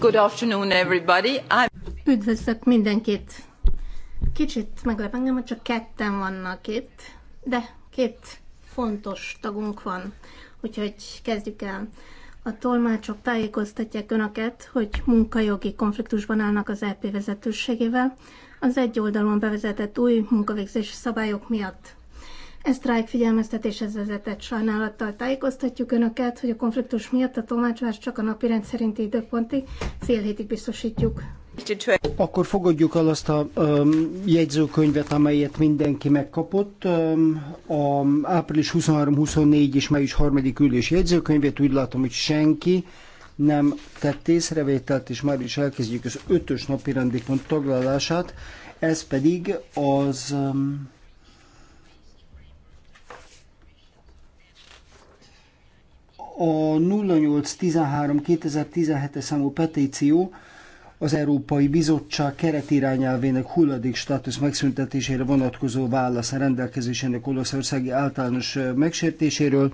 Good afternoon, everybody. I'm... Üdvözlök mindenkit. Kicsit meglep engem, hogy csak ketten vannak itt, de két fontos tagunk van, úgyhogy kezdjük el. A tolmácsok tájékoztatják önöket, hogy munkajogi konfliktusban állnak az EP vezetőségével, az egy oldalon bevezetett új munkavégzési szabályok miatt. Ez sztrájk figyelmeztetéshez vezetett sajnálattal tájékoztatjuk Önöket, hogy a konfliktus miatt a tolmácsolást csak a napi rend szerinti időpontig fél hétig biztosítjuk. Akkor fogadjuk el azt a um, jegyzőkönyvet, amelyet mindenki megkapott. Um, a április 23-24 és május 3. ülés jegyzőkönyvét úgy látom, hogy senki nem tett észrevételt, és már is elkezdjük az ötös napi rendi pont taglalását. Ez pedig az um, a 08132017 2017 es számú petíció az Európai Bizottság keretirányelvének hulladék státusz megszüntetésére vonatkozó válasz a rendelkezésének olaszországi általános megsértéséről.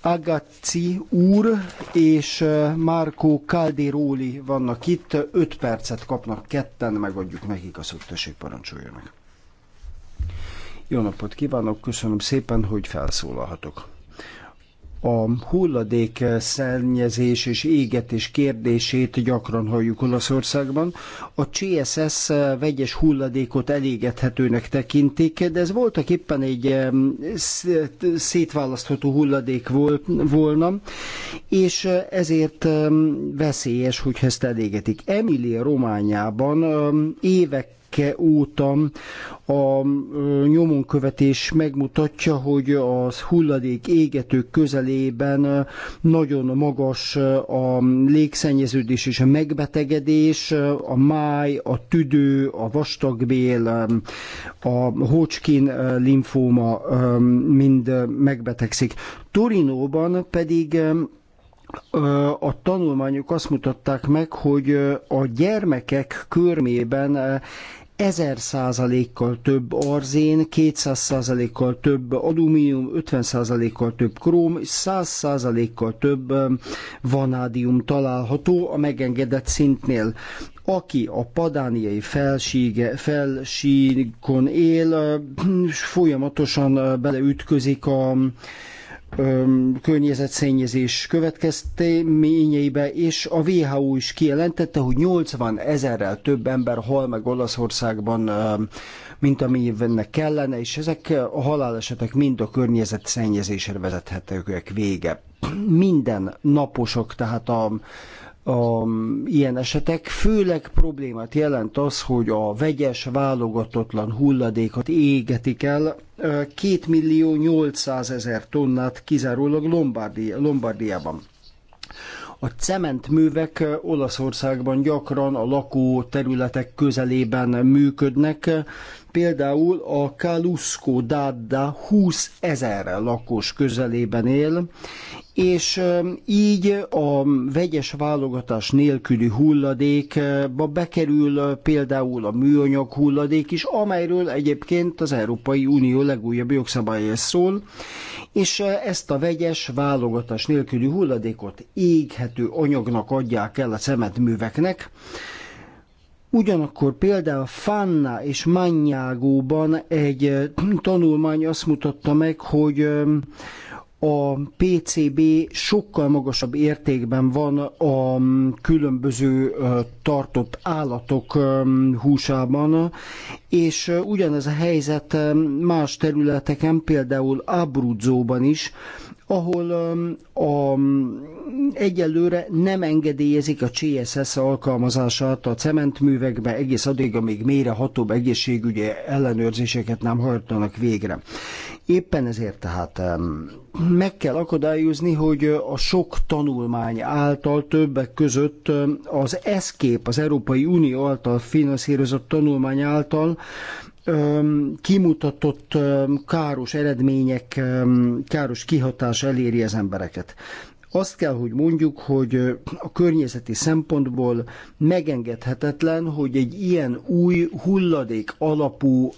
Agazzi úr és Márkó Kaldiróli vannak itt, 5 percet kapnak ketten, megadjuk nekik a szoktesség parancsoljanak. Jó napot kívánok, köszönöm szépen, hogy felszólalhatok a hulladék szennyezés és égetés kérdését gyakran halljuk Olaszországban. A CSS vegyes hulladékot elégethetőnek tekintik, de ez voltak éppen egy szétválasztható hulladék volt, volna, és ezért veszélyes, hogyha ezt elégetik. Emilia Rományában évek cikke óta a nyomonkövetés megmutatja, hogy az hulladék égetők közelében nagyon magas a légszennyeződés és a megbetegedés, a máj, a tüdő, a vastagbél, a Hodgkin limfóma mind megbetegszik. Torinóban pedig a tanulmányok azt mutatták meg, hogy a gyermekek körmében Ezer százalékkal több arzén, 200 százalékkal több alumínium, 50 százalékkal több króm és 100 százalékkal több um, vanádium található a megengedett szintnél. Aki a padániai felsége, felsíkon él, um, folyamatosan uh, beleütközik a környezetszennyezés következtéményeibe, és a WHO is kijelentette, hogy 80 ezerrel több ember hal meg Olaszországban, mint amilyennek kellene, és ezek a halálesetek mind a környezetszennyezésre vezethetőek vége. Minden naposok, tehát a a, ilyen esetek. Főleg problémát jelent az, hogy a vegyes, válogatatlan hulladékot égetik el. 2 millió 800 ezer tonnát kizárólag Lombardi, Lombardiában. A cementművek Olaszországban gyakran a lakó területek közelében működnek. Például a Kaluszko dada 20 ezer lakos közelében él, és így a vegyes válogatás nélküli hulladékba bekerül például a műanyag hulladék is, amelyről egyébként az Európai Unió legújabb jogszabálya szól, és ezt a vegyes válogatás nélküli hulladékot éghető anyagnak adják el a szemetműveknek, Ugyanakkor például Fanna és Mannyágóban egy tanulmány azt mutatta meg, hogy a PCB sokkal magasabb értékben van a különböző tartott állatok húsában, és ugyanez a helyzet más területeken, például Abruzzóban is, ahol a, egyelőre nem engedélyezik a CSS alkalmazását a cementművekbe egész addig, amíg hatóbb egészségügyi ellenőrzéseket nem hajtanak végre. Éppen ezért tehát meg kell akadályozni, hogy a sok tanulmány által többek között az ESZKÉP, az Európai Unió által finanszírozott tanulmány által kimutatott káros eredmények, káros kihatás eléri az embereket. Azt kell, hogy mondjuk, hogy a környezeti szempontból megengedhetetlen, hogy egy ilyen új hulladék alapú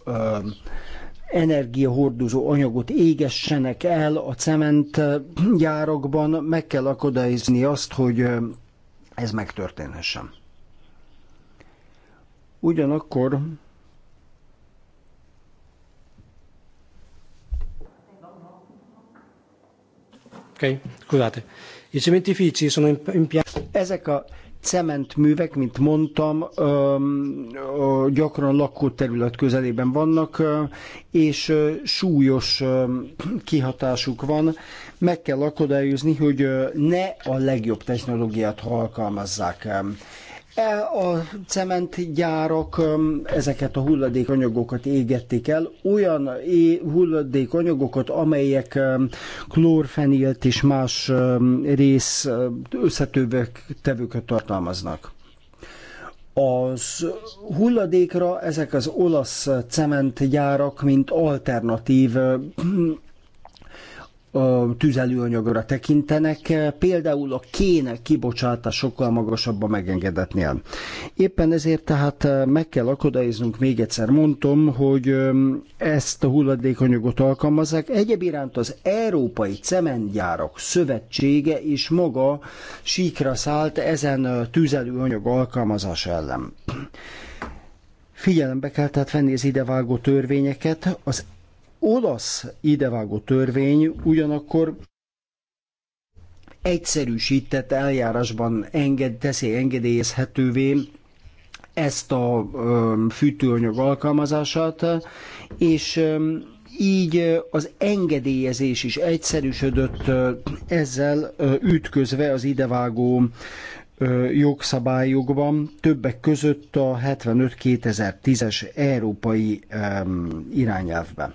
energiahordozó anyagot égessenek el a cementgyárakban, meg kell akadályozni azt, hogy ez megtörténhessen. Ugyanakkor Okay. Ezek a cementművek, mint mondtam, gyakran lakóterület közelében vannak, és súlyos kihatásuk van. Meg kell akadályozni, hogy ne a legjobb technológiát alkalmazzák. E, a cementgyárak ezeket a hulladékanyagokat égették el, olyan hulladékanyagokat, amelyek klórfenilt és más rész tevőket tartalmaznak. Az hulladékra ezek az olasz cementgyárak, mint alternatív tüzelőanyagra tekintenek, például a kéne kibocsátás sokkal magasabb a megengedetnél. Éppen ezért tehát eh, meg kell akadályoznunk, még egyszer mondom, hogy eh, ezt a hulladékanyagot alkalmazzák. Egyéb iránt az Európai Cementgyárak Szövetsége is maga síkra szállt ezen eh, tüzelőanyag alkalmazás ellen. Figyelembe kell tehát venni az idevágó törvényeket, az olasz idevágó törvény ugyanakkor egyszerűsített eljárásban enged, teszi engedélyezhetővé ezt a fűtőanyag alkalmazását, és így az engedélyezés is egyszerűsödött ezzel ütközve az idevágó jogszabályokban, többek között a 75-2010-es európai irányelvben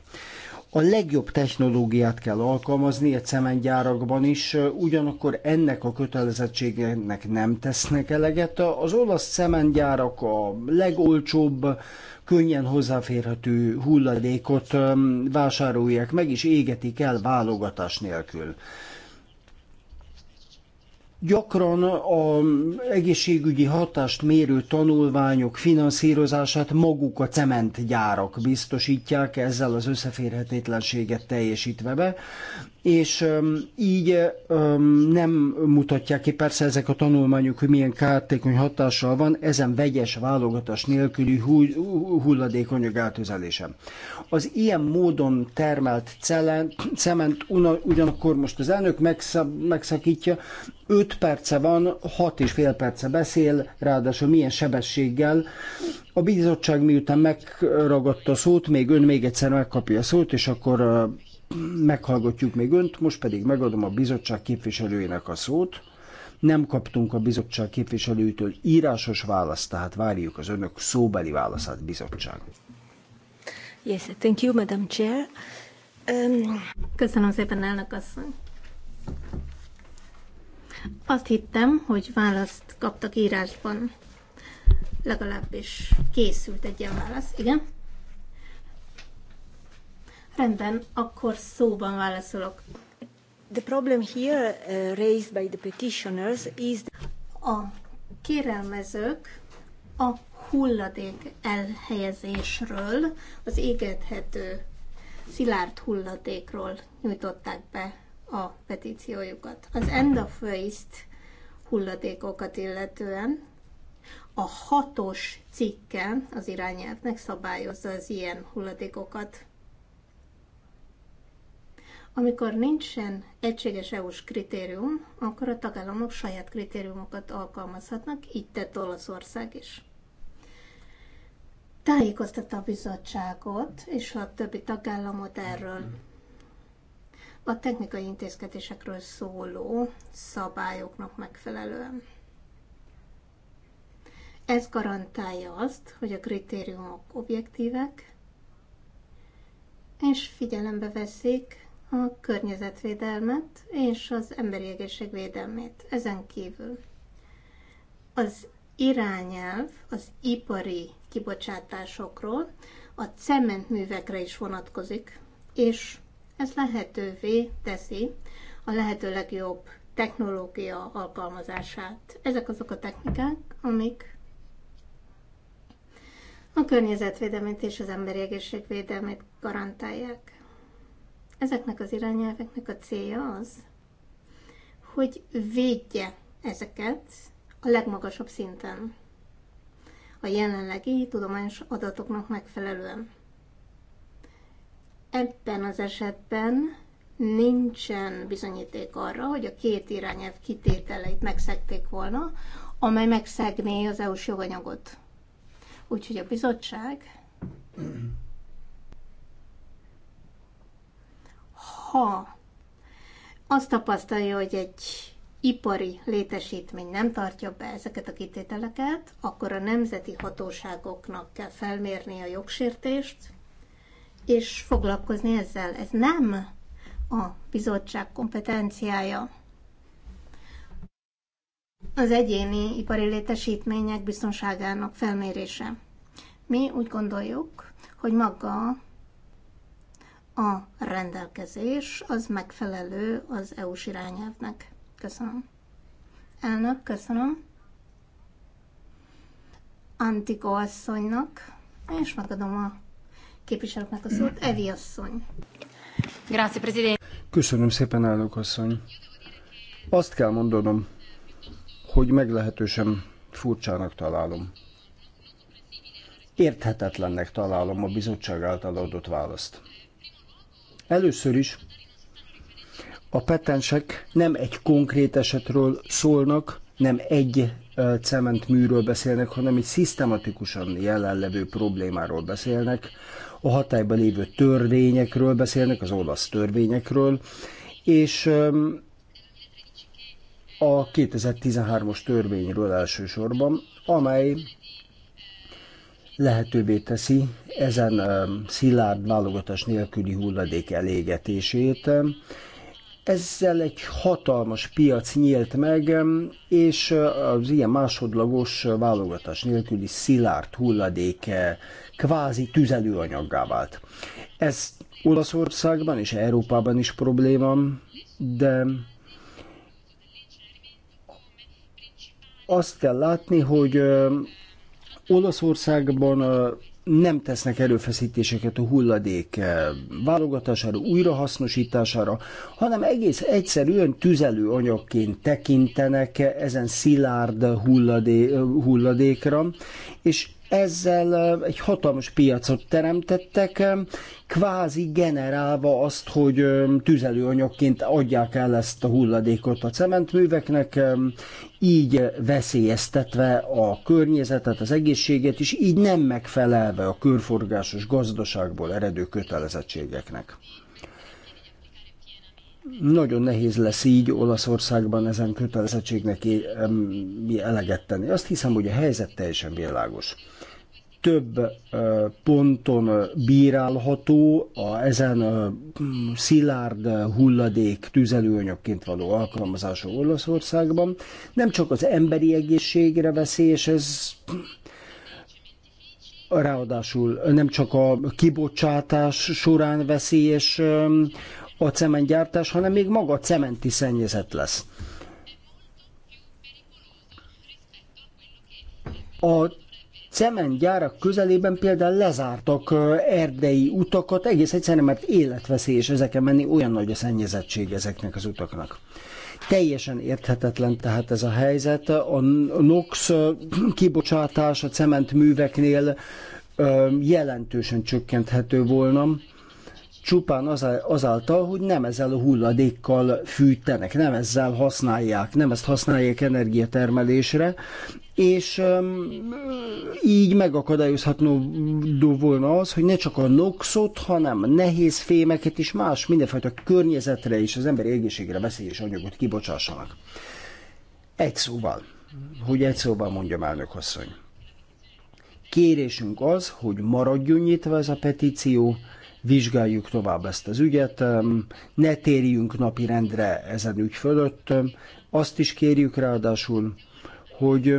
a legjobb technológiát kell alkalmazni a cementgyárakban is, ugyanakkor ennek a kötelezettségnek nem tesznek eleget. Az olasz cementgyárak a legolcsóbb, könnyen hozzáférhető hulladékot vásárolják meg, és égetik el válogatás nélkül. Gyakran a egészségügyi hatást mérő tanulmányok finanszírozását maguk a cementgyárak biztosítják, ezzel az összeférhetetlenséget teljesítve be, és így nem mutatják ki persze ezek a tanulmányok, hogy milyen kártékony hatással van ezen vegyes válogatás nélküli hulladékanyag eltüzelése. Az ilyen módon termelt cement ugyanakkor most az elnök megszakítja, 5 perce van, 6 és fél perce beszél, ráadásul milyen sebességgel. A bizottság miután megragadta a szót, még ön még egyszer megkapja a szót, és akkor meghallgatjuk még önt, most pedig megadom a bizottság képviselőjének a szót. Nem kaptunk a bizottság képviselőtől írásos választ, tehát várjuk az önök szóbeli válaszát bizottság. Yes, thank you, Madam Chair. Um... Köszönöm szépen, elnök asszony. Azt hittem, hogy választ kaptak írásban. Legalábbis készült egy ilyen válasz, igen. Rendben, akkor szóban válaszolok. The problem here uh, raised by the petitioners is a kérelmezők a hulladék elhelyezésről, az égethető szilárd hulladékról nyújtották be a petíciójukat. Az end of waste hulladékokat illetően a hatos cikke az irányelvnek szabályozza az ilyen hulladékokat. Amikor nincsen egységes EU-s kritérium, akkor a tagállamok saját kritériumokat alkalmazhatnak, így tett Olaszország is tájékoztatta a bizottságot és a többi tagállamot erről. A technikai intézkedésekről szóló szabályoknak megfelelően. Ez garantálja azt, hogy a kritériumok objektívek, és figyelembe veszik a környezetvédelmet és az emberi egészség védelmét. Ezen kívül az irányelv az ipari kibocsátásokról a cementművekre is vonatkozik, és ez lehetővé teszi a lehető legjobb technológia alkalmazását. Ezek azok a technikák, amik a környezetvédelmét és az emberi egészségvédelmét garantálják. Ezeknek az irányelveknek a célja az, hogy védje ezeket a legmagasabb szinten, a jelenlegi tudományos adatoknak megfelelően. Ebben az esetben nincsen bizonyíték arra, hogy a két irányelv kitételeit megszegték volna, amely megszegné az EU-s joganyagot. Úgyhogy a bizottság, ha azt tapasztalja, hogy egy ipari létesítmény nem tartja be ezeket a kitételeket, akkor a nemzeti hatóságoknak kell felmérni a jogsértést, és foglalkozni ezzel. Ez nem a bizottság kompetenciája. Az egyéni ipari létesítmények biztonságának felmérése. Mi úgy gondoljuk, hogy maga a rendelkezés az megfelelő az EU-s irányelvnek köszönöm. Elnök, köszönöm. Antiko asszonynak, és megadom a képviselőknek a szót, Evi asszony. Grazie, president. Köszönöm szépen, elnök asszony. Azt kell mondanom, hogy meglehetősen furcsának találom. Érthetetlennek találom a bizottság által adott választ. Először is a petensek nem egy konkrét esetről szólnak, nem egy cementműről beszélnek, hanem egy szisztematikusan jelenlevő problémáról beszélnek, a hatályban lévő törvényekről beszélnek, az olasz törvényekről, és a 2013-os törvényről elsősorban, amely lehetővé teszi ezen szilárd válogatás nélküli hulladék elégetését, ezzel egy hatalmas piac nyílt meg, és az ilyen másodlagos válogatás nélküli szilárd hulladék kvázi tüzelőanyaggá vált. Ez Olaszországban és Európában is probléma, de azt kell látni, hogy Olaszországban nem tesznek előfeszítéseket a hulladék eh, válogatására, újrahasznosítására, hanem egész egyszerűen tüzelőanyagként tekintenek ezen szilárd hulladé, eh, hulladékra, és ezzel egy hatalmas piacot teremtettek, kvázi generálva azt, hogy tüzelőanyagként adják el ezt a hulladékot a cementműveknek, így veszélyeztetve a környezetet, az egészséget, és így nem megfelelve a körforgásos gazdaságból eredő kötelezettségeknek. Nagyon nehéz lesz így Olaszországban ezen kötelezettségnek eleget tenni. Azt hiszem, hogy a helyzet teljesen világos több ponton bírálható a ezen szilárd hulladék tüzelőanyagként való alkalmazása Olaszországban. Nem csak az emberi egészségre veszélyes, ez ráadásul nem csak a kibocsátás során veszélyes a cementgyártás, hanem még maga a cementi szennyezet lesz. A cementgyárak közelében például lezártak erdei utakat, egész egyszerűen, mert életveszélyes ezeken menni, olyan nagy a szennyezettség ezeknek az utaknak. Teljesen érthetetlen tehát ez a helyzet. A NOx kibocsátás a cementműveknél jelentősen csökkenthető volna csupán azáltal, hogy nem ezzel a hulladékkal fűtenek, nem ezzel használják, nem ezt használják energiatermelésre, és um, így megakadályozható volna az, hogy ne csak a noxot, hanem nehéz fémeket is más mindenfajta környezetre és az emberi egészségre veszélyes anyagot kibocsássanak. Egy szóval, hogy egy szóval mondjam elnök asszony. Kérésünk az, hogy maradjon nyitva ez a petíció, vizsgáljuk tovább ezt az ügyet, ne térjünk napi rendre ezen ügy fölött. Azt is kérjük ráadásul, hogy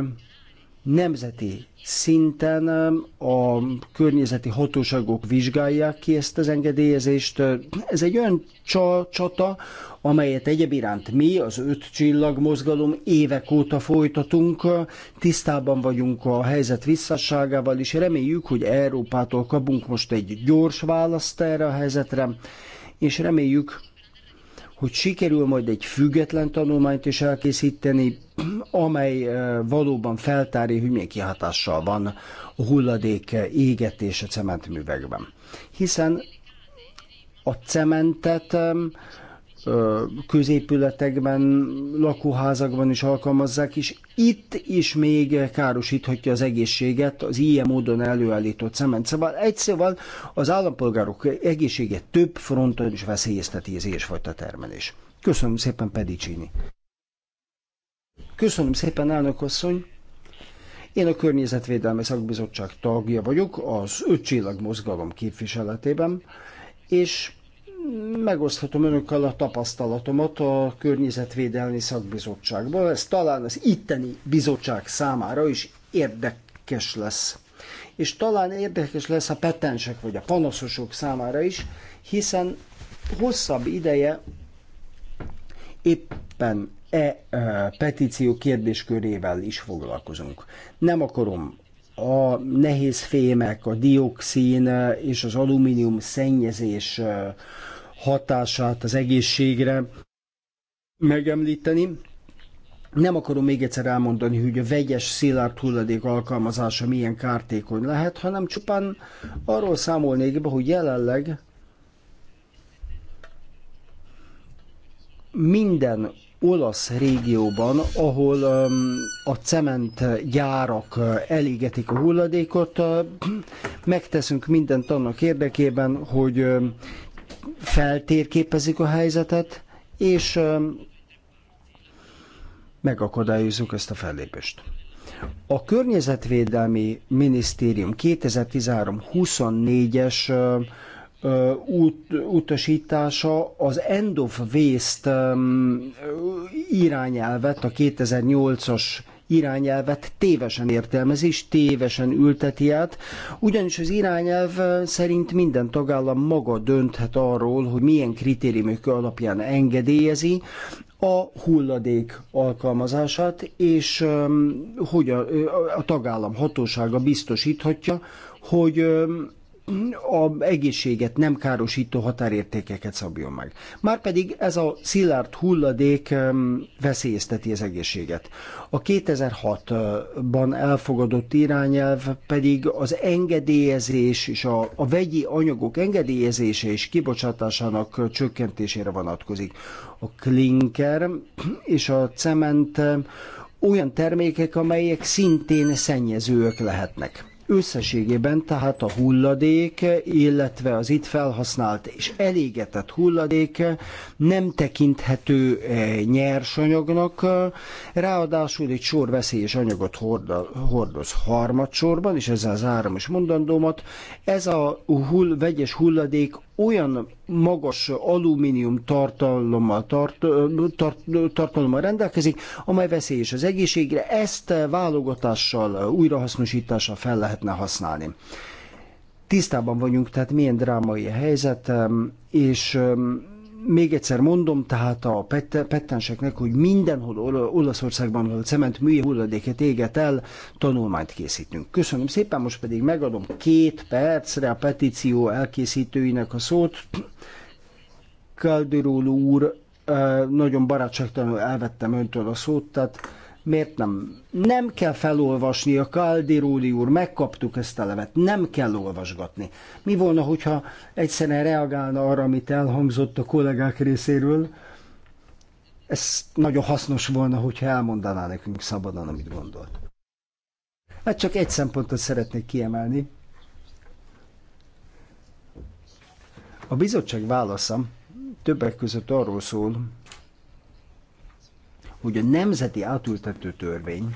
Nemzeti szinten um, a környezeti hatóságok vizsgálják ki ezt az engedélyezést. Ez egy olyan csa- csata, amelyet egyebiránt mi, az öt csillag mozgalom évek óta folytatunk, tisztában vagyunk a helyzet visszasságával, és reméljük, hogy Európától kapunk most egy gyors választ erre a helyzetre, és reméljük, hogy sikerül majd egy független tanulmányt is elkészíteni, amely eh, valóban feltárja, hogy milyen kihatással van a hulladék eh, égetése a cementművekben. Hiszen a cementet középületekben, lakóházakban is alkalmazzák, és itt is még károsíthatja az egészséget az ilyen módon előállított cement. Szóval egy szóval az állampolgárok egészséget több fronton is veszélyezteti az ilyesfajta termelés. Köszönöm szépen, Pedicini. Köszönöm szépen, elnök asszony. Én a Környezetvédelmi Szakbizottság tagja vagyok, az öt Csillag Mozgalom képviseletében, és megoszthatom önökkel a tapasztalatomat a Környezetvédelmi Szakbizottságban. Ez talán az itteni bizottság számára is érdekes lesz. És talán érdekes lesz a petensek vagy a panaszosok számára is, hiszen hosszabb ideje éppen e, e petíció kérdéskörével is foglalkozunk. Nem akarom a nehéz fémek, a dioxin e, és az alumínium szennyezés e, hatását az egészségre megemlíteni. Nem akarom még egyszer elmondani, hogy a vegyes szilárd hulladék alkalmazása milyen kártékony lehet, hanem csupán arról számolnék be, hogy jelenleg minden olasz régióban, ahol um, a cementgyárak uh, elégetik a hulladékot, uh, megteszünk mindent annak érdekében, hogy um, feltérképezzük a helyzetet, és megakadályozzuk ezt a fellépést. A Környezetvédelmi Minisztérium 2013-24-es út, utasítása az end of waste irányelvet, a 2008-as irányelvet tévesen értelmezi és tévesen ülteti át, ugyanis az irányelv szerint minden tagállam maga dönthet arról, hogy milyen kritériumok alapján engedélyezi, a hulladék alkalmazását, és um, hogy a, a tagállam hatósága biztosíthatja, hogy um, a egészséget nem károsító határértékeket szabjon meg. Márpedig ez a szilárd hulladék veszélyezteti az egészséget. A 2006-ban elfogadott irányelv pedig az engedélyezés és a, a vegyi anyagok engedélyezése és kibocsátásának csökkentésére vonatkozik. A klinker és a cement olyan termékek, amelyek szintén szennyezőek lehetnek. Összességében tehát a hulladék, illetve az itt felhasznált és elégetett hulladék nem tekinthető eh, nyersanyagnak, ráadásul egy sor veszélyes anyagot hordoz harmadsorban, és ezzel zárom is mondandómat, ez a hull, vegyes hulladék olyan magas alumínium tartalommal, tart, tart, tartalommal rendelkezik, amely veszélyes az egészségre, ezt válogatással, újrahasznosítással fel lehetne használni. Tisztában vagyunk, tehát milyen drámai a helyzet, és még egyszer mondom tehát a pettenseknek, hogy mindenhol Olaszországban, a cement műje hulladéket éget el, tanulmányt készítünk. Köszönöm szépen, most pedig megadom két percre a petíció elkészítőinek a szót. Calderolo úr, eh, nagyon barátságtalanul elvettem öntől a szót, tehát Miért nem? Nem kell felolvasni a Kaldiróli úr, megkaptuk ezt a levet, nem kell olvasgatni. Mi volna, hogyha egyszerűen reagálna arra, amit elhangzott a kollégák részéről? Ez nagyon hasznos volna, hogyha elmondaná nekünk szabadon, amit gondolt. Hát csak egy szempontot szeretnék kiemelni. A bizottság válasza többek között arról szól, hogy a nemzeti átültető törvény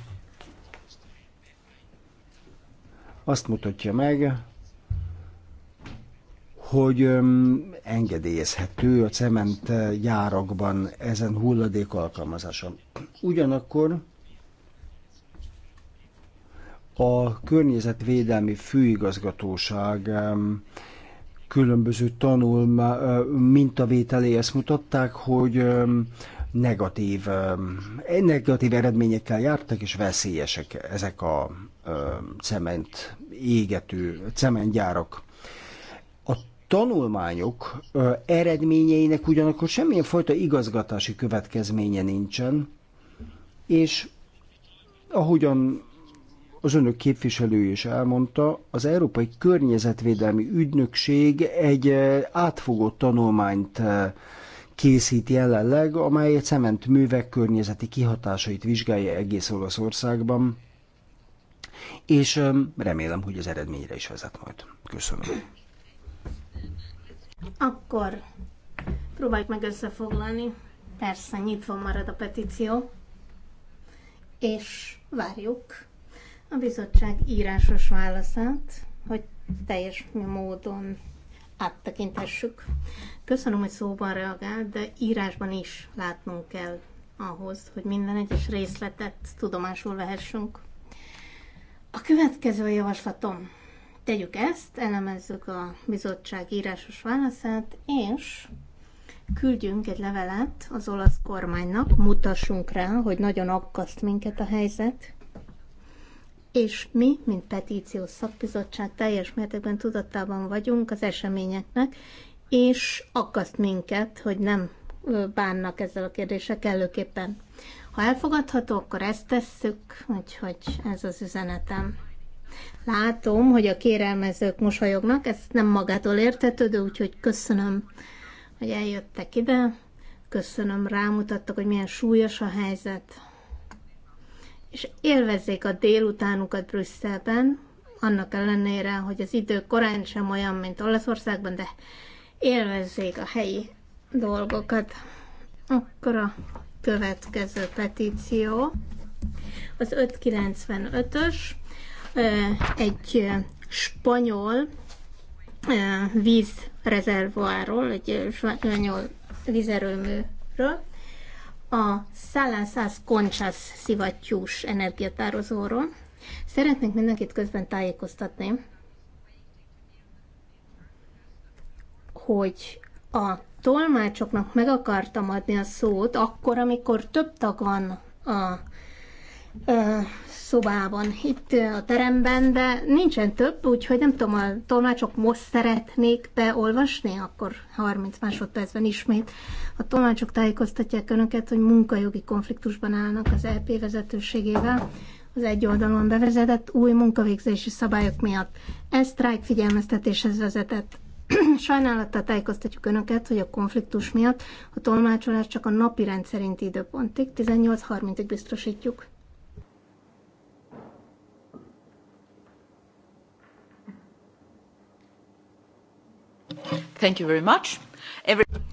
azt mutatja meg, hogy engedélyezhető a cement gyárakban ezen hulladék alkalmazása. Ugyanakkor a környezetvédelmi főigazgatóság különböző tanulma mintavételéhez mutatták, hogy negatív, negatív eredményekkel jártak, és veszélyesek ezek a cement égető cementgyárak. A tanulmányok eredményeinek ugyanakkor semmilyen fajta igazgatási következménye nincsen, és ahogyan az önök képviselő is elmondta, az Európai Környezetvédelmi Ügynökség egy eh, átfogó tanulmányt eh, készít jelenleg, amely a művek környezeti kihatásait vizsgálja egész Olaszországban, és eh, remélem, hogy az eredményre is vezet majd. Köszönöm. Akkor próbáljuk meg összefoglalni. Persze, nyitva marad a petíció, és várjuk a bizottság írásos válaszát, hogy teljes módon áttekintessük. Köszönöm, hogy szóban reagált, de írásban is látnunk kell ahhoz, hogy minden egyes részletet tudomásul vehessünk. A következő javaslatom. Tegyük ezt, elemezzük a bizottság írásos válaszát, és küldjünk egy levelet az olasz kormánynak, mutassunk rá, hogy nagyon aggaszt minket a helyzet, és mi, mint petíciós szakbizottság teljes mértékben tudatában vagyunk az eseményeknek, és akaszt minket, hogy nem bánnak ezzel a kérdéssel kellőképpen. Ha elfogadható, akkor ezt tesszük, úgyhogy ez az üzenetem. Látom, hogy a kérelmezők mosolyognak, ez nem magától értetődő, úgyhogy köszönöm, hogy eljöttek ide, köszönöm, rámutattak, hogy milyen súlyos a helyzet, és élvezzék a délutánukat Brüsszelben, annak ellenére, hogy az idő korán sem olyan, mint Olaszországban, de élvezzék a helyi dolgokat. Akkor a következő petíció, az 595-ös, egy spanyol vízrezervoáról, egy spanyol vízerőműről, a Szállászász Koncsász szivattyús energiatározóról. Szeretnénk mindenkit közben tájékoztatni, hogy a tolmácsoknak meg akartam adni a szót akkor, amikor több tag van a, a szobában, itt a teremben, de nincsen több, úgyhogy nem tudom, a tolmácsok most szeretnék beolvasni, akkor 30 másodpercben ismét. A tolmácsok tájékoztatják önöket, hogy munkajogi konfliktusban állnak az LP e vezetőségével az egy oldalon bevezetett új munkavégzési szabályok miatt. Ez sztrájk figyelmeztetéshez vezetett. Sajnálattal tájékoztatjuk Önöket, hogy a konfliktus miatt a tolmácsolás csak a napi rendszerinti időpontig, 18.30-ig biztosítjuk.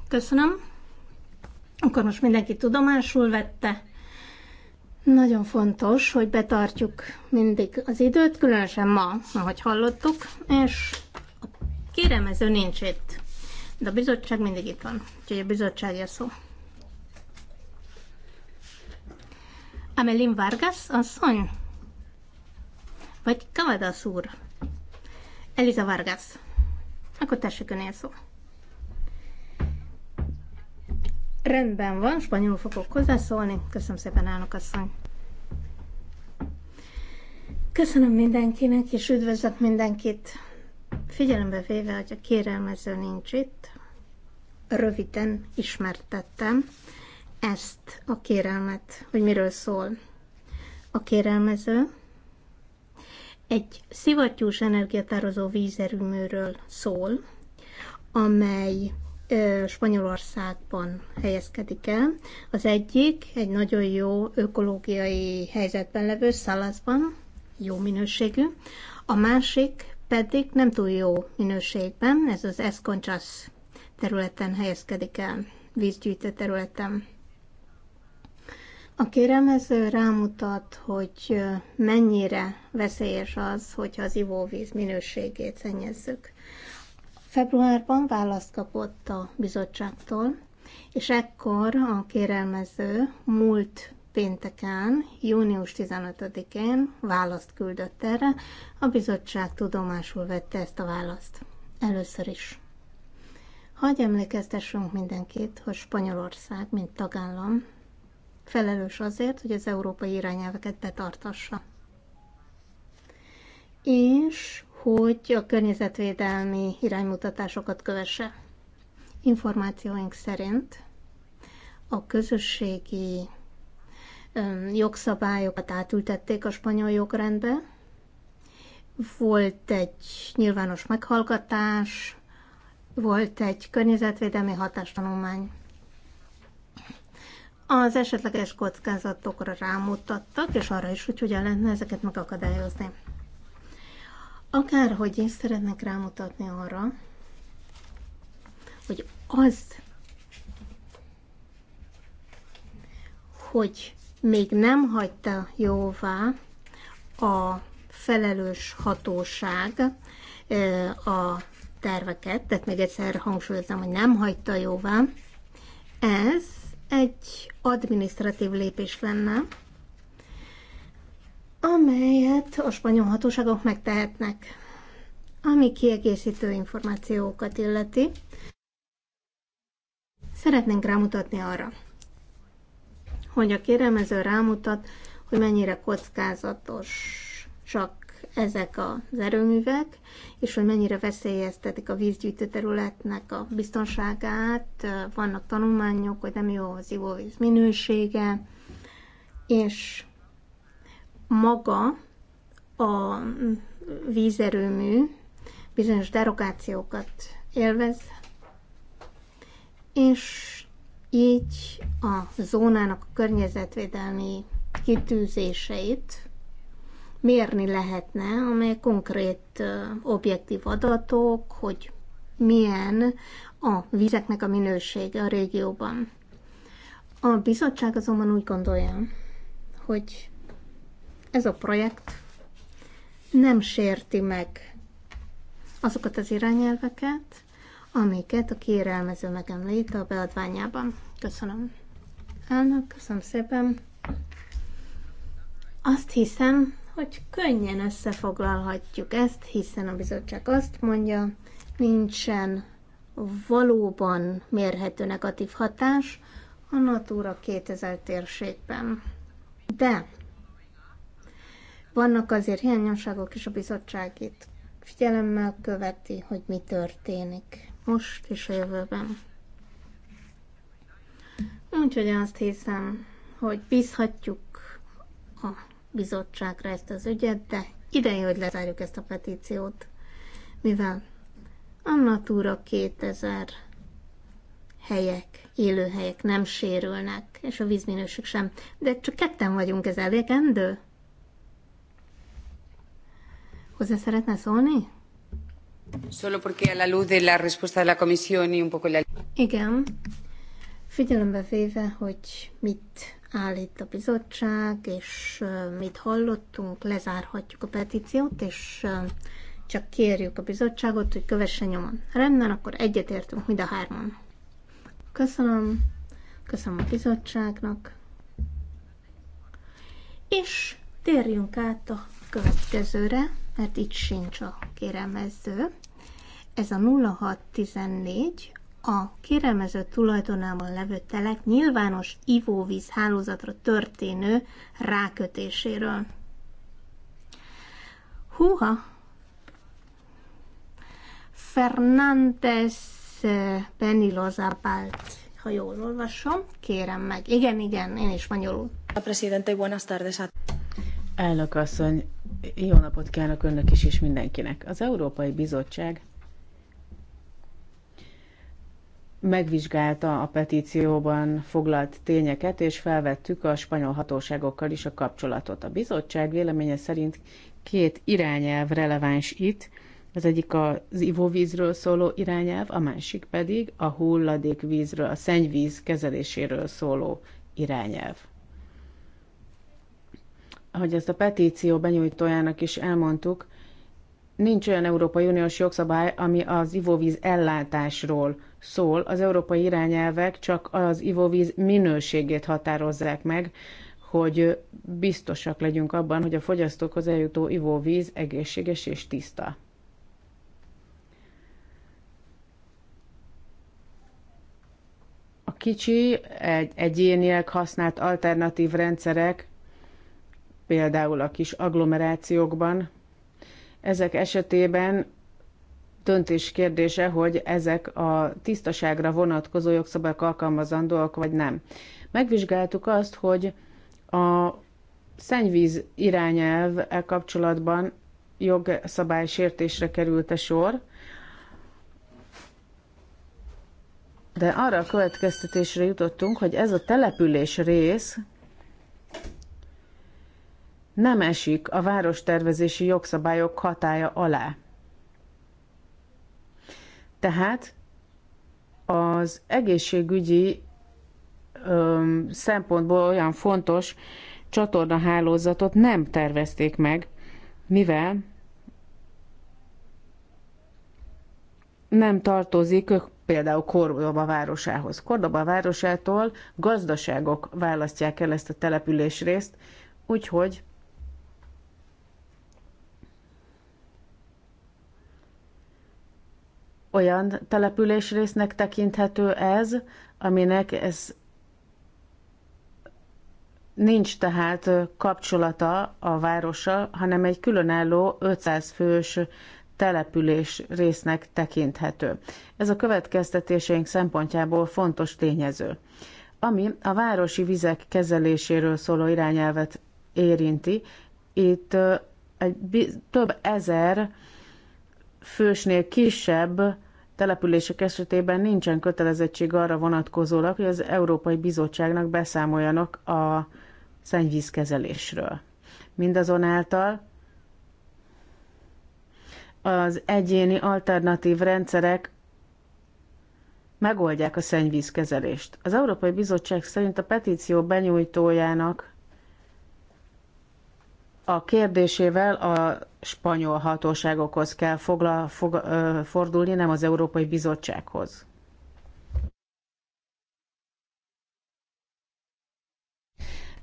Köszönöm. Akkor most mindenki tudomásul vette. Nagyon fontos, hogy betartjuk mindig az időt, különösen ma, ahogy hallottuk, és a kéremező nincs itt, de a bizottság mindig itt van, úgyhogy a bizottságja szó. Amelin Vargas asszony? Vagy Kavadas úr? Eliza Vargas. Akkor tessék önél szó. Rendben van, spanyolul fogok hozzászólni. Köszönöm szépen, a asszony. Köszönöm mindenkinek, és üdvözlök mindenkit. Figyelembe véve, hogy a kérelmező nincs itt, röviden ismertettem ezt a kérelmet, hogy miről szól. A kérelmező egy szivattyús energiatározó vízerőműről szól, amely Spanyolországban helyezkedik el. Az egyik egy nagyon jó ökológiai helyzetben levő szalaszban, jó minőségű, a másik pedig nem túl jó minőségben, ez az Esconchas területen helyezkedik el, vízgyűjtő területen. A kéremező rámutat, hogy mennyire veszélyes az, hogyha az ivóvíz minőségét szennyezzük. Februárban választ kapott a bizottságtól, és ekkor a kérelmező múlt pénteken, június 15-én választ küldött erre, a bizottság tudomásul vette ezt a választ. Először is. Hagy emlékeztessünk mindenkit, hogy Spanyolország, mint tagállam, felelős azért, hogy az európai irányelveket betartassa. És hogy a környezetvédelmi iránymutatásokat kövesse. Információink szerint a közösségi jogszabályokat átültették a spanyol jogrendbe. Volt egy nyilvános meghallgatás, volt egy környezetvédelmi hatástanulmány az esetleges kockázatokra rámutattak, és arra is, hogy hogyan lehetne ezeket megakadályozni. Akárhogy is szeretnek rámutatni arra, hogy az, hogy még nem hagyta jóvá a felelős hatóság a terveket, tehát még egyszer hangsúlyozom, hogy nem hagyta jóvá, ez egy adminisztratív lépés lenne, amelyet a spanyol hatóságok megtehetnek, ami kiegészítő információkat illeti. Szeretnénk rámutatni arra, hogy a kérelmező rámutat, hogy mennyire kockázatos csak ezek az erőművek, és hogy mennyire veszélyeztetik a vízgyűjtő területnek a biztonságát. Vannak tanulmányok, hogy nem jó az ivóvíz minősége, és maga a vízerőmű bizonyos derogációkat élvez, és így a zónának a környezetvédelmi kitűzéseit mérni lehetne, amely konkrét objektív adatok, hogy milyen a vizeknek a minősége a régióban. A bizottság azonban úgy gondolja, hogy ez a projekt nem sérti meg azokat az irányelveket, amiket a kérelmező megemlít a beadványában. Köszönöm. Elnök, köszönöm szépen. Azt hiszem, hogy könnyen összefoglalhatjuk ezt, hiszen a bizottság azt mondja, nincsen valóban mérhető negatív hatás a Natura 2000 térségben. De vannak azért hiányosságok, és a bizottság itt figyelemmel követi, hogy mi történik most és a jövőben. Úgyhogy azt hiszem, hogy bízhatjuk a bizottságra ezt az ügyet, de ideje, hogy lezárjuk ezt a petíciót, mivel a Natura 2000 helyek, élőhelyek nem sérülnek, és a vízminőség sem. De csak ketten vagyunk, ez elégendő? Hozzá szeretne szólni? Solo porque a la luz de la respuesta de la comisión y un poco la... Igen. Figyelembe véve, hogy mit itt a bizottság, és mit hallottunk, lezárhatjuk a petíciót, és csak kérjük a bizottságot, hogy kövesse nyomon. Rendben, akkor egyetértünk mind a hárman. Köszönöm, köszönöm a bizottságnak, és térjünk át a következőre, mert itt sincs a kérelmező. Ez a 0614 a kérelmezett tulajdonában levő telek nyilvános ivóvíz hálózatra történő rákötéséről. Húha! Fernández eh, Benilo ha jól olvasom, kérem meg. Igen, igen, én is magyarul. A presidente, buenas tardes. Elnök asszony, jó napot kívánok önnek is és mindenkinek. Az Európai Bizottság megvizsgálta a petícióban foglalt tényeket, és felvettük a spanyol hatóságokkal is a kapcsolatot. A bizottság véleménye szerint két irányelv releváns itt, az egyik az ivóvízről szóló irányelv, a másik pedig a hulladékvízről, a szennyvíz kezeléséről szóló irányelv. Ahogy ezt a petíció benyújtójának is elmondtuk, nincs olyan Európai Uniós jogszabály, ami az ivóvíz ellátásról szól, az európai irányelvek csak az ivóvíz minőségét határozzák meg, hogy biztosak legyünk abban, hogy a fogyasztókhoz eljutó ivóvíz egészséges és tiszta. A kicsi, egy, egyéniek használt alternatív rendszerek, például a kis agglomerációkban, ezek esetében döntés kérdése, hogy ezek a tisztaságra vonatkozó jogszabályok alkalmazandóak vagy nem. Megvizsgáltuk azt, hogy a szennyvíz irányelv kapcsolatban sértésre került a sor, de arra a következtetésre jutottunk, hogy ez a település rész nem esik a várostervezési jogszabályok hatája alá. Tehát az egészségügyi ö, szempontból olyan fontos csatornahálózatot nem tervezték meg, mivel nem tartozik például Kordoba városához. Kordoba városától gazdaságok választják el ezt a településrészt, úgyhogy olyan településrésznek tekinthető ez, aminek ez nincs tehát kapcsolata a városa, hanem egy különálló 500 fős település résznek tekinthető. Ez a következtetéseink szempontjából fontos tényező. Ami a városi vizek kezeléséről szóló irányelvet érinti, itt egy, több ezer fősnél kisebb települések esetében nincsen kötelezettség arra vonatkozólag, hogy az Európai Bizottságnak beszámoljanak a szennyvízkezelésről. Mindazonáltal az egyéni alternatív rendszerek megoldják a szennyvízkezelést. Az Európai Bizottság szerint a petíció benyújtójának a kérdésével a spanyol hatóságokhoz kell fogla, fog, ö, fordulni, nem az Európai Bizottsághoz.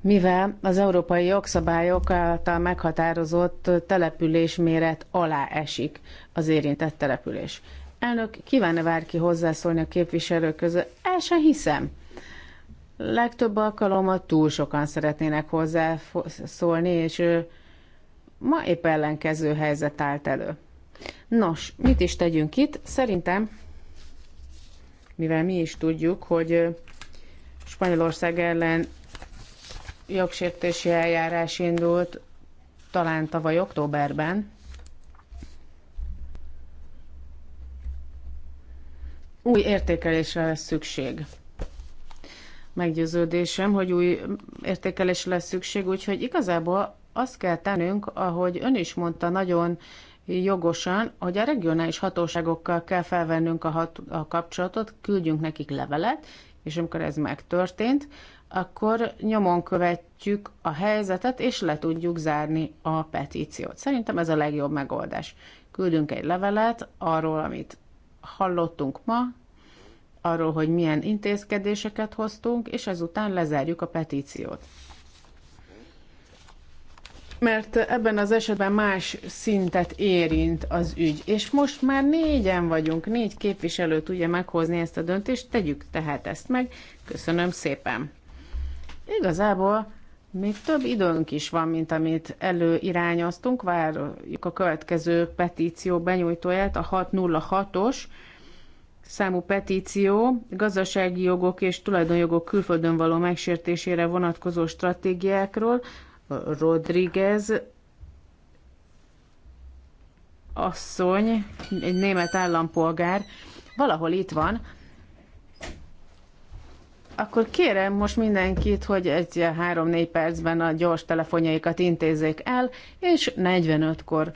Mivel az európai jogszabályok által meghatározott településméret alá esik az érintett település. Elnök, kíván -e bárki hozzászólni a képviselők között? El sem hiszem legtöbb alkalommal túl sokan szeretnének hozzászólni, és ma épp ellenkező helyzet állt elő. Nos, mit is tegyünk itt? Szerintem, mivel mi is tudjuk, hogy Spanyolország ellen jogsértési eljárás indult talán tavaly októberben, új értékelésre lesz szükség meggyőződésem, hogy új értékelés lesz szükség, úgyhogy igazából azt kell tennünk, ahogy ön is mondta nagyon jogosan, hogy a regionális hatóságokkal kell felvennünk a, hat- a kapcsolatot, küldjünk nekik levelet, és amikor ez megtörtént, akkor nyomon követjük a helyzetet, és le tudjuk zárni a petíciót. Szerintem ez a legjobb megoldás. Küldünk egy levelet arról, amit hallottunk ma, arról, hogy milyen intézkedéseket hoztunk, és ezután lezárjuk a petíciót. Mert ebben az esetben más szintet érint az ügy, és most már négyen vagyunk, négy képviselő tudja meghozni ezt a döntést, tegyük tehát ezt meg. Köszönöm szépen. Igazából még több időnk is van, mint amit előirányoztunk. Várjuk a következő petíció benyújtóját, a 606-os, számú petíció gazdasági jogok és tulajdonjogok külföldön való megsértésére vonatkozó stratégiákról. Rodriguez asszony, egy német állampolgár, valahol itt van, akkor kérem most mindenkit, hogy egy 3-4 percben a gyors telefonjaikat intézzék el, és 45-kor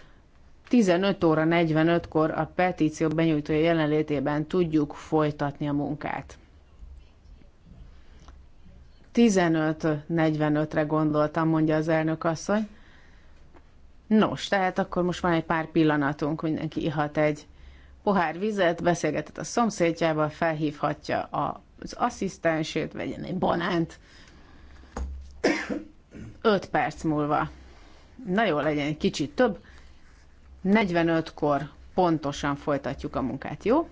15 óra 45-kor a petíció benyújtója jelenlétében tudjuk folytatni a munkát. 15.45-re gondoltam, mondja az elnök asszony. Nos, tehát akkor most van egy pár pillanatunk, mindenki ihat egy pohár vizet, beszélgetett a szomszédjával, felhívhatja az asszisztensét, vegyen egy banánt. 5 perc múlva. Na jó, legyen egy kicsit több 45-kor pontosan folytatjuk a munkát, jó?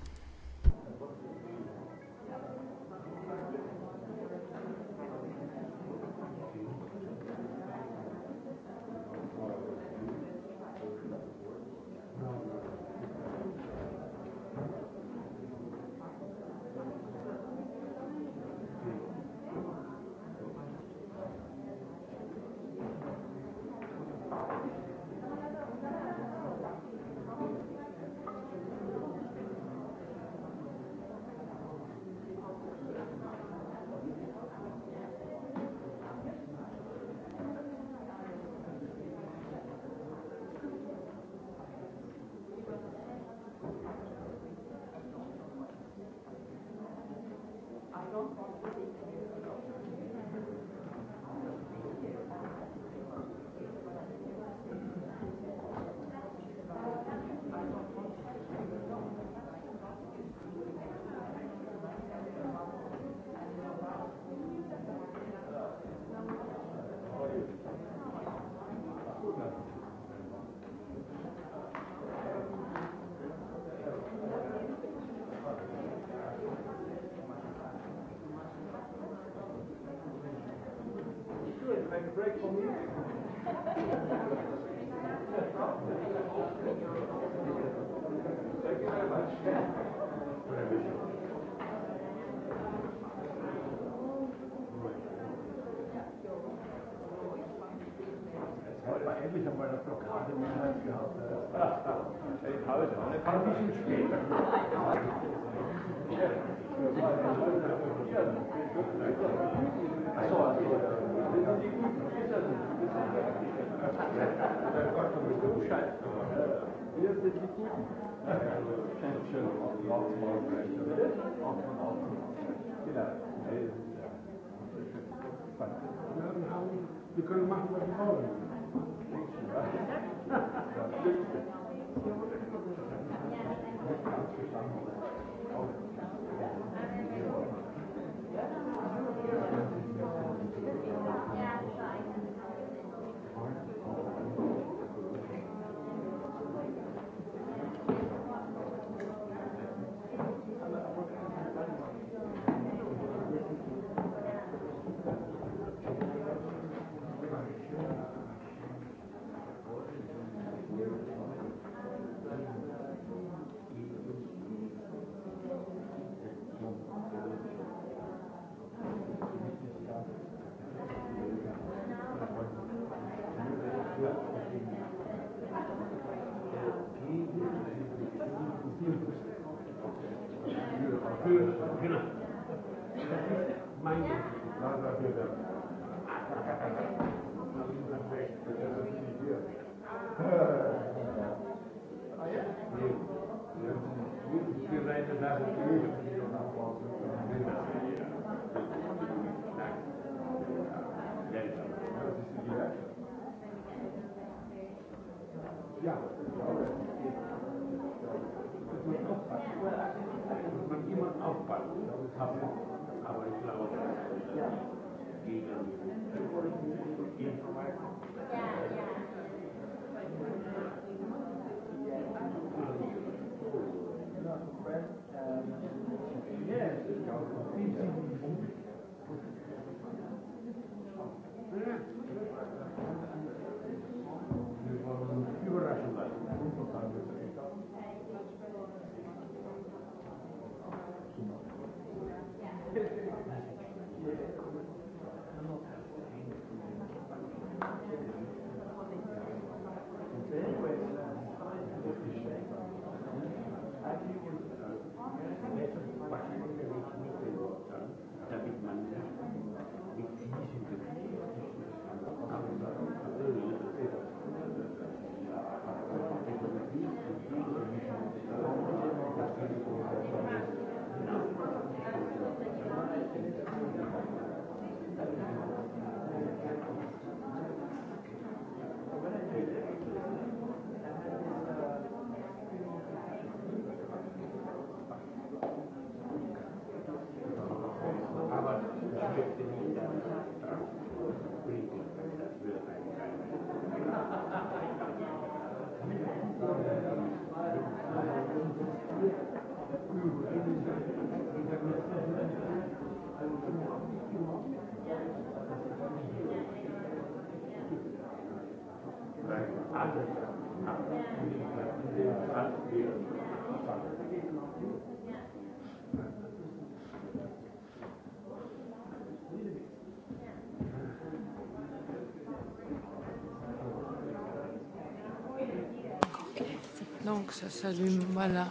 que ça s'allume, voilà.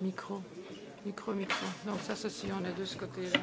Micro, micro, micro. Donc ça, si on est de ce côté-là.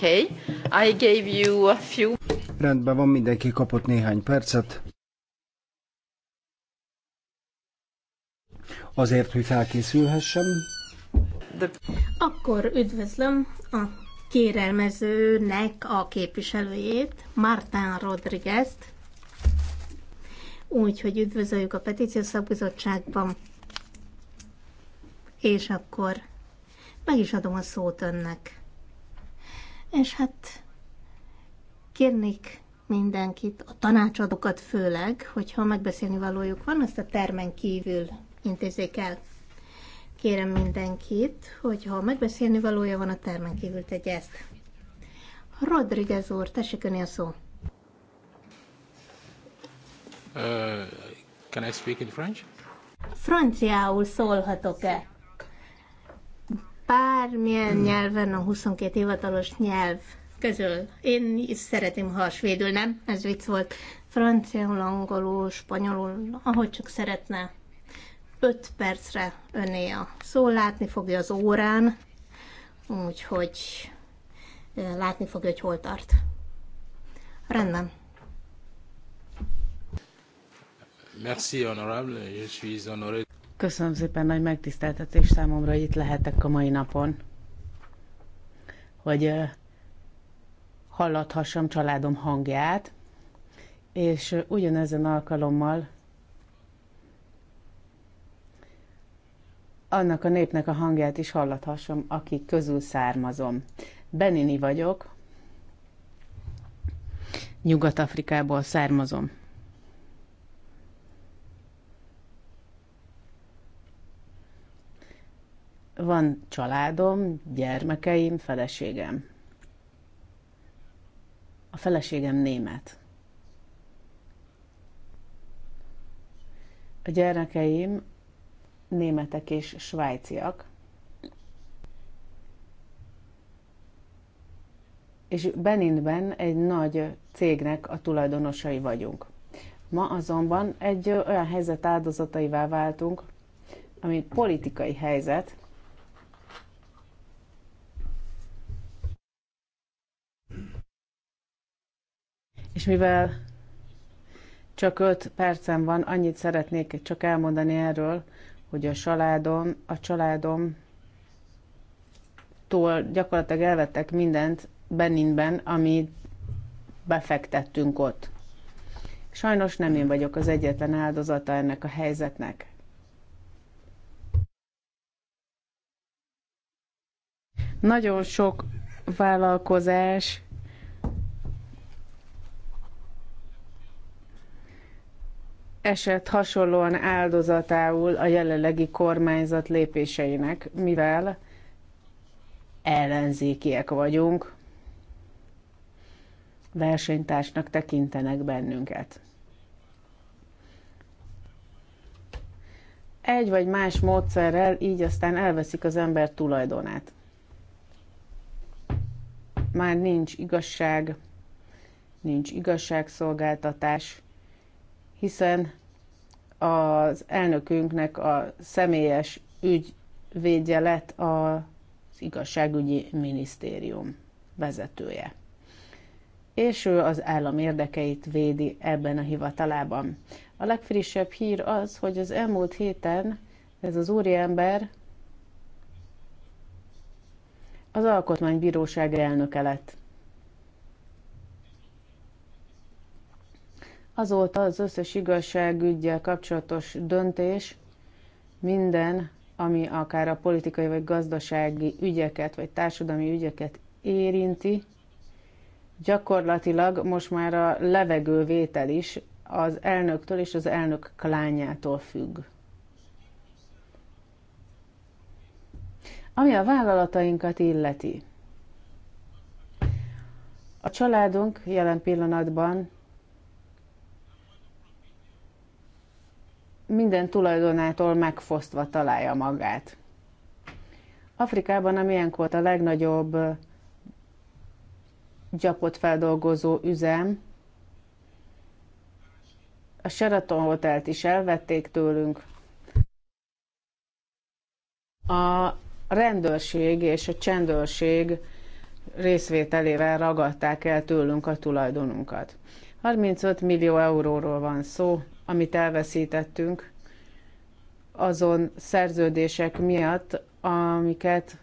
Okay. I gave you a few... Rendben van, mindenki kapott néhány percet. Azért, hogy felkészülhessem. The... Akkor üdvözlöm a kérelmezőnek a képviselőjét, Martán Rodriguez-t. Úgyhogy üdvözöljük a petíciós szakbizottságban. És akkor meg is adom a szót önnek és hát kérnék mindenkit, a tanácsadókat főleg, hogyha megbeszélni valójuk van, azt a termen kívül intézzék el. Kérem mindenkit, hogyha megbeszélni valója van, a termen kívül tegye ezt. Rodriguez úr, tessék öné a szó. Uh, can I speak in French? Franciául szólhatok-e? bármilyen hmm. nyelven a 22 hivatalos nyelv közül. Én is szeretem, ha a svédül nem, ez vicc volt. Franciául, angolul, spanyolul, ahogy csak szeretne. 5 percre öné a szó, látni fogja az órán, úgyhogy látni fogja, hogy hol tart. Rendben. Merci, honorable. Je suis honoré. Köszönöm szépen, nagy megtiszteltetés számomra, hogy itt lehetek a mai napon, hogy hallathassam családom hangját, és ugyanezen alkalommal annak a népnek a hangját is hallathassam, akik közül származom. Benini vagyok, Nyugat-Afrikából származom. Van családom, gyermekeim, feleségem. A feleségem német. A gyermekeim németek és svájciak. És Beninben egy nagy cégnek a tulajdonosai vagyunk. Ma azonban egy olyan helyzet áldozataivá váltunk, ami politikai helyzet, És mivel csak öt percem van, annyit szeretnék csak elmondani erről, hogy a családom, a családom tól gyakorlatilag elvettek mindent Beninben, amit befektettünk ott. Sajnos nem én vagyok az egyetlen áldozata ennek a helyzetnek. Nagyon sok vállalkozás esett hasonlóan áldozatául a jelenlegi kormányzat lépéseinek, mivel ellenzékiek vagyunk, versenytársnak tekintenek bennünket. Egy vagy más módszerrel így aztán elveszik az ember tulajdonát. Már nincs igazság, nincs igazságszolgáltatás, hiszen az elnökünknek a személyes ügyvédje lett az igazságügyi minisztérium vezetője. És ő az állam érdekeit védi ebben a hivatalában. A legfrissebb hír az, hogy az elmúlt héten ez az úriember az alkotmánybíróság elnöke lett. Azóta az összes igazságügyel kapcsolatos döntés minden, ami akár a politikai vagy gazdasági ügyeket, vagy társadalmi ügyeket érinti, gyakorlatilag most már a levegővétel is az elnöktől és az elnök klányától függ. Ami a vállalatainkat illeti. A családunk jelen pillanatban minden tulajdonától megfosztva találja magát. Afrikában, ami ilyenkor a legnagyobb gyapot feldolgozó üzem, a Sheraton Hotelt is elvették tőlünk. A rendőrség és a csendőrség részvételével ragadták el tőlünk a tulajdonunkat. 35 millió euróról van szó, amit elveszítettünk azon szerződések miatt, amiket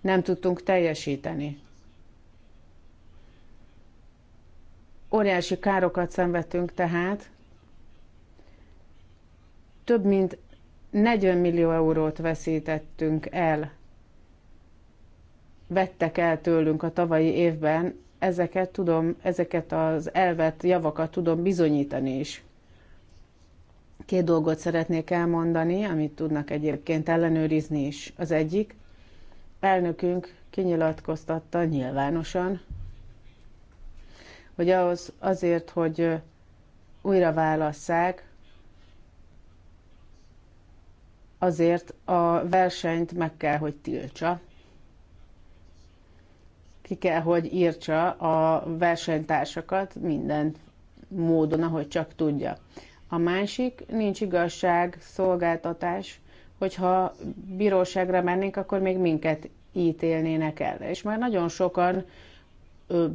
nem tudtunk teljesíteni. Óriási károkat szenvedtünk tehát, több mint 40 millió eurót veszítettünk el, vettek el tőlünk a tavalyi évben ezeket tudom, ezeket az elvet, javakat tudom bizonyítani is. Két dolgot szeretnék elmondani, amit tudnak egyébként ellenőrizni is. Az egyik, elnökünk kinyilatkoztatta nyilvánosan, hogy ahhoz azért, hogy újra válasszák, azért a versenyt meg kell, hogy tiltsa ki kell, hogy írtsa a versenytársakat minden módon, ahogy csak tudja. A másik, nincs igazság, szolgáltatás, hogyha bíróságra mennénk, akkor még minket ítélnének el. És már nagyon sokan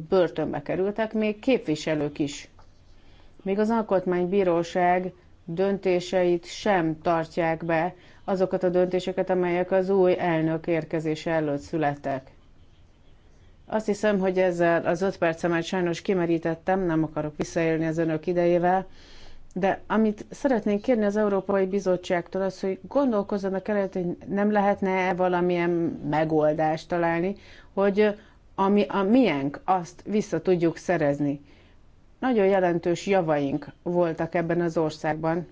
börtönbe kerültek, még képviselők is. Még az alkotmánybíróság döntéseit sem tartják be, azokat a döntéseket, amelyek az új elnök érkezése előtt születtek. Azt hiszem, hogy ezzel az öt percemet sajnos kimerítettem, nem akarok visszaélni az önök idejével, de amit szeretnénk kérni az Európai Bizottságtól az, hogy gondolkozzanak el, hogy nem lehetne -e valamilyen megoldást találni, hogy ami a miénk, azt vissza tudjuk szerezni. Nagyon jelentős javaink voltak ebben az országban.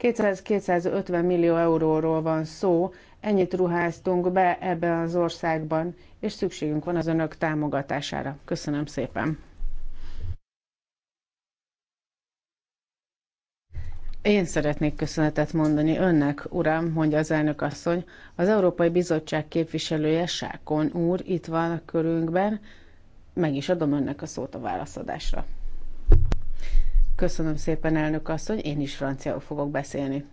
200-250 millió euróról van szó, Ennyit ruháztunk be ebben az országban, és szükségünk van az önök támogatására. Köszönöm szépen! Én szeretnék köszönetet mondani önnek, uram, mondja az elnök asszony. Az Európai Bizottság képviselője Sákon úr itt van a körünkben. Meg is adom önnek a szót a válaszadásra. Köszönöm szépen, elnök asszony, én is franciául fogok beszélni.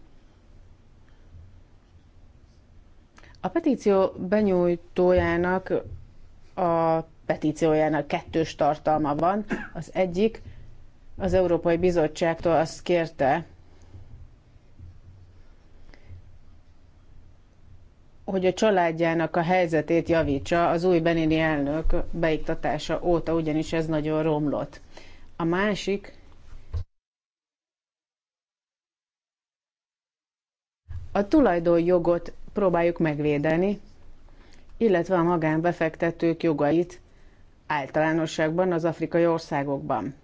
A petíció benyújtójának a petíciójának kettős tartalma van. Az egyik az Európai Bizottságtól azt kérte, hogy a családjának a helyzetét javítsa az új Benini elnök beiktatása óta, ugyanis ez nagyon romlott. A másik a tulajdonjogot próbáljuk megvédeni, illetve a magánbefektetők jogait általánosságban az afrikai országokban.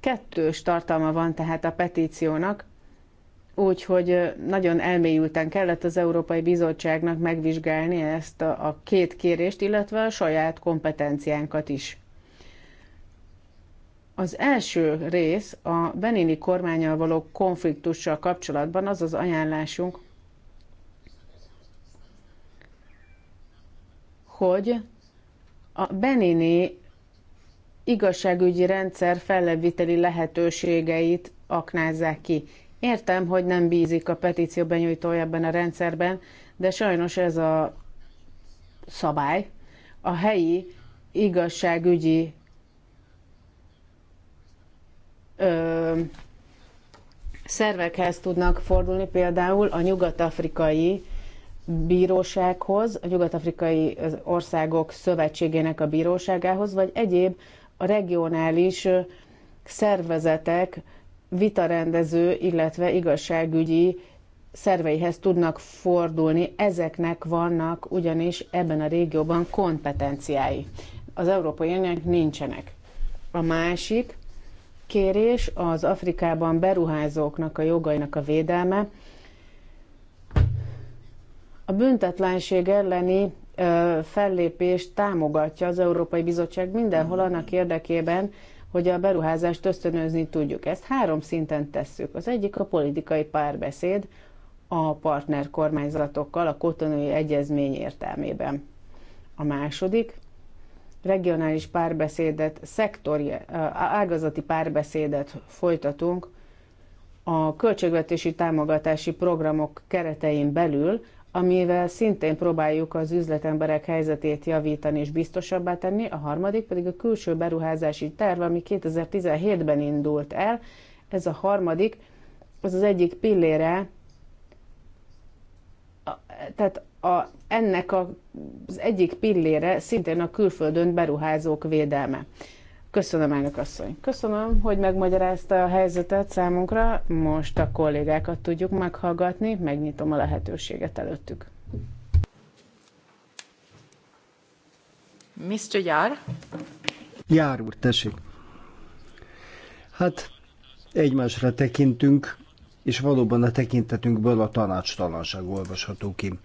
Kettős tartalma van tehát a petíciónak, úgyhogy nagyon elmélyülten kellett az Európai Bizottságnak megvizsgálni ezt a két kérést, illetve a saját kompetenciánkat is. Az első rész a Benini kormányal való konfliktussal kapcsolatban az az ajánlásunk, hogy a Benini igazságügyi rendszer felleviteli lehetőségeit aknázzák ki. Értem, hogy nem bízik a petíció benyújtója ebben a rendszerben, de sajnos ez a szabály a helyi igazságügyi ö, szervekhez tudnak fordulni, például a nyugat-afrikai bírósághoz, a nyugat-afrikai országok szövetségének a bíróságához, vagy egyéb a regionális szervezetek vitarendező, illetve igazságügyi szerveihez tudnak fordulni, ezeknek vannak ugyanis ebben a régióban kompetenciái. Az Európai Uniónak nincsenek. A másik kérés az Afrikában beruházóknak a jogainak a védelme, a büntetlenség elleni ö, fellépést támogatja az Európai Bizottság mindenhol annak érdekében, hogy a beruházást ösztönözni tudjuk. Ezt három szinten tesszük. Az egyik a politikai párbeszéd a partner kormányzatokkal a kotonói egyezmény értelmében. A második regionális párbeszédet, szektori, ágazati párbeszédet folytatunk a költségvetési támogatási programok keretein belül amivel szintén próbáljuk az üzletemberek helyzetét javítani és biztosabbá tenni, a harmadik pedig a külső beruházási terv, ami 2017-ben indult el. Ez a harmadik, az az egyik pillére, tehát a, ennek a, az egyik pillére szintén a külföldön beruházók védelme. Köszönöm, elnök asszony. Köszönöm, hogy megmagyarázta a helyzetet számunkra. Most a kollégákat tudjuk meghallgatni, megnyitom a lehetőséget előttük. Mr. Jár? Jár úr, tessék. Hát egymásra tekintünk, és valóban a tekintetünkből a tanácstalanság olvasható ki.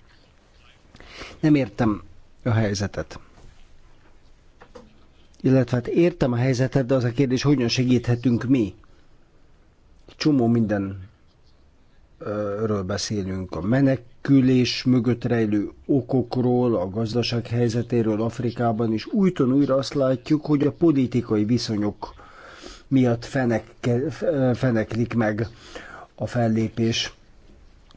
Nem értem a helyzetet illetve hát értem a helyzetet, de az a kérdés, hogyan segíthetünk mi? Csomó mindenről beszélünk, a menekülés mögött rejlő okokról, a gazdaság helyzetéről Afrikában, is újton újra azt látjuk, hogy a politikai viszonyok miatt fenek, feneklik meg a fellépés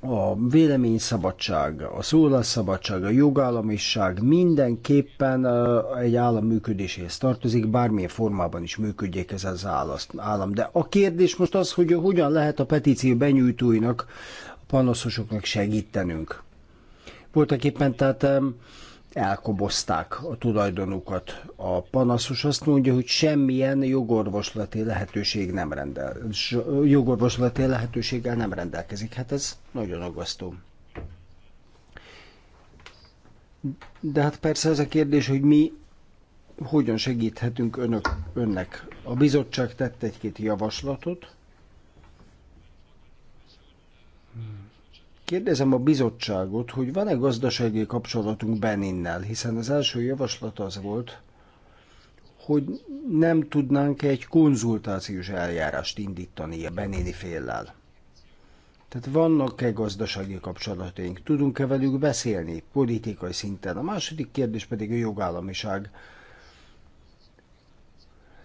a véleményszabadság, a szólásszabadság, a jogállamiság mindenképpen egy állam működéséhez tartozik, bármilyen formában is működjék ez az állam. De a kérdés most az, hogy hogyan lehet a petíció benyújtóinak, a panaszosoknak segítenünk. Voltak éppen tehát elkobozták a tulajdonukat. A panaszos azt mondja, hogy semmilyen jogorvoslati lehetőség nem rendel, jogorvoslati lehetőséggel nem rendelkezik. Hát ez nagyon aggasztó. De hát persze ez a kérdés, hogy mi hogyan segíthetünk önök, önnek. A bizottság tett egy-két javaslatot, Kérdezem a bizottságot, hogy van-e gazdasági kapcsolatunk Beninnel, hiszen az első javaslat az volt, hogy nem tudnánk egy konzultációs eljárást indítani a Benini féllel. Tehát vannak-e gazdasági kapcsolataink? Tudunk-e velük beszélni politikai szinten? A második kérdés pedig a jogállamiság.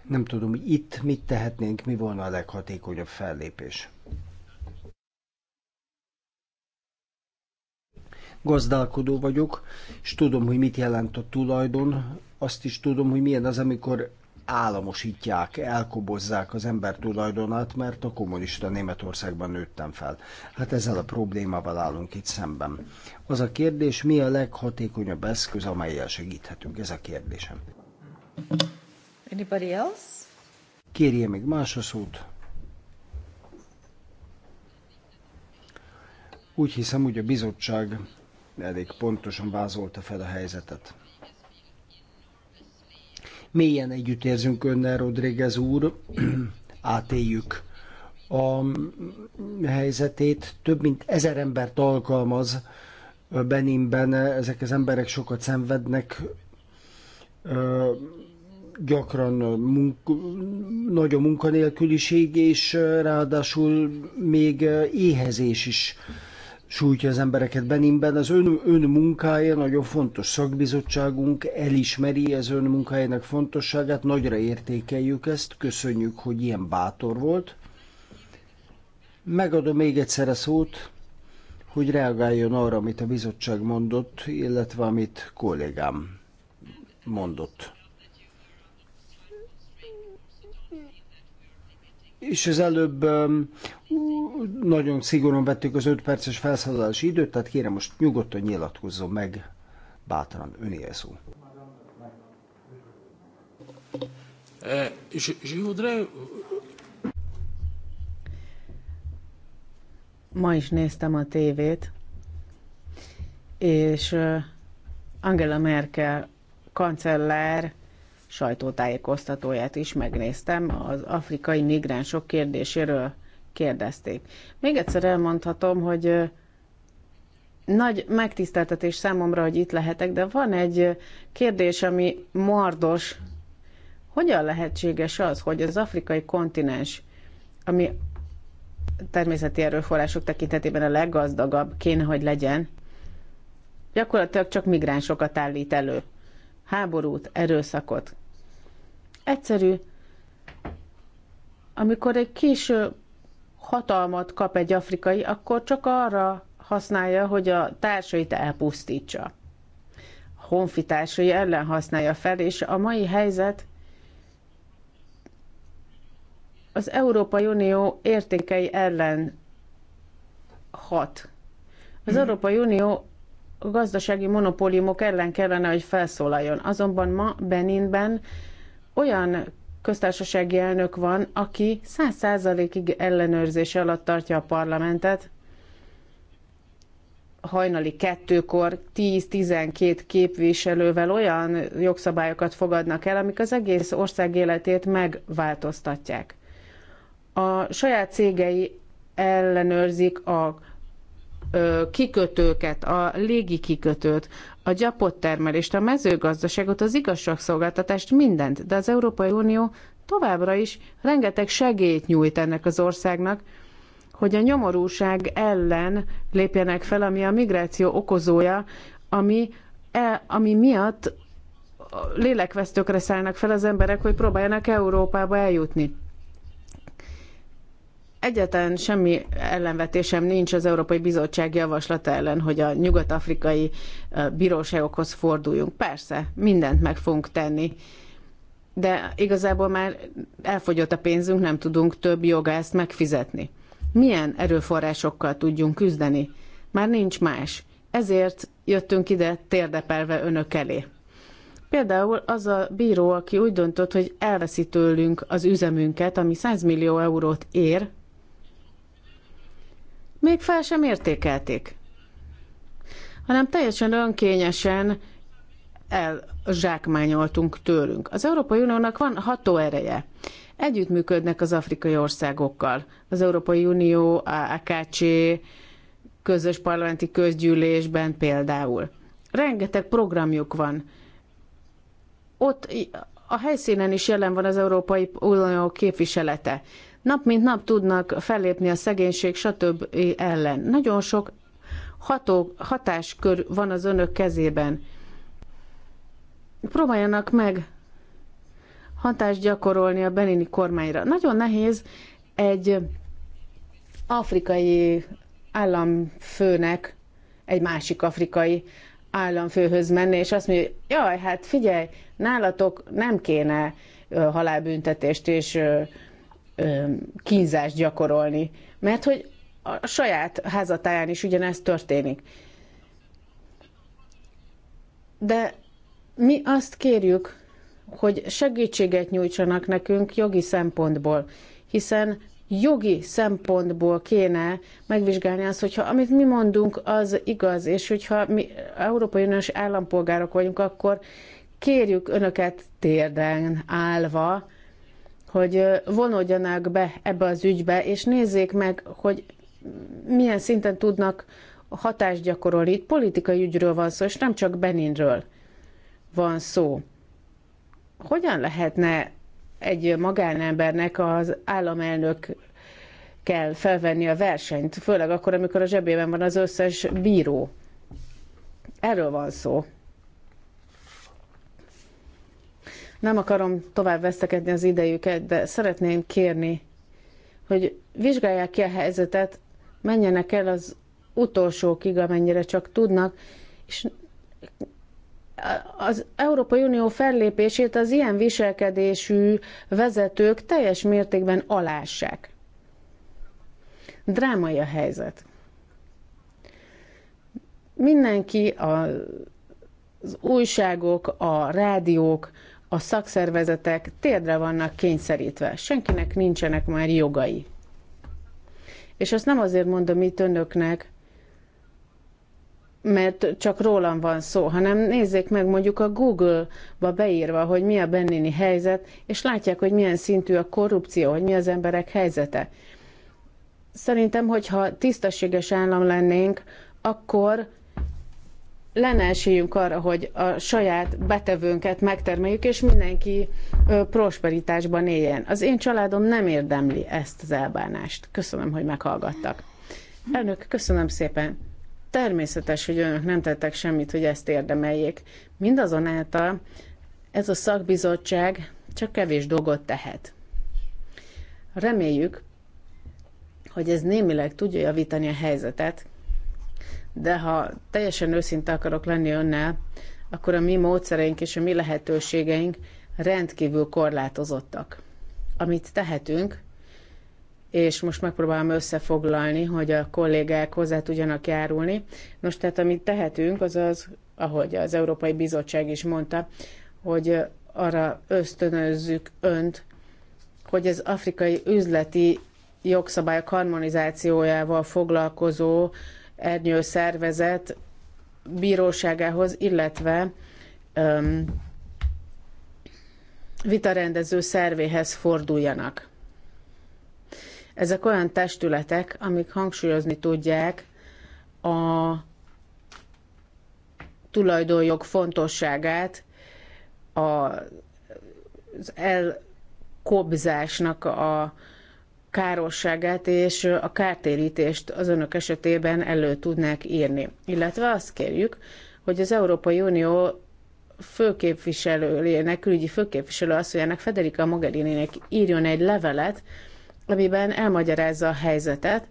Nem tudom, itt mit tehetnénk, mi volna a leghatékonyabb fellépés. gazdálkodó vagyok, és tudom, hogy mit jelent a tulajdon, azt is tudom, hogy milyen az, amikor államosítják, elkobozzák az ember tulajdonát, mert a kommunista Németországban nőttem fel. Hát ezzel a problémával állunk itt szemben. Az a kérdés, mi a leghatékonyabb eszköz, amelyel segíthetünk? Ez a kérdésem. Anybody else? Kérje még más a szót. Úgy hiszem, hogy a bizottság elég pontosan vázolta fel a helyzetet. Mélyen együttérzünk önnel, Rodriguez úr, átéljük a helyzetét. Több mint ezer embert alkalmaz Beninben, ezek az emberek sokat szenvednek, gyakran munk- nagy a munkanélküliség, és ráadásul még éhezés is sújtja az embereket Beninben. Az ön, ön munkája nagyon fontos. Szakbizottságunk elismeri az ön munkájának fontosságát, nagyra értékeljük ezt, köszönjük, hogy ilyen bátor volt. Megadom még egyszer a szót, hogy reagáljon arra, amit a bizottság mondott, illetve amit kollégám mondott. és az előbb nagyon szigorúan vettük az 5 perces felszállási időt, tehát kérem most nyugodtan nyilatkozzon meg, bátran öné szó. Eh, Ma is néztem a tévét, és Angela Merkel kancellár sajtótájékoztatóját is megnéztem, az afrikai migránsok kérdéséről kérdezték. Még egyszer elmondhatom, hogy nagy megtiszteltetés számomra, hogy itt lehetek, de van egy kérdés, ami mardos. Hogyan lehetséges az, hogy az afrikai kontinens, ami természeti erőforrások tekintetében a leggazdagabb kéne, hogy legyen, gyakorlatilag csak migránsokat állít elő. Háborút, erőszakot, egyszerű. Amikor egy kis hatalmat kap egy afrikai, akkor csak arra használja, hogy a társait elpusztítsa. A honfitársai ellen használja fel, és a mai helyzet az Európai Unió értékei ellen hat. Az Európai Unió gazdasági monopóliumok ellen kellene, hogy felszólaljon. Azonban ma Beninben olyan köztársasági elnök van, aki száz százalékig ellenőrzése alatt tartja a parlamentet, hajnali kettőkor 10-12 képviselővel olyan jogszabályokat fogadnak el, amik az egész ország életét megváltoztatják. A saját cégei ellenőrzik a kikötőket, a légi kikötőt, a gyapott termelést, a mezőgazdaságot, az igazságszolgáltatást, mindent, de az Európai Unió továbbra is rengeteg segélyt nyújt ennek az országnak, hogy a nyomorúság ellen lépjenek fel, ami a migráció okozója, ami, e, ami miatt lélekvesztőkre szállnak fel az emberek, hogy próbáljanak Európába eljutni egyáltalán semmi ellenvetésem nincs az Európai Bizottság javaslata ellen, hogy a nyugat-afrikai bíróságokhoz forduljunk. Persze, mindent meg fogunk tenni, de igazából már elfogyott a pénzünk, nem tudunk több jogászt megfizetni. Milyen erőforrásokkal tudjunk küzdeni? Már nincs más. Ezért jöttünk ide térdepelve önök elé. Például az a bíró, aki úgy döntött, hogy elveszi tőlünk az üzemünket, ami 100 millió eurót ér, még fel sem értékelték, hanem teljesen önkényesen elzsákmányoltunk tőlünk. Az Európai Uniónak van hatóereje. Együttműködnek az afrikai országokkal. Az Európai Unió, a AKC, közös parlamenti közgyűlésben például. Rengeteg programjuk van. Ott a helyszínen is jelen van az Európai Unió képviselete nap mint nap tudnak fellépni a szegénység, stb. ellen. Nagyon sok ható, hatáskör van az önök kezében. Próbáljanak meg hatást gyakorolni a benini kormányra. Nagyon nehéz egy afrikai államfőnek, egy másik afrikai államfőhöz menni, és azt mondja, hogy jaj, hát figyelj, nálatok nem kéne halálbüntetést és kínzást gyakorolni, mert hogy a saját házatáján is ugyanezt történik. De mi azt kérjük, hogy segítséget nyújtsanak nekünk jogi szempontból, hiszen jogi szempontból kéne megvizsgálni azt, hogyha amit mi mondunk, az igaz, és hogyha mi Európai Uniós állampolgárok vagyunk, akkor kérjük önöket térden állva, hogy vonódjanak be ebbe az ügybe, és nézzék meg, hogy milyen szinten tudnak hatást gyakorolni. Itt politikai ügyről van szó, és nem csak Beninről van szó. Hogyan lehetne egy magánembernek az államelnök kell felvenni a versenyt, főleg akkor, amikor a zsebében van az összes bíró. Erről van szó. Nem akarom tovább veszekedni az idejüket, de szeretném kérni, hogy vizsgálják ki a helyzetet, menjenek el az utolsókig, amennyire csak tudnak, és az Európai Unió fellépését az ilyen viselkedésű vezetők teljes mértékben alássák. Drámai a helyzet. Mindenki, az újságok, a rádiók, a szakszervezetek térdre vannak kényszerítve. Senkinek nincsenek már jogai. És azt nem azért mondom itt önöknek, mert csak rólam van szó, hanem nézzék meg mondjuk a Google-ba beírva, hogy mi a bennini helyzet, és látják, hogy milyen szintű a korrupció, hogy mi az emberek helyzete. Szerintem, hogyha tisztességes állam lennénk, akkor lenne esélyünk arra, hogy a saját betevőnket megtermeljük, és mindenki prosperitásban éljen. Az én családom nem érdemli ezt az elbánást. Köszönöm, hogy meghallgattak. Elnök, köszönöm szépen. Természetes, hogy önök nem tettek semmit, hogy ezt érdemeljék. Mindazonáltal ez a szakbizottság csak kevés dolgot tehet. Reméljük, hogy ez némileg tudja javítani a helyzetet, de ha teljesen őszinte akarok lenni önnel, akkor a mi módszereink és a mi lehetőségeink rendkívül korlátozottak. Amit tehetünk, és most megpróbálom összefoglalni, hogy a kollégák hozzá tudjanak járulni. Nos, tehát amit tehetünk, az az, ahogy az Európai Bizottság is mondta, hogy arra ösztönözzük önt, hogy az afrikai üzleti jogszabályok harmonizációjával foglalkozó ernyő szervezet bíróságához, illetve öm, vitarendező szervéhez forduljanak. Ezek olyan testületek, amik hangsúlyozni tudják a tulajdonjog fontosságát, a, az elkobzásnak a károsságát és a kártérítést az önök esetében elő tudnák írni. Illetve azt kérjük, hogy az Európai Unió főképviselőjének, külügyi főképviselő asszonyának Federica Mogherininek írjon egy levelet, amiben elmagyarázza a helyzetet,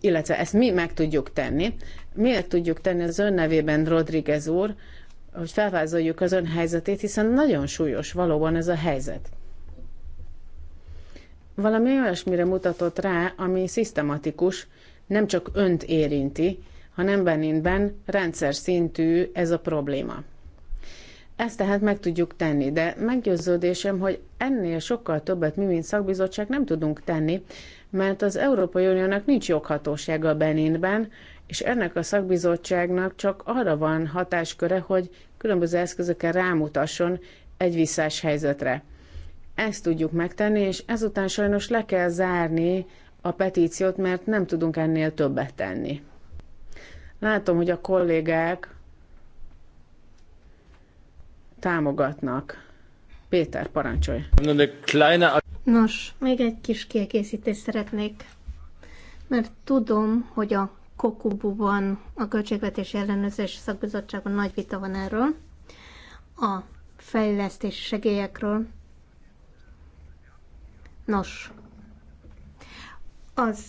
illetve ezt mi meg tudjuk tenni. Miért tudjuk tenni az ön nevében, Rodriguez úr, hogy felvázoljuk az ön helyzetét, hiszen nagyon súlyos valóban ez a helyzet valami olyasmire mutatott rá, ami szisztematikus, nem csak önt érinti, hanem bennintben rendszer szintű ez a probléma. Ezt tehát meg tudjuk tenni, de meggyőződésem, hogy ennél sokkal többet mi, mint szakbizottság nem tudunk tenni, mert az Európai Uniónak nincs joghatósága a Beninben, és ennek a szakbizottságnak csak arra van hatásköre, hogy különböző eszközökkel rámutasson egy visszás helyzetre. Ezt tudjuk megtenni, és ezután sajnos le kell zárni a petíciót, mert nem tudunk ennél többet tenni. Látom, hogy a kollégák támogatnak. Péter, parancsolj! Nos, még egy kis kiegészítést szeretnék, mert tudom, hogy a Kokububan, a Költségvetési ellenőrzés Szakbizottságban nagy vita van erről, a fejlesztési segélyekről, Nos, az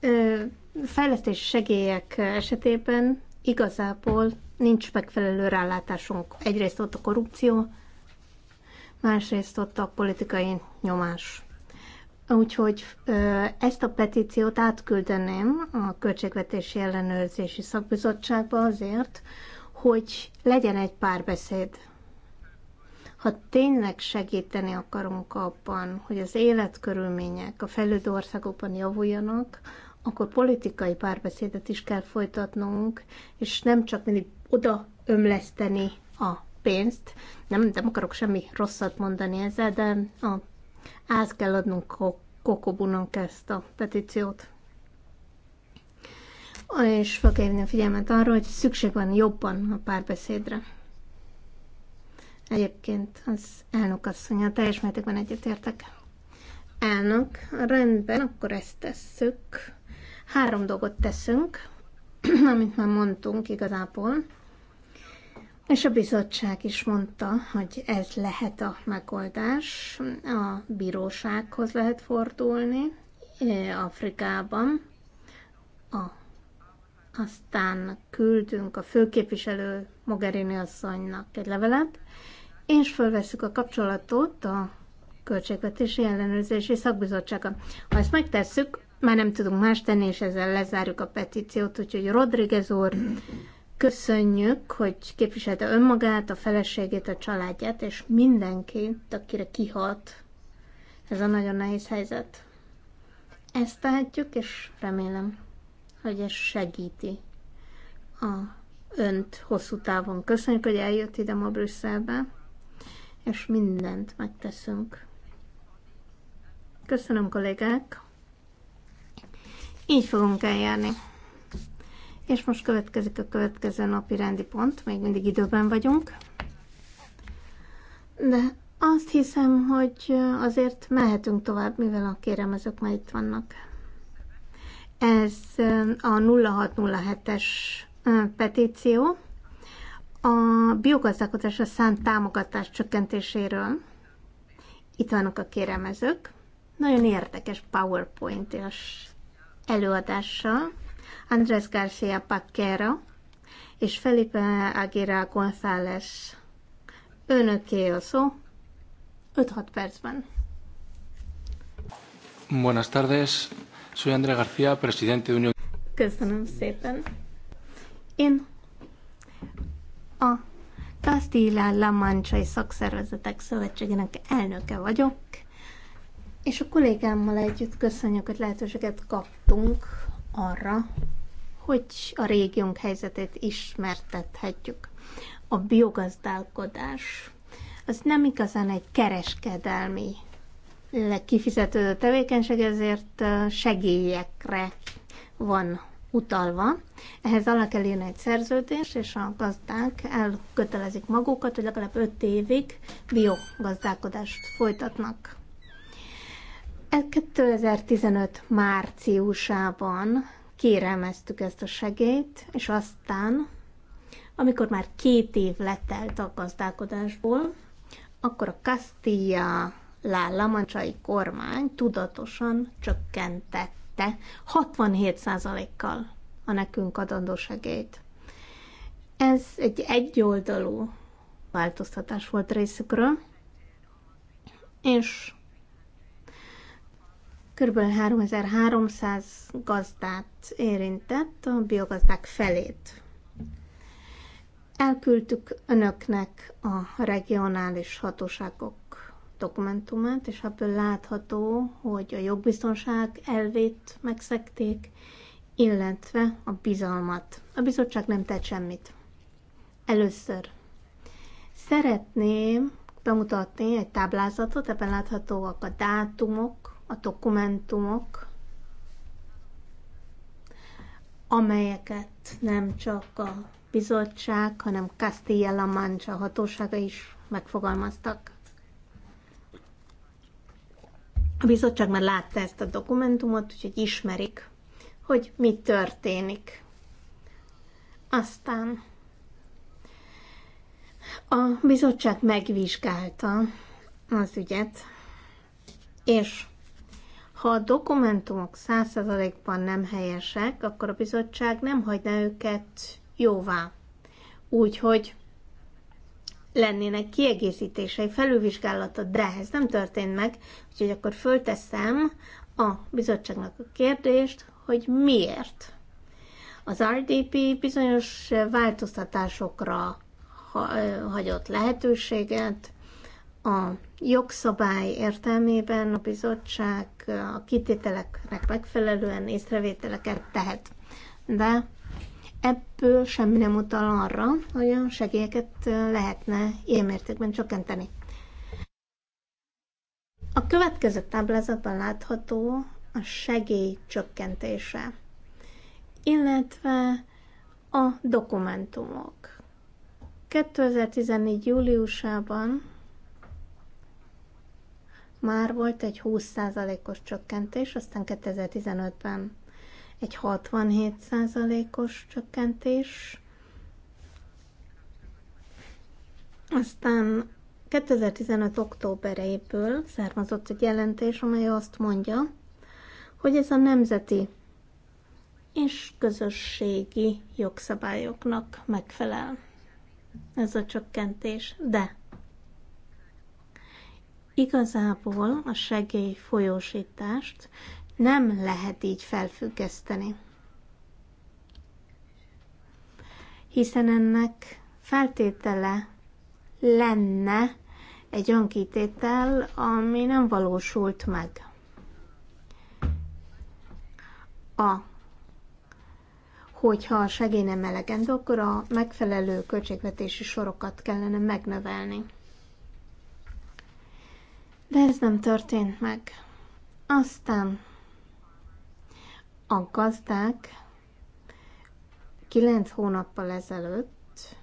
ö, fejlesztés segélyek esetében igazából nincs megfelelő rálátásunk. Egyrészt ott a korrupció, másrészt ott a politikai nyomás. Úgyhogy ezt a petíciót átküldeném a Költségvetési Ellenőrzési Szakbizottságba azért, hogy legyen egy párbeszéd ha tényleg segíteni akarunk abban, hogy az életkörülmények a fejlődő országokban javuljanak, akkor politikai párbeszédet is kell folytatnunk, és nem csak mindig oda ömleszteni a pénzt. Nem, nem akarok semmi rosszat mondani ezzel, de a, át kell adnunk a Kokobunak ezt a petíciót. És fog érni a figyelmet arra, hogy szükség van jobban a párbeszédre. Egyébként az elnök a teljes mértékben egyetértek. Elnök, rendben, akkor ezt tesszük. Három dolgot teszünk, amit már mondtunk igazából. És a bizottság is mondta, hogy ez lehet a megoldás. A bírósághoz lehet fordulni eh, Afrikában. A, aztán küldünk a főképviselő Mogherini asszonynak egy levelet, és felveszük a kapcsolatot a Költségvetési Ellenőrzési Szakbizottsága. Ha ezt megtesszük, már nem tudunk más tenni, és ezzel lezárjuk a petíciót, úgyhogy Rodriguez úr, köszönjük, hogy képviselte önmagát, a feleségét, a családját, és mindenkit, akire kihat ez a nagyon nehéz helyzet. Ezt tehetjük, és remélem, hogy ez segíti a önt hosszú távon. Köszönjük, hogy eljött ide ma Brüsszelbe és mindent megteszünk. Köszönöm, kollégák! Így fogunk eljárni. És most következik a következő napi rendi pont, még mindig időben vagyunk. De azt hiszem, hogy azért mehetünk tovább, mivel a kérem, azok már itt vannak. Ez a 0607-es petíció, a biogazdálkodásra szánt támogatás csökkentéséről. Itt vannak a kérelmezők. Nagyon érdekes powerpoint és előadása. Andrés García Paquera és Felipe Aguirre González. Önöké a szó. 5-6 percben. Buenas tardes. Soy Andrés García, presidente de Unión. Köszönöm szépen. Én a Castilla-La Manchai Szakszervezetek Szövetségének elnöke vagyok, és a kollégámmal együtt köszönjük, hogy lehetőséget kaptunk arra, hogy a régiónk helyzetét ismertethetjük. A biogazdálkodás az nem igazán egy kereskedelmi kifizetődő tevékenység, ezért segélyekre van utalva. Ehhez alá kell írni egy szerződést, és a gazdák elkötelezik magukat, hogy legalább 5 évig biogazdálkodást folytatnak. 2015 e márciusában kérelmeztük ezt a segélyt, és aztán, amikor már két év letelt a gazdálkodásból, akkor a Castilla-La kormány tudatosan csökkentett növelte 67%-kal a nekünk adandó segélyt. Ez egy egyoldalú változtatás volt részükről, és kb. 3300 gazdát érintett, a biogazdák felét. Elküldtük önöknek a regionális hatóságok dokumentumát, és ebből látható, hogy a jogbiztonság elvét megszekték, illetve a bizalmat. A bizottság nem tett semmit. Először szeretném bemutatni egy táblázatot, ebben láthatóak a dátumok, a dokumentumok, amelyeket nem csak a bizottság, hanem Castilla-La Mancha hatósága is megfogalmaztak. A bizottság már látta ezt a dokumentumot, úgyhogy ismerik, hogy mi történik. Aztán a bizottság megvizsgálta az ügyet, és ha a dokumentumok százszerzalékban nem helyesek, akkor a bizottság nem hagyna őket jóvá. Úgyhogy lennének kiegészítései, felülvizsgálata, de ez nem történt meg, úgyhogy akkor fölteszem a bizottságnak a kérdést, hogy miért. Az RDP bizonyos változtatásokra hagyott lehetőséget, a jogszabály értelmében a bizottság a kitételeknek megfelelően észrevételeket tehet. De ebből semmi nem utal arra, hogy a segélyeket lehetne ilyen mértékben csökkenteni. A következő táblázatban látható a segély csökkentése, illetve a dokumentumok. 2014. júliusában már volt egy 20%-os csökkentés, aztán 2015-ben egy 67%-os csökkentés. Aztán 2015. októberéből származott egy jelentés, amely azt mondja, hogy ez a nemzeti és közösségi jogszabályoknak megfelel. Ez a csökkentés. De igazából a segélyfolyósítást nem lehet így felfüggeszteni. Hiszen ennek feltétele lenne egy olyan kitétel, ami nem valósult meg. A hogyha a segély nem elegendő, akkor a megfelelő költségvetési sorokat kellene megnövelni. De ez nem történt meg. Aztán a gazdák kilenc hónappal ezelőtt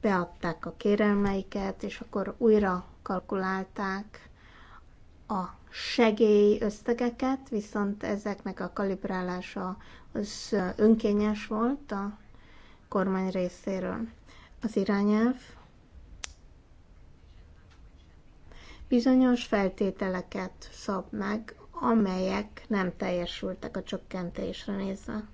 beadták a kérelmeiket, és akkor újra kalkulálták a segély összegeket, viszont ezeknek a kalibrálása az önkényes volt a kormány részéről. Az irányelv bizonyos feltételeket szab meg amelyek nem teljesültek a csökkentésre nézve.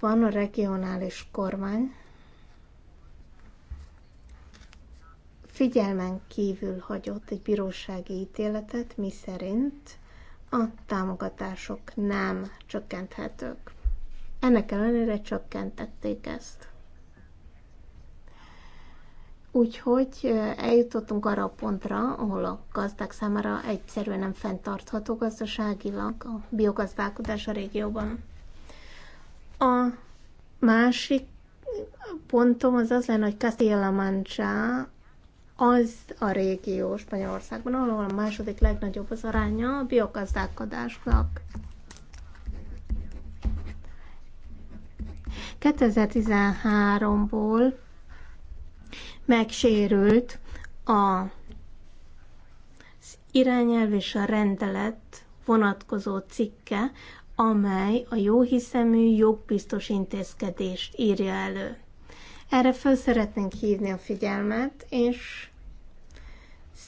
ban a regionális kormány figyelmen kívül hagyott egy bírósági ítéletet, miszerint a támogatások nem csökkenthetők. Ennek ellenére csökkentették ezt. Úgyhogy eljutottunk arra a pontra, ahol a gazdák számára egyszerűen nem fenntartható gazdaságilag a biogazdálkodás a régióban. A másik pontom az az lenne, hogy Castilla Mancha az a régió Spanyolországban, ahol a második legnagyobb az aránya a biogazdálkodásnak. 2013-ból megsérült a, irányelv és a rendelet vonatkozó cikke, amely a jóhiszemű jogbiztos intézkedést írja elő. Erre föl szeretnénk hívni a figyelmet, és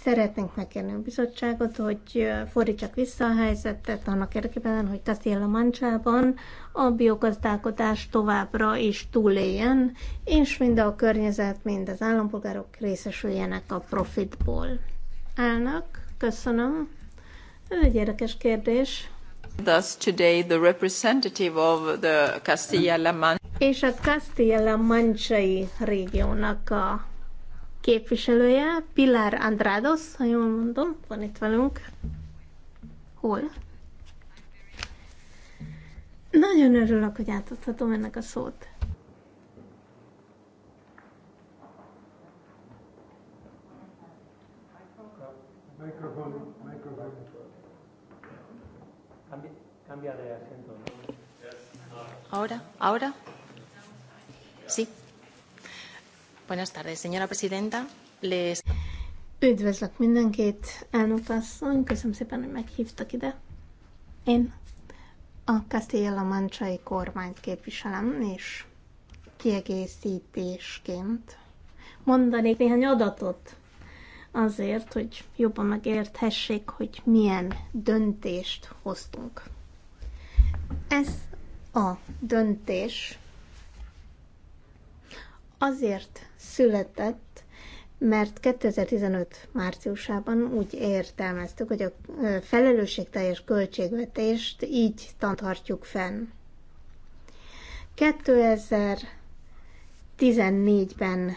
Szeretnénk megkérni a bizottságot, hogy fordítsak vissza a helyzetet annak érdekében, hogy Castilla Mancsában a biogazdálkodás továbbra is túléljen, és mind a környezet, mind az állampolgárok részesüljenek a profitból. Elnök, köszönöm. Ez egy érdekes kérdés. Thus today the representative of the Castilla-La Mancha. És a Castilla-La Manchai régiónak a képviselője, Pilar Andrados, ha jól mondom, van itt velünk. Hol? Nagyon örülök, hogy átadhatom ennek a szót. Ahora, ahora. Sí. Buenas tardes, señora presidenta. Les... Üdvözlök mindenkit, elnök asszony, köszönöm szépen, hogy meghívtak ide. Én a Castilla Mancsai kormányt képviselem, és kiegészítésként mondanék néhány adatot azért, hogy jobban megérthessék, hogy milyen döntést hoztunk. Ez a döntés azért született, mert 2015 márciusában úgy értelmeztük, hogy a felelősségteljes költségvetést így tartjuk fenn. 2014-ben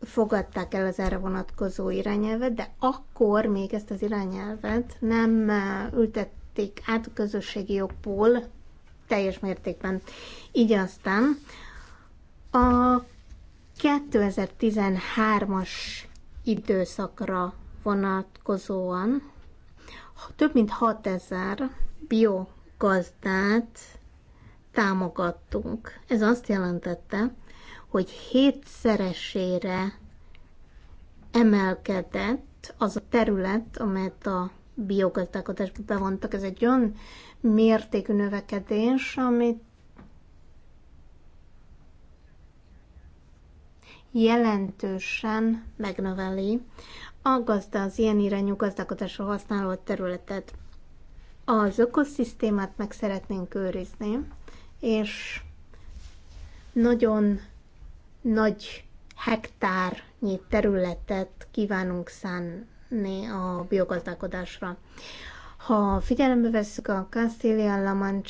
fogadták el az erre vonatkozó irányelvet, de akkor még ezt az irányelvet nem ültették át a közösségi jogból teljes mértékben. Így aztán a 2013-as időszakra vonatkozóan több mint 6000 biogazdát támogattunk. Ez azt jelentette, hogy hétszeresére emelkedett az a terület, amelyet a biogazdálkodásba bevontak. Ez egy olyan mértékű növekedés, amit jelentősen megnöveli a gazda, az ilyen irányú gazdálkodásra használó területet. Az ökoszisztémát meg szeretnénk őrizni, és nagyon nagy hektárnyi területet kívánunk szánni a biogazdálkodásra. Ha figyelembe vesszük a Castilla-La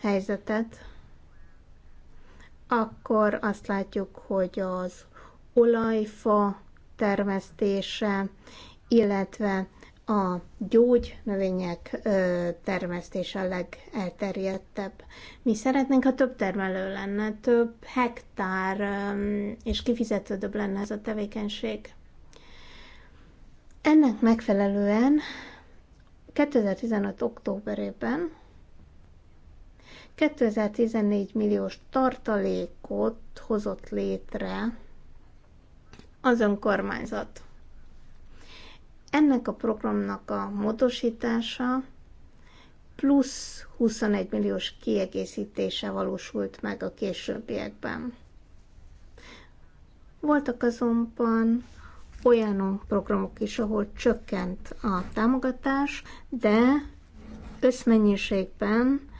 helyzetet, akkor azt látjuk, hogy az olajfa termesztése, illetve a gyógynövények termesztése a legelterjedtebb. Mi szeretnénk, ha több termelő lenne, több hektár, és kifizetődőbb lenne ez a tevékenység. Ennek megfelelően 2015. októberében 2014 milliós tartalékot hozott létre az önkormányzat. Ennek a programnak a módosítása plusz 21 milliós kiegészítése valósult meg a későbbiekben. Voltak azonban olyan programok is, ahol csökkent a támogatás, de összmennyiségben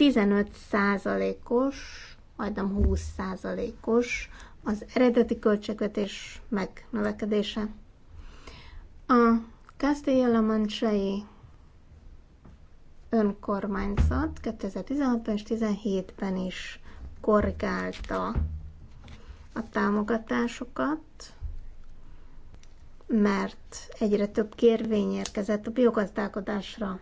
15 százalékos, majdnem 20 százalékos az eredeti költségvetés megnövekedése. A castilla önkormányzat 2016-ban és 2017-ben is korrigálta a támogatásokat, mert egyre több kérvény érkezett a biogazdálkodásra.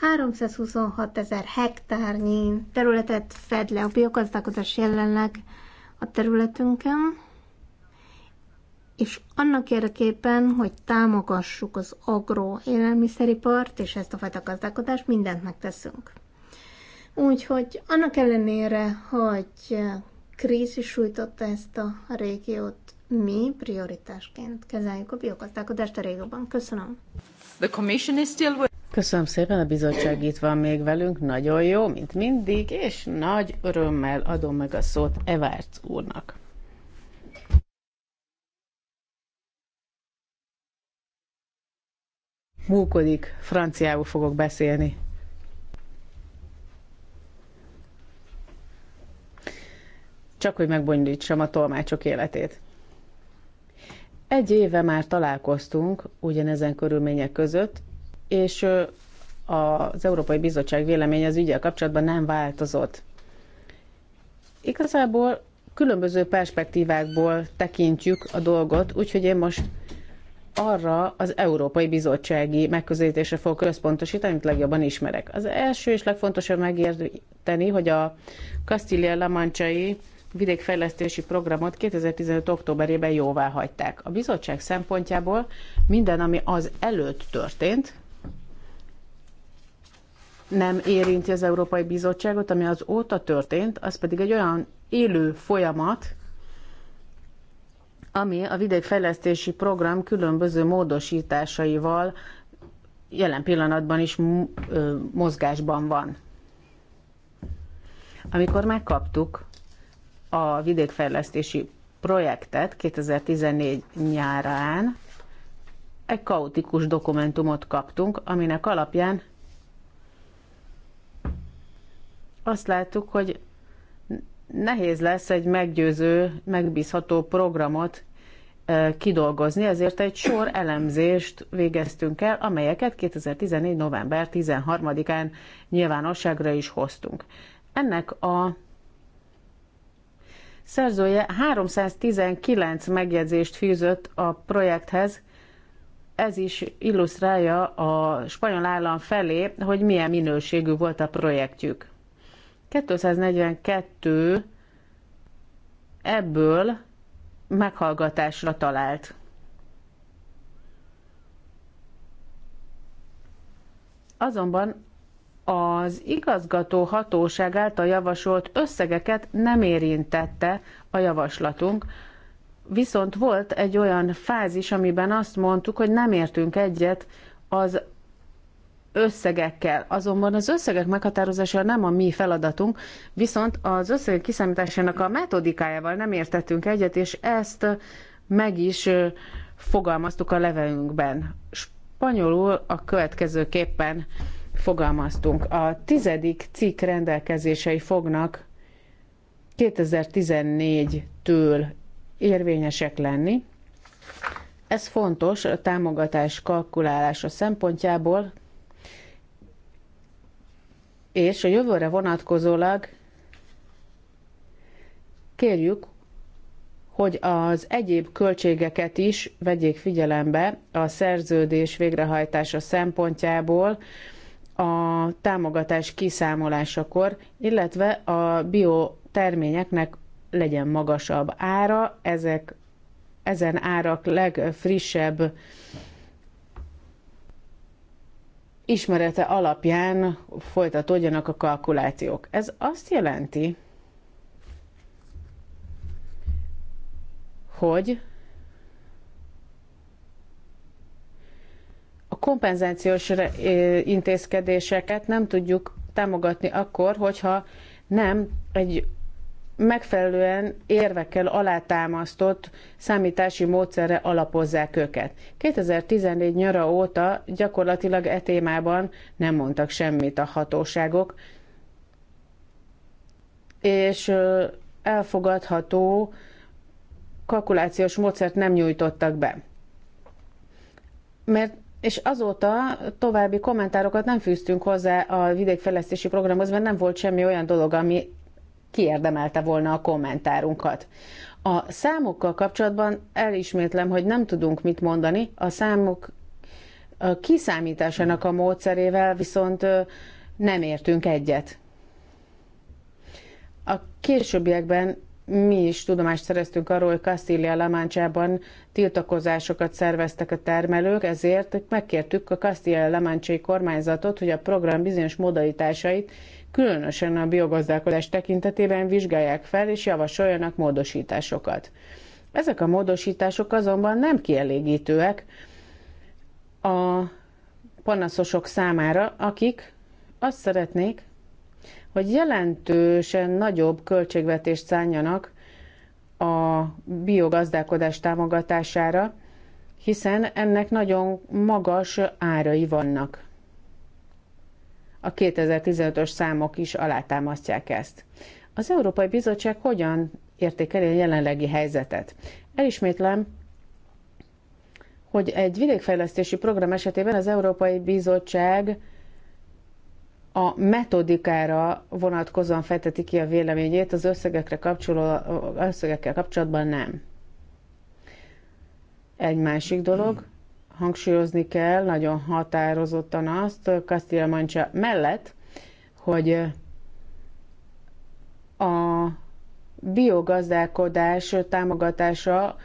326 ezer hektárnyi területet fed le a biogazdálkodás jelenleg a területünkön, és annak érdekében, hogy támogassuk az agroélelmiszeripart és ezt a fajta gazdálkodást, mindent megteszünk. Úgyhogy annak ellenére, hogy krízis sújtotta ezt a régiót, mi prioritásként kezeljük a biogazdálkodást a régióban. Köszönöm. The commission is still with... Köszönöm szépen, a bizottság itt van még velünk, nagyon jó, mint mindig, és nagy örömmel adom meg a szót Evárc úrnak. Múkodik, franciául fogok beszélni. Csak hogy megbonyolítsam a tolmácsok életét. Egy éve már találkoztunk ugyanezen körülmények között, és az Európai Bizottság véleménye az ügyel kapcsolatban nem változott. Igazából különböző perspektívákból tekintjük a dolgot, úgyhogy én most arra az Európai Bizottsági megközelítésre fog központosítani, amit legjobban ismerek. Az első és legfontosabb megérteni, hogy a Castilla-La vidékfejlesztési programot 2015. októberében jóvá hagyták. A bizottság szempontjából minden, ami az előtt történt, nem érinti az Európai Bizottságot, ami az óta történt, az pedig egy olyan élő folyamat, ami a vidékfejlesztési program különböző módosításaival jelen pillanatban is mozgásban van. Amikor megkaptuk a vidékfejlesztési projektet 2014 nyárán egy kaotikus dokumentumot kaptunk, aminek alapján azt láttuk, hogy nehéz lesz egy meggyőző, megbízható programot kidolgozni, ezért egy sor elemzést végeztünk el, amelyeket 2014. november 13-án nyilvánosságra is hoztunk. Ennek a szerzője 319 megjegyzést fűzött a projekthez, ez is illusztrálja a spanyol állam felé, hogy milyen minőségű volt a projektjük. 242 ebből meghallgatásra talált. Azonban az igazgató hatóság által javasolt összegeket nem érintette a javaslatunk, viszont volt egy olyan fázis, amiben azt mondtuk, hogy nem értünk egyet az összegekkel. Azonban az összegek meghatározása nem a mi feladatunk, viszont az összegek kiszámításának a metodikájával nem értettünk egyet, és ezt meg is fogalmaztuk a levelünkben. Spanyolul a következőképpen fogalmaztunk. A tizedik cikk rendelkezései fognak 2014-től érvényesek lenni. Ez fontos a támogatás kalkulálása szempontjából, és a jövőre vonatkozólag kérjük, hogy az egyéb költségeket is vegyék figyelembe a szerződés végrehajtása szempontjából, a támogatás kiszámolásakor, illetve a bioterményeknek legyen magasabb ára, ezek, ezen árak legfrissebb ismerete alapján folytatódjanak a kalkulációk. Ez azt jelenti, hogy kompenzációs intézkedéseket nem tudjuk támogatni akkor, hogyha nem egy megfelelően érvekkel alátámasztott számítási módszerre alapozzák őket. 2014 nyara óta gyakorlatilag e témában nem mondtak semmit a hatóságok, és elfogadható kalkulációs módszert nem nyújtottak be. Mert és azóta további kommentárokat nem fűztünk hozzá a vidékfejlesztési programhoz, mert nem volt semmi olyan dolog, ami kiérdemelte volna a kommentárunkat. A számokkal kapcsolatban elismétlem, hogy nem tudunk mit mondani, a számok a kiszámításának a módszerével viszont nem értünk egyet. A későbbiekben mi is tudomást szereztünk arról, hogy Kastília Lamáncsában tiltakozásokat szerveztek a termelők, ezért megkértük a Kastília Lamáncsai kormányzatot, hogy a program bizonyos modalitásait különösen a biogazdálkodás tekintetében vizsgálják fel és javasoljanak módosításokat. Ezek a módosítások azonban nem kielégítőek a panaszosok számára, akik azt szeretnék, hogy jelentősen nagyobb költségvetést szánjanak a biogazdálkodás támogatására, hiszen ennek nagyon magas árai vannak. A 2015-ös számok is alátámasztják ezt. Az Európai Bizottság hogyan értékeli a jelenlegi helyzetet? Elismétlem, hogy egy vidékfejlesztési program esetében az Európai Bizottság a metodikára vonatkozóan fejteti ki a véleményét, az összegekre kapcsoló, összegekkel kapcsolatban nem. Egy másik dolog, hangsúlyozni kell nagyon határozottan azt Castilla Mancha mellett, hogy a biogazdálkodás támogatása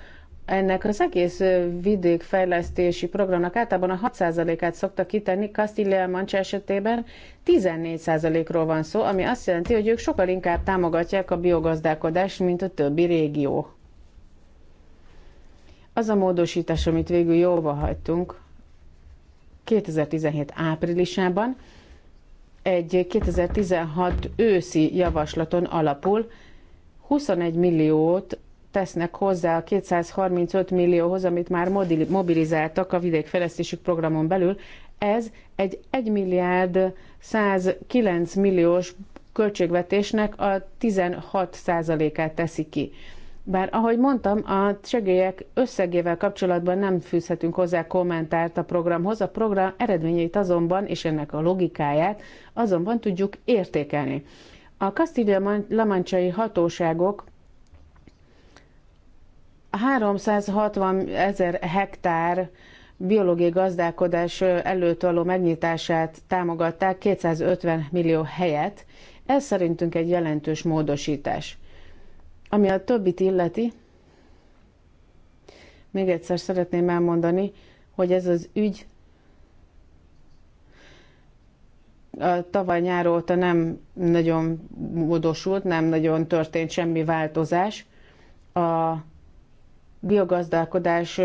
ennek az egész vidékfejlesztési programnak általában a 6%-át szokta kitenni, Castilla Mancs esetében 14%-ról van szó, ami azt jelenti, hogy ők sokkal inkább támogatják a biogazdálkodást, mint a többi régió. Az a módosítás, amit végül jóvá hagytunk 2017 áprilisában, egy 2016 őszi javaslaton alapul 21 milliót tesznek hozzá a 235 millióhoz, amit már mobilizáltak a vidékfejlesztésük programon belül. Ez egy 1 milliárd 109 milliós költségvetésnek a 16 százalékát teszi ki. Bár ahogy mondtam, a segélyek összegével kapcsolatban nem fűzhetünk hozzá kommentárt a programhoz, a program eredményeit azonban, és ennek a logikáját azonban tudjuk értékelni. A Castilla-Lamancsai hatóságok 360 ezer hektár biológiai gazdálkodás előtt való megnyitását támogatták 250 millió helyet. Ez szerintünk egy jelentős módosítás. Ami a többit illeti, még egyszer szeretném elmondani, hogy ez az ügy a tavaly nyár óta nem nagyon módosult, nem nagyon történt semmi változás. A biogazdálkodás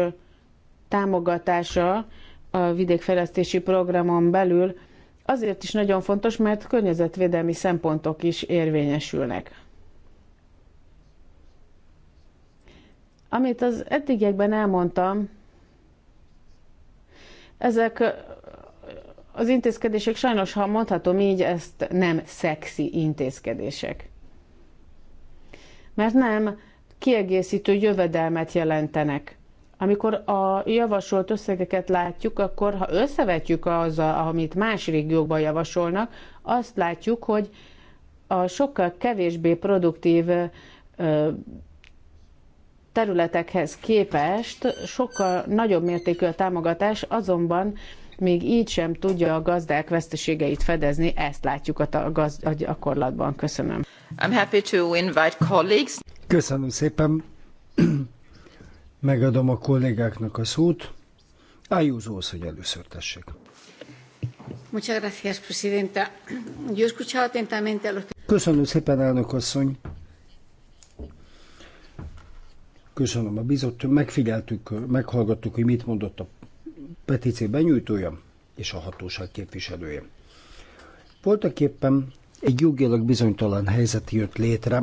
támogatása a vidékfejlesztési programon belül azért is nagyon fontos, mert környezetvédelmi szempontok is érvényesülnek. Amit az eddigiekben elmondtam, ezek az intézkedések sajnos, ha mondhatom így, ezt nem szexi intézkedések. Mert nem kiegészítő jövedelmet jelentenek. Amikor a javasolt összegeket látjuk, akkor ha összevetjük azzal, amit más régiókban javasolnak, azt látjuk, hogy a sokkal kevésbé produktív területekhez képest sokkal nagyobb mértékű a támogatás, azonban még így sem tudja a gazdák veszteségeit fedezni, ezt látjuk a, gaz- a gyakorlatban. Köszönöm. I'm happy to invite colleagues. Köszönöm szépen. Megadom a kollégáknak a szót. Ájúzó hogy először tessék. Muchas gracias, presidenta. a Köszönöm szépen, elnök asszony. Köszönöm a bizottság. Megfigyeltük, meghallgattuk, hogy mit mondott a petíció benyújtója és a hatóság képviselője. Voltak éppen egy jogilag bizonytalan helyzet jött létre,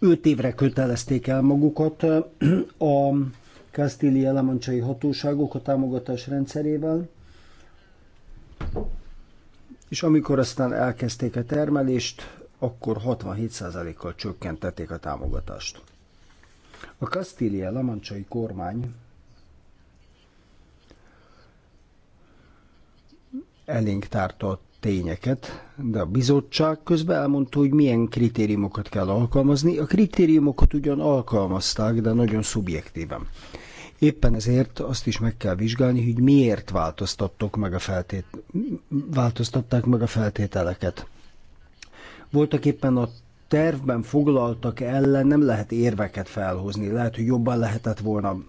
5 évre kötelezték el magukat a Kastili elemancsai hatóságok a támogatás rendszerével, és amikor aztán elkezdték a termelést, akkor 67%-kal csökkentették a támogatást. A Kastília lamancsai kormány elénk tárta a tényeket, de a bizottság közben elmondta, hogy milyen kritériumokat kell alkalmazni. A kritériumokat ugyan alkalmazták, de nagyon szubjektíven. Éppen ezért azt is meg kell vizsgálni, hogy miért változtattok meg a feltét... változtatták meg a feltételeket. Voltak éppen a tervben foglaltak ellen nem lehet érveket felhozni, lehet, hogy jobban lehetett volna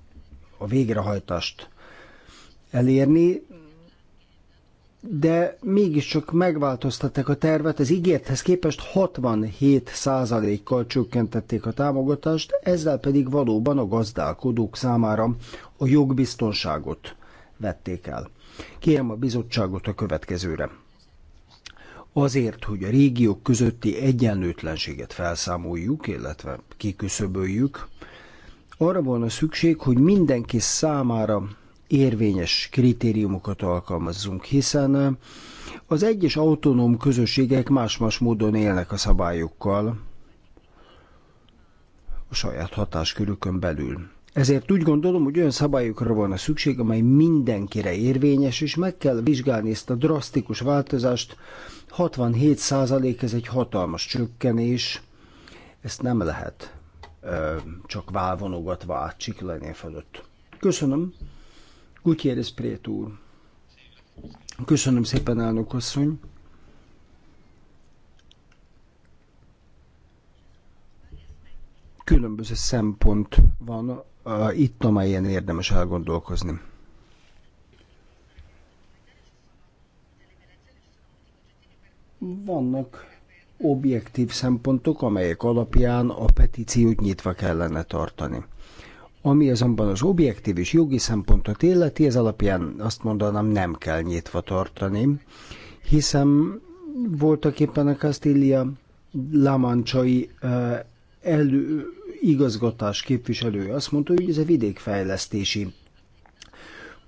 a végrehajtást elérni, de mégiscsak megváltoztatták a tervet, az ígérthez képest 67%-kal csökkentették a támogatást, ezzel pedig valóban a gazdálkodók számára a jogbiztonságot vették el. Kérem a bizottságot a következőre. Azért, hogy a régiók közötti egyenlőtlenséget felszámoljuk, illetve kiküszöböljük, arra volna szükség, hogy mindenki számára érvényes kritériumokat alkalmazzunk, hiszen eh, az egyes autonóm közösségek más-más módon élnek a szabályokkal a saját hatáskörükön belül. Ezért úgy gondolom, hogy olyan szabályokra van a szükség, amely mindenkire érvényes, és meg kell vizsgálni ezt a drasztikus változást. 67% ez egy hatalmas csökkenés, ezt nem lehet ö, eh, csak válvonogatva átsiklani fölött. Köszönöm. Gutierrez Prét úr. Köszönöm szépen, elnök asszony. Különböző szempont van uh, itt, amelyen érdemes elgondolkozni. Vannak objektív szempontok, amelyek alapján a petíciót nyitva kellene tartani. Ami azonban az objektív és jogi szempontot illeti, ez alapján azt mondanám nem kell nyitva tartani, hiszen voltak éppen a castilla Lamancsai elő, igazgatás képviselője azt mondta, hogy ez a vidékfejlesztési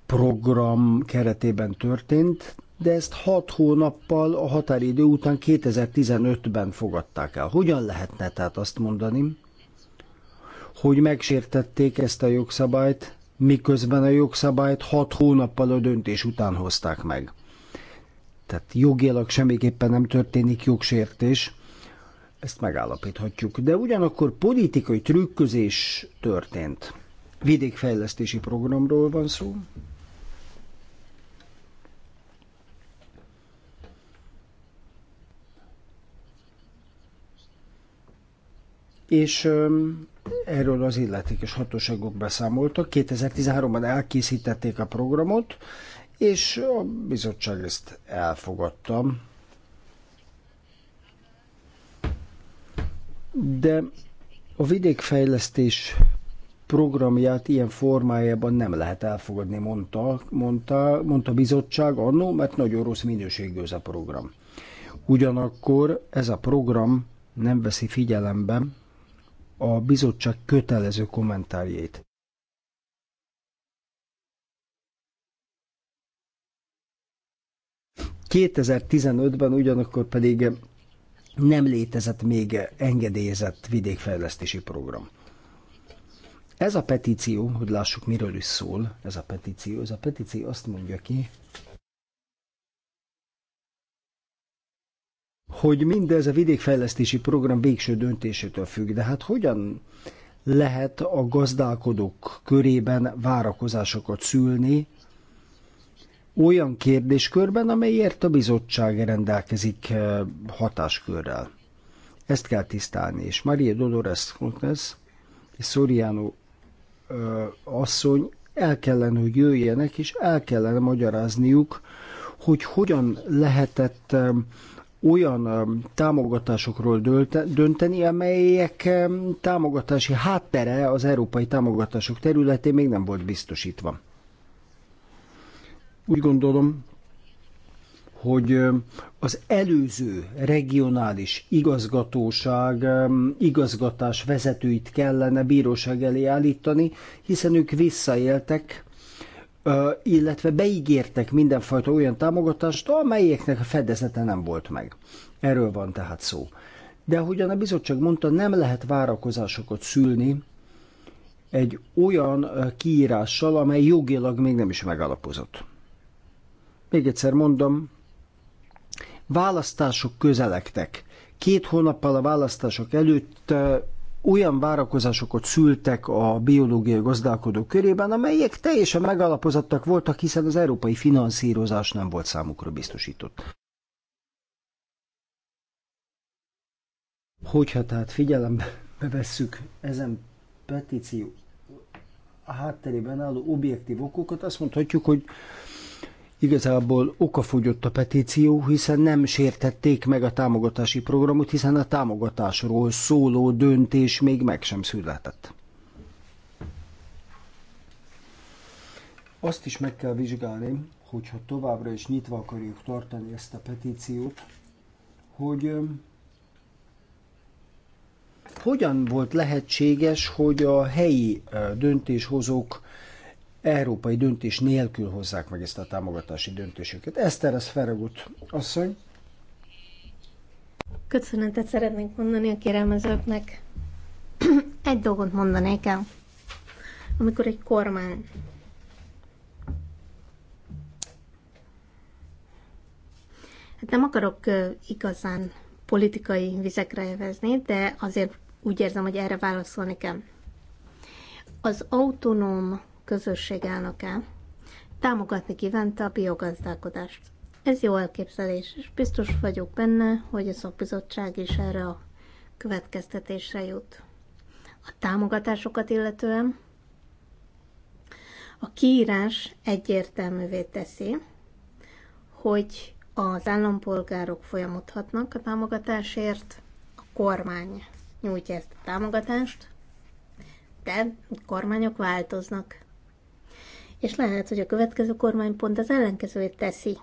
program keretében történt, de ezt hat hónappal a határidő után 2015-ben fogadták el. Hogyan lehetne tehát azt mondani, hogy megsértették ezt a jogszabályt, miközben a jogszabályt hat hónappal a döntés után hozták meg. Tehát jogilag semmiképpen nem történik jogsértés, ezt megállapíthatjuk. De ugyanakkor politikai trükközés történt. Vidékfejlesztési programról van szó. És erről az illetékes hatóságok beszámoltak. 2013-ban elkészítették a programot, és a bizottság ezt elfogadta. De a vidékfejlesztés programját ilyen formájában nem lehet elfogadni, mondta, mondta, mondta a bizottság annó, mert nagyon rossz minőségű ez a program. Ugyanakkor ez a program nem veszi figyelembe a bizottság kötelező kommentárjait. ...2015-ben ugyanakkor pedig nem létezett még engedélyezett vidékfejlesztési program. Ez a petíció, hogy lássuk miről is szól, ez a petíció, ez a petíció azt mondja ki, hogy mindez a vidékfejlesztési program végső döntésétől függ. De hát hogyan lehet a gazdálkodók körében várakozásokat szülni, olyan kérdéskörben, amelyért a bizottság rendelkezik eh, hatáskörrel. Ezt kell tisztálni, és Maria Dolores Fontes és Soriano eh, asszony el kellene, hogy jöjjenek, és el kellene magyarázniuk, hogy hogyan lehetett eh, olyan um, támogatásokról dönteni, amelyek um, támogatási háttere az európai támogatások területén még nem volt biztosítva. Úgy gondolom, hogy um, az előző regionális igazgatóság, igazgatás vezetőit kellene bíróság elé állítani, hiszen ők visszaéltek illetve beígértek mindenfajta olyan támogatást, amelyeknek a fedezete nem volt meg. Erről van tehát szó. De ahogyan a bizottság mondta, nem lehet várakozásokat szülni egy olyan kiírással, amely jogilag még nem is megalapozott. Még egyszer mondom, választások közelektek. Két hónappal a választások előtt olyan várakozásokat szültek a biológiai gazdálkodók körében, amelyek teljesen megalapozottak voltak, hiszen az európai finanszírozás nem volt számukra biztosított. Hogyha tehát figyelembe vesszük ezen petíció hátterében álló objektív okokat, azt mondhatjuk, hogy igazából okafogyott a petíció, hiszen nem sértették meg a támogatási programot, hiszen a támogatásról szóló döntés még meg sem született. Azt is meg kell vizsgálni, hogyha továbbra is nyitva akarjuk tartani ezt a petíciót, hogy hogyan volt lehetséges, hogy a helyi döntéshozók európai döntés nélkül hozzák meg ezt a támogatási döntésüket. Eszter, ez Feragut asszony. Köszönetet szeretnénk mondani a kérelmezőknek. egy dolgot mondanék el. Amikor egy kormány Hát nem akarok igazán politikai vizekre jövezni, de azért úgy érzem, hogy erre válaszolni kell. Az autonóm közösség elnöke támogatni kívánta a biogazdálkodást. Ez jó elképzelés, és biztos vagyok benne, hogy a szakbizottság is erre a következtetésre jut. A támogatásokat illetően a kiírás egyértelművé teszi, hogy az állampolgárok folyamodhatnak a támogatásért, a kormány nyújtja ezt a támogatást, de a kormányok változnak és lehet, hogy a következő kormány pont az ellenkezőjét teszi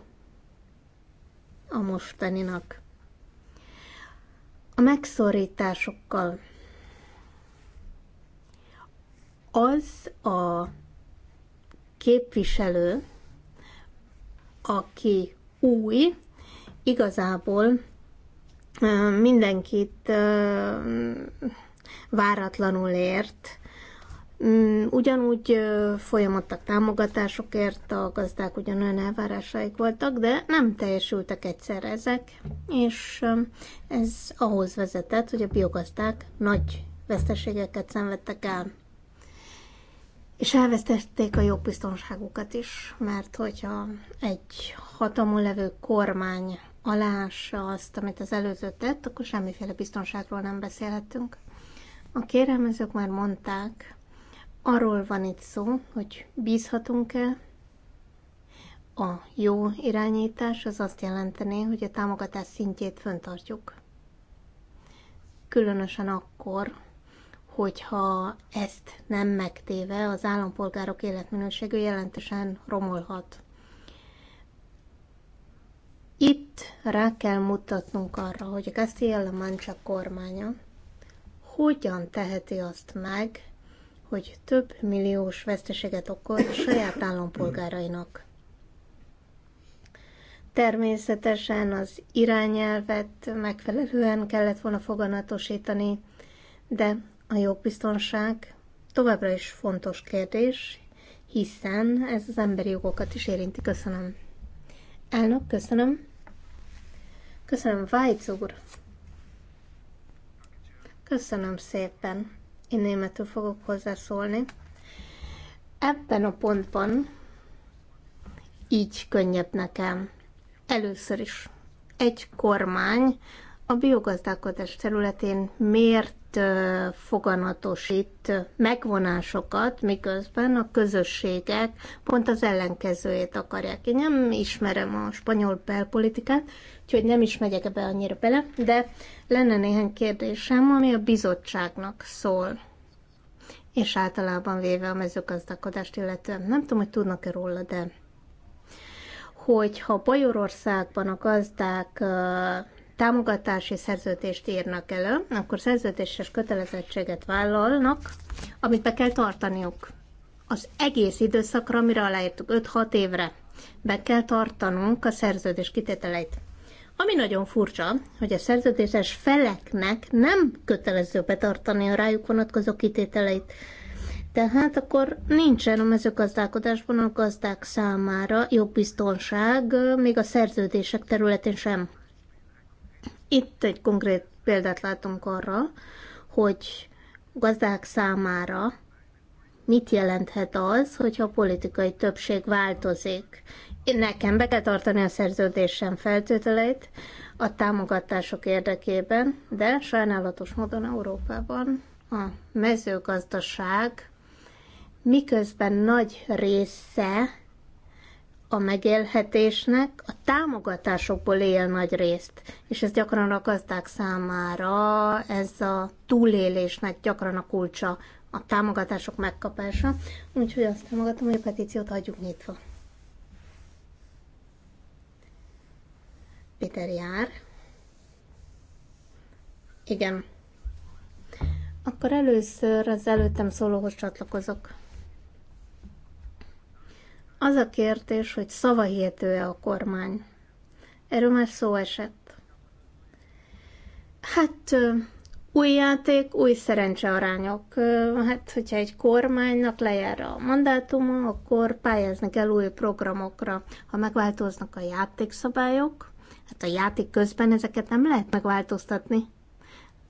a mostaninak. A megszorításokkal az a képviselő, aki új, igazából mindenkit váratlanul ért, Mm, ugyanúgy folyamodtak támogatásokért, a gazdák ugyanolyan elvárásaik voltak, de nem teljesültek egyszer ezek, és ez ahhoz vezetett, hogy a biogazdák nagy veszteségeket szenvedtek el. És elvesztették a jogbiztonságukat is, mert hogyha egy hatalmon levő kormány alása azt, amit az előző tett, akkor semmiféle biztonságról nem beszélhetünk. A kérelmezők már mondták, Arról van itt szó, hogy bízhatunk-e a jó irányítás, az azt jelenteni, hogy a támogatás szintjét föntartjuk. Különösen akkor, hogyha ezt nem megtéve az állampolgárok életminőségű jelentősen romolhat. Itt rá kell mutatnunk arra, hogy a Castilla-La Mancha kormánya hogyan teheti azt meg, hogy több milliós veszteséget okoz a saját állampolgárainak. Természetesen az irányelvet megfelelően kellett volna foganatosítani, de a jogbiztonság továbbra is fontos kérdés, hiszen ez az emberi jogokat is érinti. Köszönöm. Elnök, köszönöm. Köszönöm, Vájc úr. Köszönöm szépen. Én németül fogok hozzászólni. Ebben a pontban így könnyebb nekem. Először is egy kormány a biogazdálkodás területén miért foganatosít megvonásokat, miközben a közösségek pont az ellenkezőjét akarják. Én nem ismerem a spanyol belpolitikát, úgyhogy nem is megyek ebbe annyira bele, de lenne néhány kérdésem, ami a bizottságnak szól és általában véve a mezőgazdálkodást illetően. Nem tudom, hogy tudnak-e róla, de hogyha Bajorországban a gazdák támogatási szerződést írnak elő, akkor szerződéses kötelezettséget vállalnak, amit be kell tartaniuk. Az egész időszakra, amire aláírtuk, 5-6 évre be kell tartanunk a szerződés kitételeit. Ami nagyon furcsa, hogy a szerződéses feleknek nem kötelező betartani a rájuk vonatkozó kitételeit. Tehát akkor nincsen a mezőgazdálkodásban a gazdák számára biztonság, még a szerződések területén sem. Itt egy konkrét példát látunk arra, hogy gazdák számára mit jelenthet az, hogyha a politikai többség változik. Én nekem be kell tartani a szerződésem feltételeit a támogatások érdekében, de sajnálatos módon Európában a mezőgazdaság miközben nagy része a megélhetésnek a támogatásokból él nagy részt, és ez gyakran a gazdák számára, ez a túlélésnek gyakran a kulcsa, a támogatások megkapása, úgyhogy azt támogatom, hogy a petíciót hagyjuk nyitva. Péter jár. Igen. Akkor először az előttem szólóhoz csatlakozok. Az a kérdés, hogy szavahihető-e a kormány. Erről már szó esett. Hát új játék, új szerencsearányok. Hát, hogyha egy kormánynak lejár a mandátuma, akkor pályázni kell új programokra. Ha megváltoznak a játékszabályok, hát a játék közben ezeket nem lehet megváltoztatni.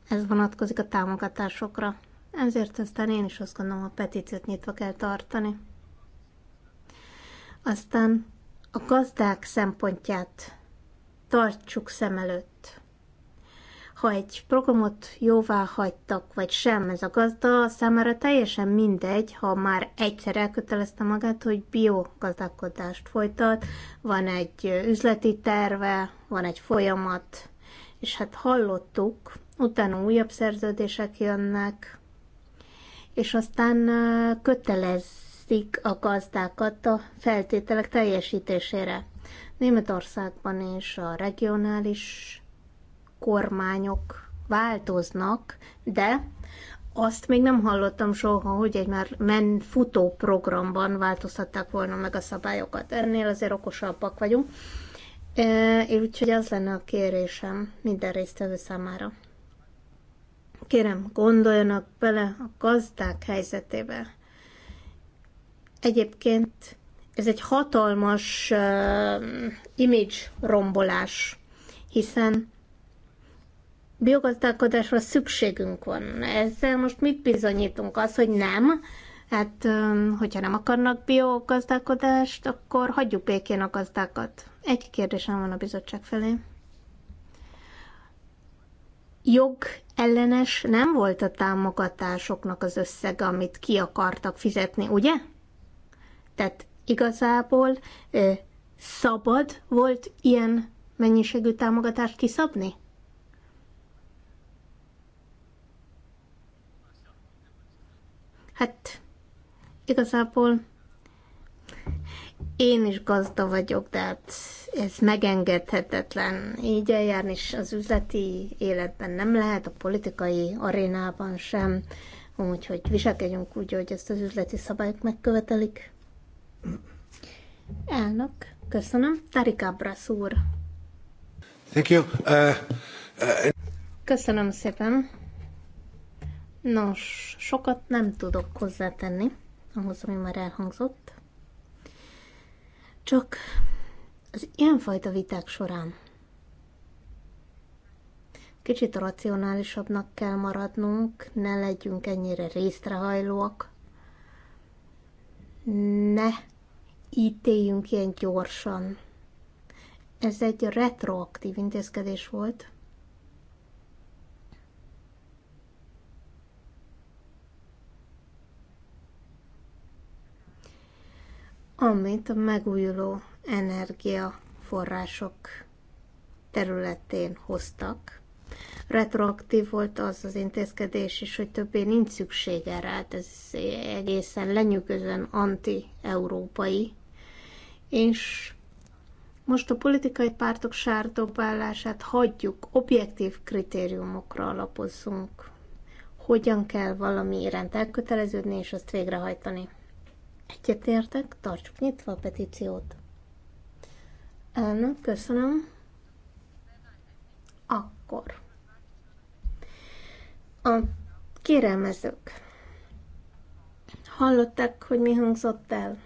Ez vonatkozik a támogatásokra. Ezért aztán én is azt gondolom, a petíciót nyitva kell tartani. Aztán a gazdák szempontját tartsuk szem előtt. Ha egy programot jóvá hagytak, vagy sem, ez a gazda számára teljesen mindegy, ha már egyszer elkötelezte magát, hogy biogazdálkodást folytat, van egy üzleti terve, van egy folyamat, és hát hallottuk, utána újabb szerződések jönnek, és aztán kötelez szik a gazdákat a feltételek teljesítésére. Németországban is a regionális kormányok változnak, de azt még nem hallottam soha, hogy egy már men futó programban változtatták volna meg a szabályokat. Ennél azért okosabbak vagyunk. Én úgyhogy az lenne a kérésem minden résztvevő számára. Kérem, gondoljanak bele a gazdák helyzetébe. Egyébként ez egy hatalmas uh, image rombolás, hiszen biogazdálkodásra szükségünk van. Ezzel most mit bizonyítunk? Az, hogy nem. Hát, um, hogyha nem akarnak biogazdálkodást, akkor hagyjuk békén a gazdákat. Egy kérdésem van a bizottság felé. Jog ellenes nem volt a támogatásoknak az összege, amit ki akartak fizetni, ugye? Tehát igazából szabad volt ilyen mennyiségű támogatást kiszabni? Hát igazából én is gazda vagyok, de hát ez megengedhetetlen. Így eljárni is az üzleti életben nem lehet, a politikai arénában sem. Úgyhogy viselkedjünk úgy, hogy ezt az üzleti szabályok megkövetelik. Elnök, köszönöm. Tarik Abrasz úr. Thank you. Uh, uh... Köszönöm szépen. Nos, sokat nem tudok hozzátenni ahhoz, ami már elhangzott. Csak az ilyenfajta viták során kicsit racionálisabbnak kell maradnunk, ne legyünk ennyire résztrehajlóak, ne ítéljünk ilyen gyorsan. Ez egy retroaktív intézkedés volt. amit a megújuló energiaforrások területén hoztak. Retroaktív volt az az intézkedés is, hogy többé nincs szüksége rá, hát ez egészen lenyűgözően anti-európai. És most a politikai pártok sárdobálását hagyjuk, objektív kritériumokra alapozzunk. Hogyan kell valami iránt elköteleződni és azt végrehajtani. Egyetértek, tartsuk nyitva a petíciót. Elnök, köszönöm. Akkor. A kérelmezők. Hallották, hogy mi hangzott el?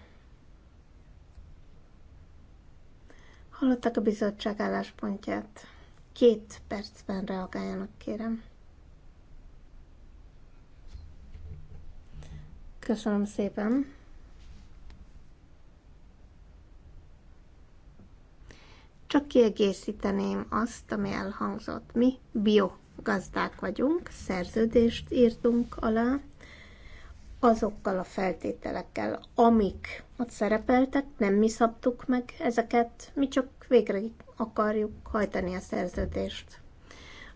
Hallottak a bizottság álláspontját. Két percben reagáljanak, kérem. Köszönöm szépen. Csak kiegészíteném azt, ami elhangzott. Mi biogazdák vagyunk, szerződést írtunk alá, azokkal a feltételekkel, amik ott szerepeltek, nem mi szabtuk meg ezeket, mi csak végre akarjuk hajtani a szerződést.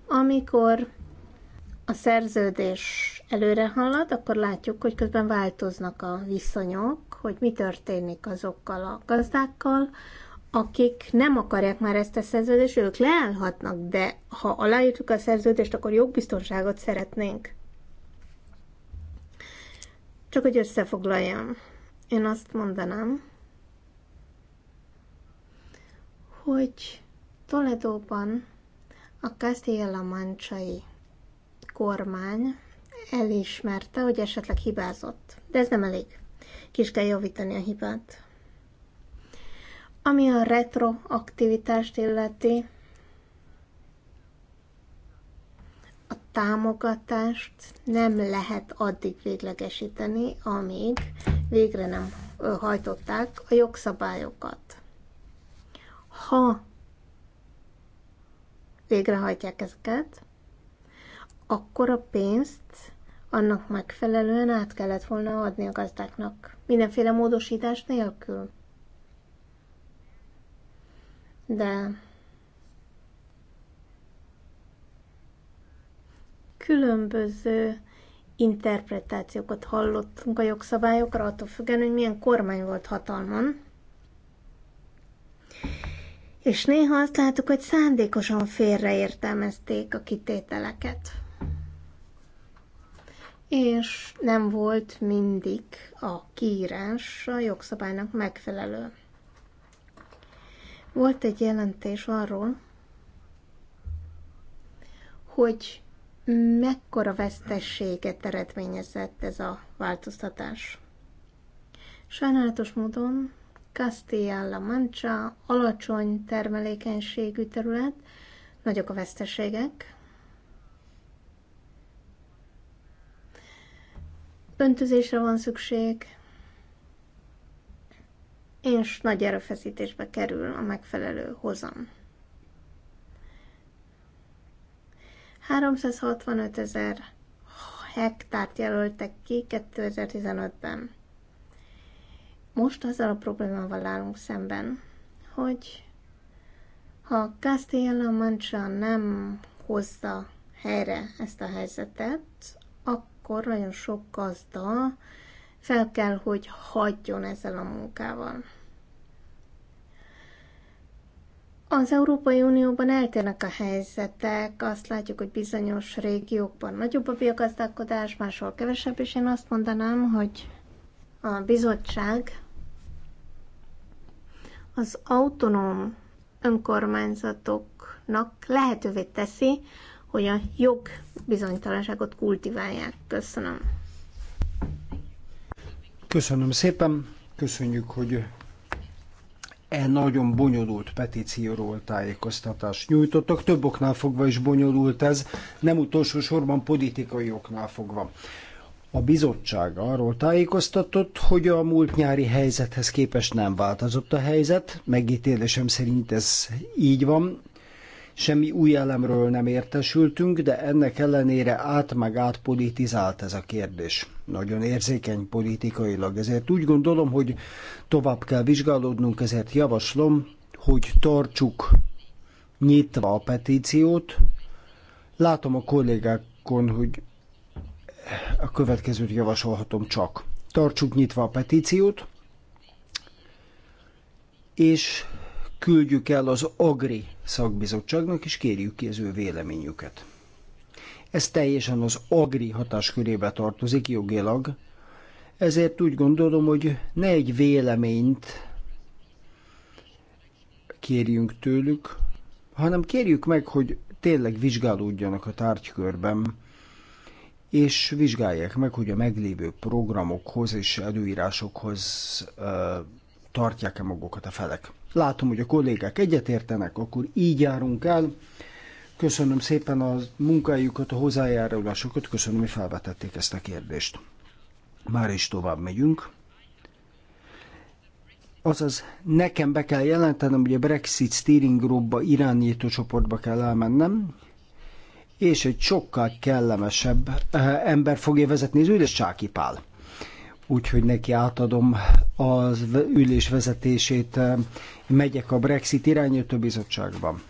Amikor a szerződés előre halad, akkor látjuk, hogy közben változnak a viszonyok, hogy mi történik azokkal a gazdákkal, akik nem akarják már ezt a szerződést, ők leállhatnak, de ha aláírtuk a szerződést, akkor jogbiztonságot szeretnénk. Csak hogy összefoglaljam, én azt mondanám, hogy Toledóban a Castilla Mancsai kormány elismerte, hogy esetleg hibázott. De ez nem elég. Kis kell javítani a hibát. Ami a retroaktivitást illeti, támogatást nem lehet addig véglegesíteni, amíg végre nem hajtották a jogszabályokat. Ha végrehajtják ezeket, akkor a pénzt annak megfelelően át kellett volna adni a gazdáknak, mindenféle módosítás nélkül. De különböző interpretációkat hallottunk a jogszabályokra, attól függően, hogy milyen kormány volt hatalmon. És néha azt láttuk, hogy szándékosan félreértelmezték a kitételeket. És nem volt mindig a kiírás a jogszabálynak megfelelő. Volt egy jelentés arról, hogy mekkora vesztességet eredményezett ez a változtatás. Sajnálatos módon Castilla-La Mancha alacsony termelékenységű terület, nagyok a veszteségek. Öntözésre van szükség, és nagy erőfeszítésbe kerül a megfelelő hozam. 365 ezer hektárt jelöltek ki 2015-ben. Most azzal a problémával állunk szemben, hogy ha Castilla Mancha nem hozza helyre ezt a helyzetet, akkor nagyon sok gazda fel kell, hogy hagyjon ezzel a munkával. Az Európai Unióban eltérnek a helyzetek, azt látjuk, hogy bizonyos régiókban nagyobb a biogazdálkodás, máshol kevesebb, és én azt mondanám, hogy a bizottság az autonóm önkormányzatoknak lehetővé teszi, hogy a jog bizonytalanságot kultiválják. Köszönöm. Köszönöm szépen, köszönjük, hogy e nagyon bonyolult petícióról tájékoztatást nyújtottak, több oknál fogva is bonyolult ez, nem utolsó sorban politikai oknál fogva. A bizottság arról tájékoztatott, hogy a múlt nyári helyzethez képest nem változott a helyzet, megítélésem szerint ez így van, semmi új elemről nem értesültünk, de ennek ellenére át meg át politizált ez a kérdés. Nagyon érzékeny politikailag, ezért úgy gondolom, hogy tovább kell vizsgálódnunk, ezért javaslom, hogy tartsuk nyitva a petíciót. Látom a kollégákon, hogy a következőt javasolhatom csak. Tartsuk nyitva a petíciót, és küldjük el az Agri szakbizottságnak, és kérjük ki az ő véleményüket. Ez teljesen az Agri hatáskörébe tartozik jogilag, ezért úgy gondolom, hogy ne egy véleményt kérjünk tőlük, hanem kérjük meg, hogy tényleg vizsgálódjanak a tárgykörben, és vizsgálják meg, hogy a meglévő programokhoz és előírásokhoz uh, tartják-e magukat a felek. Látom, hogy a kollégák egyetértenek, akkor így járunk el. Köszönöm szépen a munkájukat, a hozzájárulásokat, köszönöm, hogy felvetették ezt a kérdést. Már is tovább megyünk. Azaz, nekem be kell jelentenem, hogy a Brexit Steering Groupba, irányító csoportba kell elmennem, és egy sokkal kellemesebb eh, ember fogja vezetni az ülés Csáki Pál úgyhogy neki átadom az ülés vezetését. Megyek a Brexit irányító bizottságban.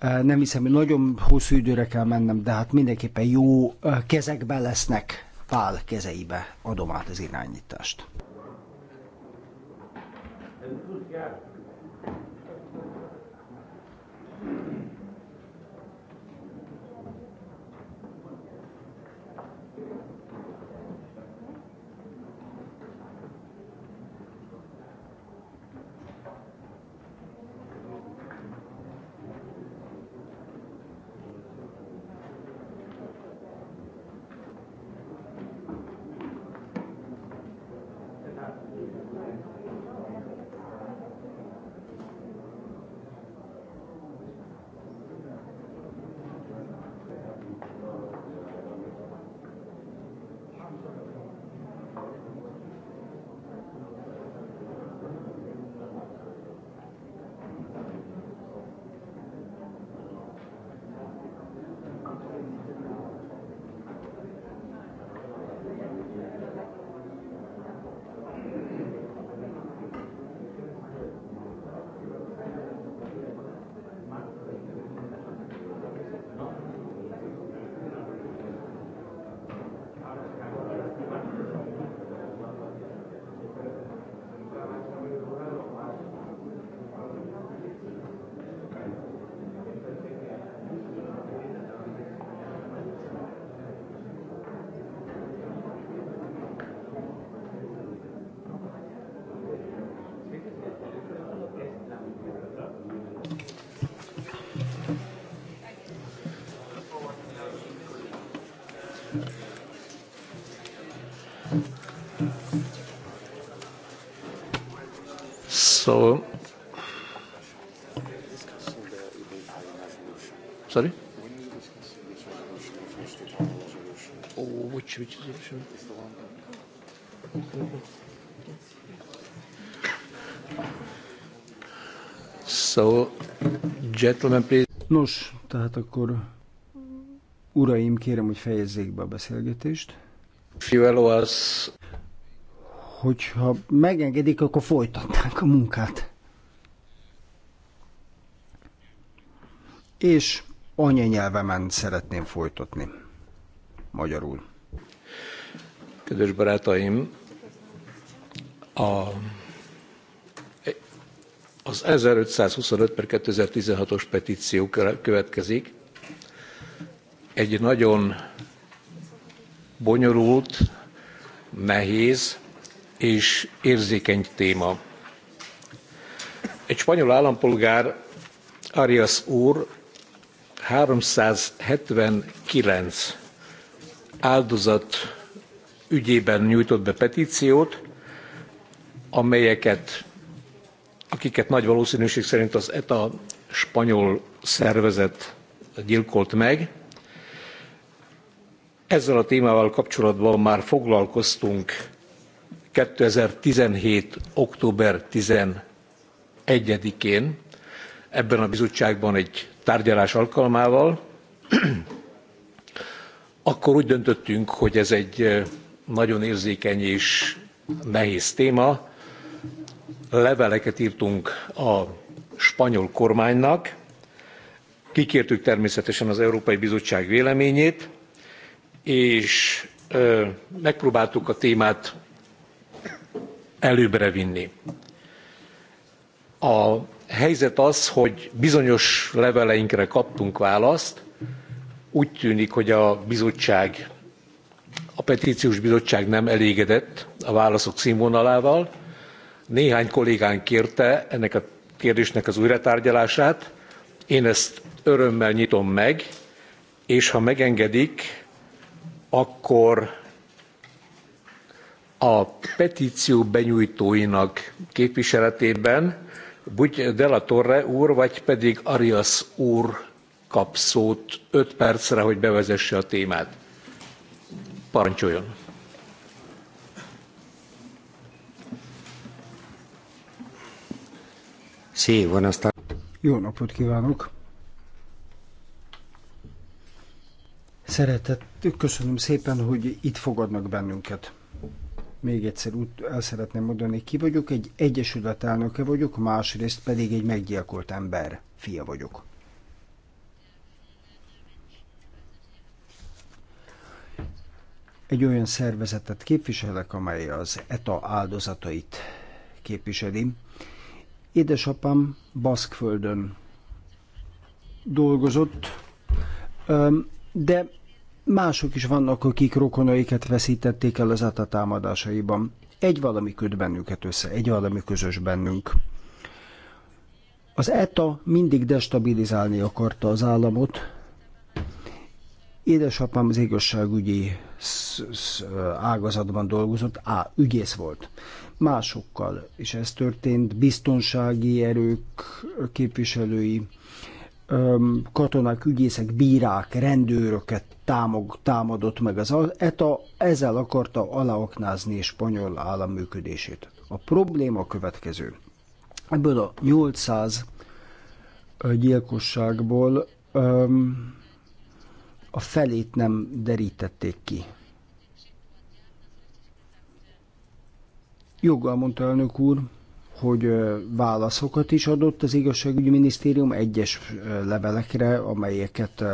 Nem hiszem, hogy nagyon hosszú időre kell mennem, de hát mindenképpen jó kezekben lesznek, pál kezeibe adom át az irányítást. Thank you. So, sorry? Oh, which, which So, gentlemen, please. Nos, tehát akkor uraim, kérem, hogy fejezzék be a beszélgetést. If you allow us hogyha megengedik, akkor folytatnánk a munkát. És anyanyelvemen szeretném folytatni. Magyarul. Kedves barátaim, a, az 1525 per 2016-os petíció következik. Egy nagyon bonyolult, nehéz, és érzékeny téma. Egy spanyol állampolgár, Arias úr, 379 áldozat ügyében nyújtott be petíciót, amelyeket, akiket nagy valószínűség szerint az ETA spanyol szervezet gyilkolt meg. Ezzel a témával kapcsolatban már foglalkoztunk 2017. október 11-én ebben a bizottságban egy tárgyalás alkalmával. Akkor úgy döntöttünk, hogy ez egy nagyon érzékeny és nehéz téma. Leveleket írtunk a spanyol kormánynak, kikértük természetesen az Európai Bizottság véleményét, és megpróbáltuk a témát előbbre vinni. A helyzet az, hogy bizonyos leveleinkre kaptunk választ, úgy tűnik, hogy a bizottság, a petíciós bizottság nem elégedett a válaszok színvonalával. Néhány kollégánk kérte ennek a kérdésnek az újratárgyalását. Én ezt örömmel nyitom meg, és ha megengedik, akkor a petíció benyújtóinak képviseletében Bugy de la Torre úr, vagy pedig Arias úr kap szót 5 percre, hogy bevezesse a témát. Parancsoljon! Szép, buenas tardes. Jó napot kívánok! Szeretett, köszönöm szépen, hogy itt fogadnak bennünket még egyszer út, el szeretném mondani, ki vagyok, egy egyesület elnöke vagyok, másrészt pedig egy meggyilkolt ember fia vagyok. Egy olyan szervezetet képviselek, amely az ETA áldozatait képviseli. Édesapám Baszkföldön dolgozott, de Mások is vannak, akik rokonaiket veszítették el az ETA támadásaiban. Egy valami köt bennünket össze, egy valami közös bennünk. Az ETA mindig destabilizálni akarta az államot. Édesapám az igazságügyi ágazatban dolgozott, á, ügyész volt. Másokkal, is ez történt, biztonsági erők képviselői, katonák, ügyészek, bírák, rendőröket támog, támadott meg az ETA, ezzel akarta aláoknázni a spanyol állam működését. A probléma a következő. Ebből a 800 gyilkosságból öm, a felét nem derítették ki. Joggal mondta elnök úr, hogy válaszokat is adott az igazságügyi minisztérium egyes levelekre, amelyeket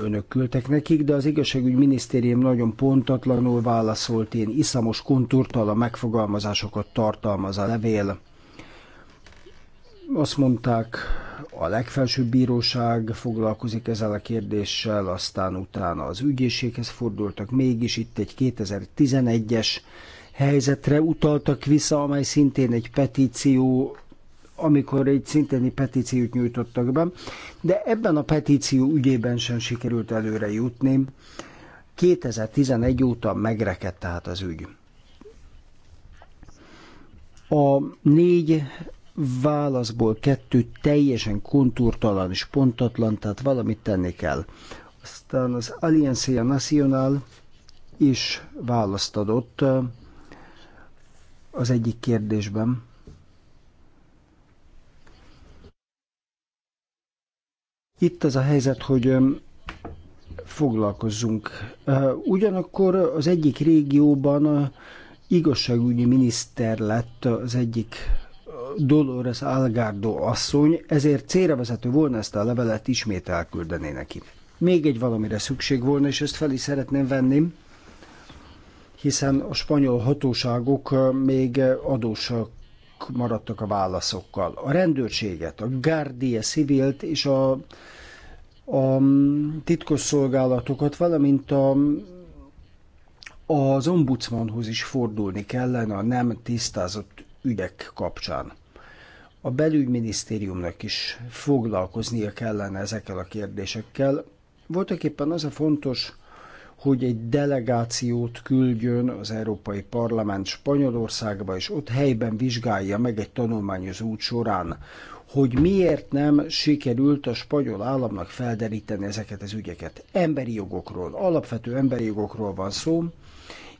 önök küldtek nekik, de az igazságügyi minisztérium nagyon pontatlanul válaszolt, én iszamos kontúrtal a megfogalmazásokat tartalmaz a levél. Azt mondták, a legfelsőbb bíróság foglalkozik ezzel a kérdéssel, aztán utána az ügyészséghez fordultak, mégis itt egy 2011-es helyzetre utaltak vissza, amely szintén egy petíció amikor egy szintén egy petíciót nyújtottak be, de ebben a petíció ügyében sem sikerült előre jutni. 2011 óta megrekedt tehát az ügy. A négy válaszból kettő teljesen kontúrtalan és pontatlan, tehát valamit tenni kell. Aztán az Alliancia Nacional is választ adott, az egyik kérdésben. Itt az a helyzet, hogy foglalkozzunk. Ugyanakkor az egyik régióban igazságügyi miniszter lett az egyik Dolores Algardo asszony, ezért célra vezető volna ezt a levelet ismét elküldeni neki. Még egy valamire szükség volna, és ezt fel is szeretném venni hiszen a spanyol hatóságok még adósak maradtak a válaszokkal. A rendőrséget, a Guardia Civilt és a, a titkosszolgálatokat, valamint a, az ombudsmanhoz is fordulni kellene a nem tisztázott ügyek kapcsán. A belügyminisztériumnak is foglalkoznia kellene ezekkel a kérdésekkel. Voltak éppen az a fontos, hogy egy delegációt küldjön az Európai Parlament Spanyolországba, és ott helyben vizsgálja meg egy tanulmányozó út során, hogy miért nem sikerült a spanyol államnak felderíteni ezeket az ügyeket. Emberi jogokról, alapvető emberi jogokról van szó.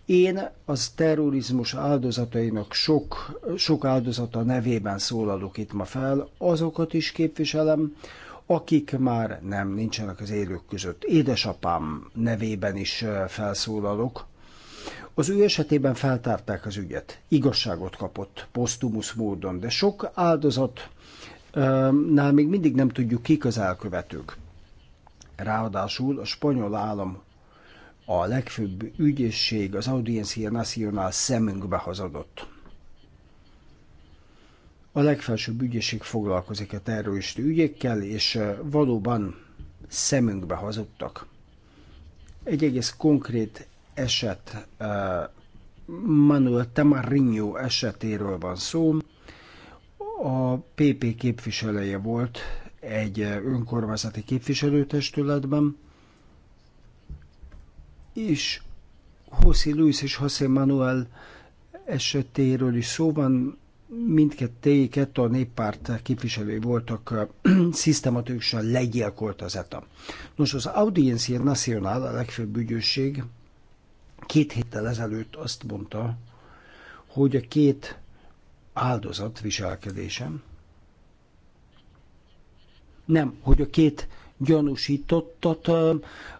Én az terrorizmus áldozatainak sok, sok áldozata nevében szólalok itt ma fel, azokat is képviselem, akik már nem nincsenek az élők között. Édesapám nevében is felszólalok. Az ő esetében feltárták az ügyet. Igazságot kapott, posztumusz módon, de sok áldozat nál még mindig nem tudjuk, kik az elkövetők. Ráadásul a spanyol állam a legfőbb ügyészség, az Audiencia Nacional szemünkbe hazadott. A legfelsőbb ügyészség foglalkozik a terrorista ügyekkel, és valóban szemünkbe hazudtak. Egy egész konkrét eset, Manuel Tamarinho esetéről van szó. A PP képviselője volt egy önkormányzati képviselőtestületben, és José Luis és José Manuel esetéről is szó van, mindkettőjéket a néppárt képviselői voltak, szisztematikusan legyilkolt az ETA. Nos, az Audiencia Nacional, a legfőbb ügyőség, két héttel ezelőtt azt mondta, hogy a két áldozat viselkedése nem, hogy a két gyanúsítottat a,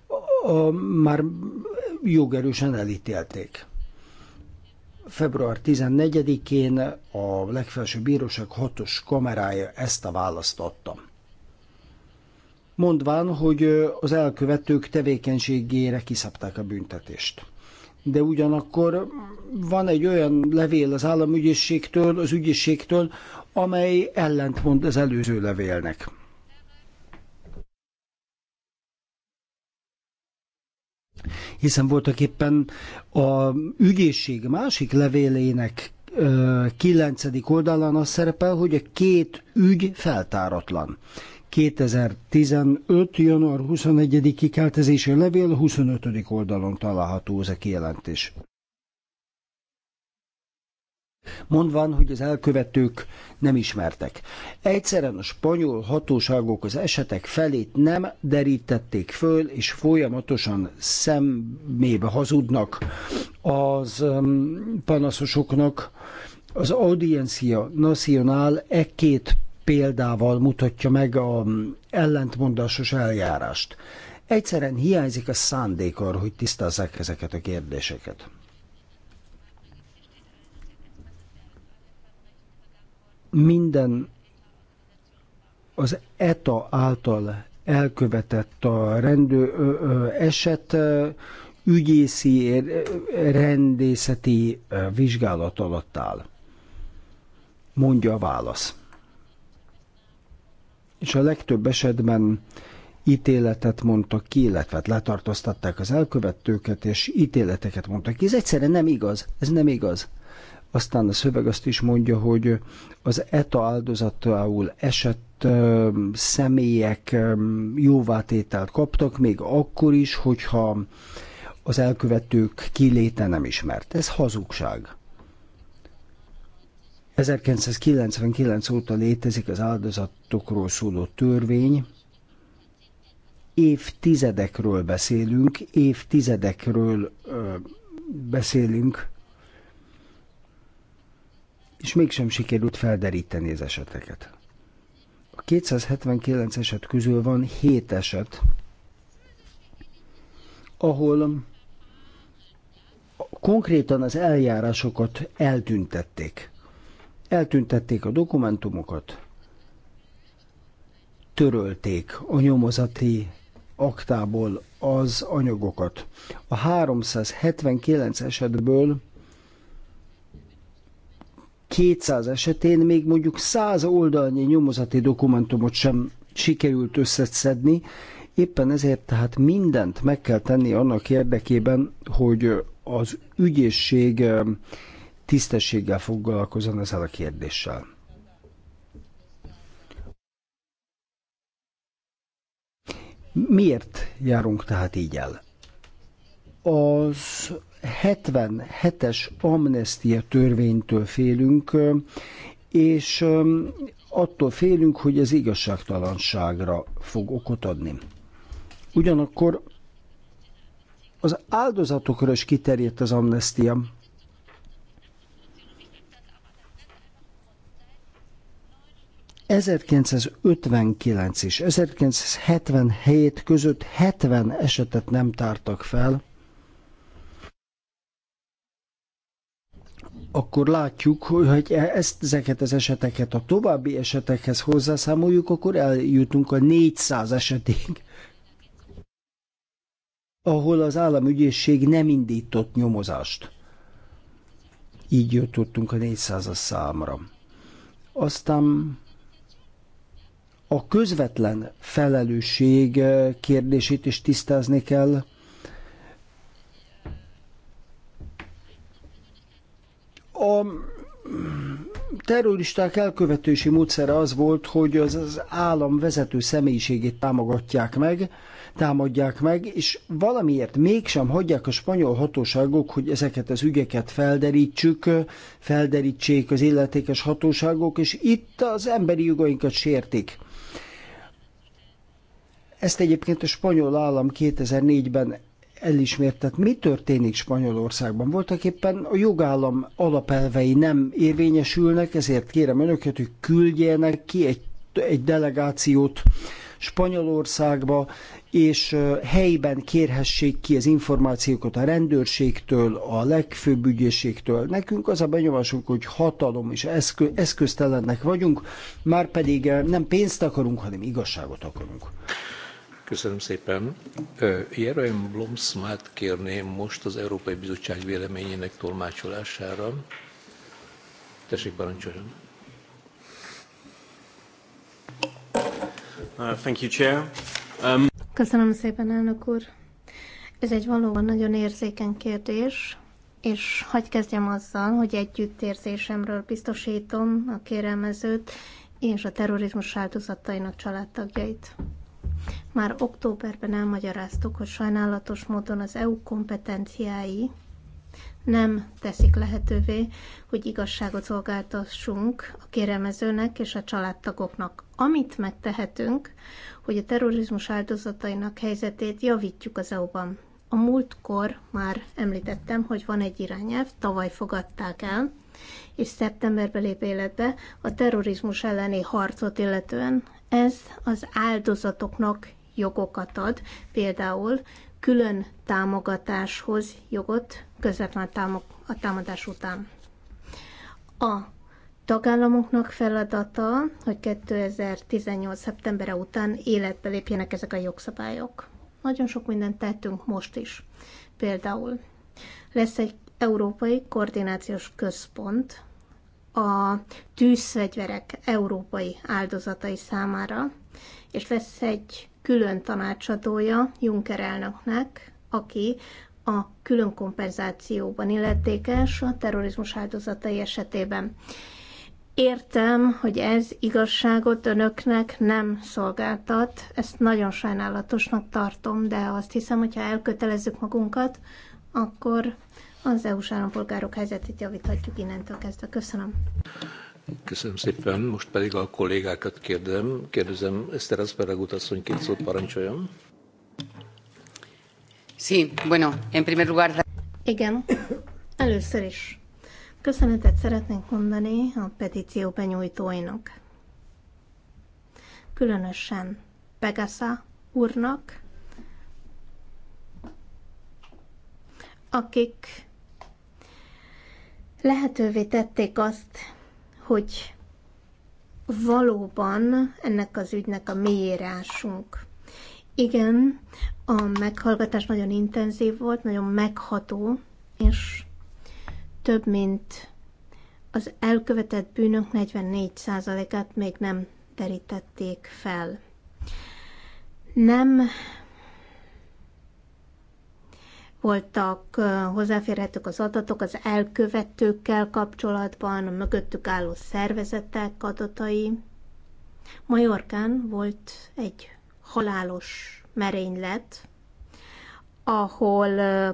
a, a, már jogerősen elítélték február 14-én a legfelső bíróság hatos kamerája ezt a választ adta. Mondván, hogy az elkövetők tevékenységére kiszabták a büntetést. De ugyanakkor van egy olyan levél az államügyészségtől, az ügyészségtől, amely ellentmond az előző levélnek. hiszen voltak éppen a ügészség másik levélének kilencedik oldalán az szerepel, hogy a két ügy feltáratlan. 2015. január 21-i keltezési levél 25. oldalon található ez a kijelentés mondván, hogy az elkövetők nem ismertek. Egyszerűen a spanyol hatóságok az esetek felét nem derítették föl, és folyamatosan szemébe hazudnak az um, panaszosoknak. Az Audiencia Nacional e két példával mutatja meg a um, ellentmondásos eljárást. Egyszerűen hiányzik a szándék arra, hogy tisztázzák ezeket a kérdéseket. minden az ETA által elkövetett a rendő eset ügyészi rendészeti vizsgálat alatt áll. Mondja a válasz. És a legtöbb esetben ítéletet mondtak ki, illetve hát letartóztatták az elkövetőket, és ítéleteket mondtak ki. Ez egyszerűen nem igaz. Ez nem igaz. Aztán a szöveg azt is mondja, hogy az ETA áldozatául esett személyek jóvátételt kaptak, még akkor is, hogyha az elkövetők kiléte nem ismert. Ez hazugság. 1999 óta létezik az áldozatokról szóló törvény, évtizedekről beszélünk, évtizedekről ö, beszélünk, és mégsem sikerült felderíteni az eseteket. A 279 eset közül van 7 eset, ahol konkrétan az eljárásokat eltüntették. Eltüntették a dokumentumokat, törölték a nyomozati aktából az anyagokat. A 379 esetből 200 esetén még mondjuk 100 oldalnyi nyomozati dokumentumot sem sikerült összeszedni, éppen ezért tehát mindent meg kell tenni annak érdekében, hogy az ügyészség tisztességgel foglalkozzon ezzel a kérdéssel. Miért járunk tehát így el? Az 77-es amnestia törvénytől félünk, és attól félünk, hogy ez igazságtalanságra fog okot adni. Ugyanakkor az áldozatokra is kiterjedt az amnestia. ...1959 és 1977 között 70 esetet nem tártak fel, akkor látjuk, hogy e- ezt, ezeket az eseteket a további esetekhez hozzászámoljuk, akkor eljutunk a 400 esetig, ahol az államügyészség nem indított nyomozást. Így jutottunk a 400 számra. Aztán a közvetlen felelősség eh, kérdését is tisztázni kell, A terroristák elkövetősi módszere az volt, hogy az, az állam vezető személyiségét támogatják meg, támadják meg, és valamiért mégsem hagyják a spanyol hatóságok, hogy ezeket az ügyeket felderítsük, felderítsék az illetékes hatóságok, és itt az emberi jogainkat sértik. Ezt egyébként a spanyol állam 2004-ben elismertet, mi történik Spanyolországban? Voltak éppen a jogállam alapelvei nem érvényesülnek, ezért kérem önöket, hogy küldjenek ki egy, egy delegációt Spanyolországba, és helyben kérhessék ki az információkat a rendőrségtől, a legfőbb ügyészségtől. Nekünk az a benyomásunk, hogy hatalom és eszkö, eszköztelennek vagyunk, már pedig nem pénzt akarunk, hanem igazságot akarunk. Köszönöm szépen. Jeroen Blomsmát kérném most az Európai Bizottság véleményének tolmácsolására. Tessék, parancsoljon. Uh, thank you, Chair. Um, Köszönöm szépen, elnök úr. Ez egy valóban nagyon érzékeny kérdés, és hagyj kezdjem azzal, hogy együttérzésemről biztosítom a kérelmezőt és a terrorizmus áldozatainak családtagjait. Már októberben elmagyaráztuk, hogy sajnálatos módon az EU kompetenciái nem teszik lehetővé, hogy igazságot szolgáltassunk a kéremezőnek és a családtagoknak. Amit megtehetünk, hogy a terrorizmus áldozatainak helyzetét javítjuk az EU-ban. A múltkor már említettem, hogy van egy irányelv, tavaly fogadták el, és szeptemberben lép életbe a terrorizmus elleni harcot illetően ez az áldozatoknak jogokat ad, például külön támogatáshoz jogot közvetlen a támadás után. A tagállamoknak feladata, hogy 2018. szeptembere után életbe lépjenek ezek a jogszabályok. Nagyon sok mindent tettünk most is. Például lesz egy európai koordinációs központ, a tűzfegyverek európai áldozatai számára, és lesz egy külön tanácsadója Juncker elnöknek, aki a külön kompenzációban illetékes a terrorizmus áldozatai esetében. Értem, hogy ez igazságot önöknek nem szolgáltat, ezt nagyon sajnálatosnak tartom, de azt hiszem, hogyha elkötelezzük magunkat, akkor az EU-s állampolgárok helyzetét javíthatjuk innentől kezdve. Köszönöm. Köszönöm szépen. Most pedig a kollégákat kérdem. Kérdezem, Eszter Aszperagut asszony két szót parancsoljon. Sí, bueno, en primer lugar... Igen, először is. Köszönetet szeretnénk mondani a petíció benyújtóinak. Különösen Pegasa úrnak, akik lehetővé tették azt, hogy valóban ennek az ügynek a mélyérásunk. Igen, a meghallgatás nagyon intenzív volt, nagyon megható, és több mint az elkövetett bűnök 44%-át még nem terítették fel. Nem voltak, hozzáférhetők az adatok az elkövetőkkel kapcsolatban, a mögöttük álló szervezetek adatai. Majorkán volt egy halálos merénylet, ahol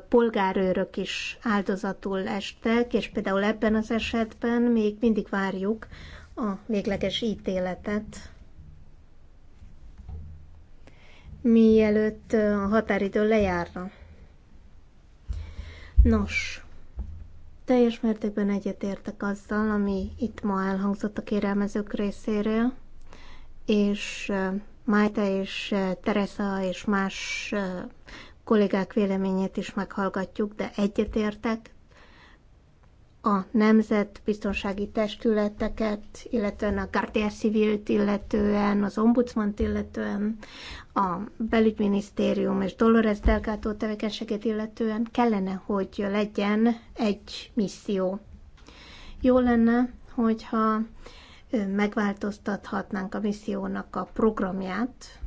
polgárőrök is áldozatul estek, és például ebben az esetben még mindig várjuk a végleges ítéletet. Mielőtt a határidő lejárna. Nos, teljes mértékben egyetértek azzal, ami itt ma elhangzott a kérelmezők részéről, és Májta és Teresa és más kollégák véleményét is meghallgatjuk, de egyetértek a nemzetbiztonsági testületeket, illetően a Guardia Civilt, illetően az Ombudsman illetően a belügyminisztérium és Dolores Delgado tevékenységét illetően kellene, hogy legyen egy misszió. Jó lenne, hogyha megváltoztathatnánk a missziónak a programját,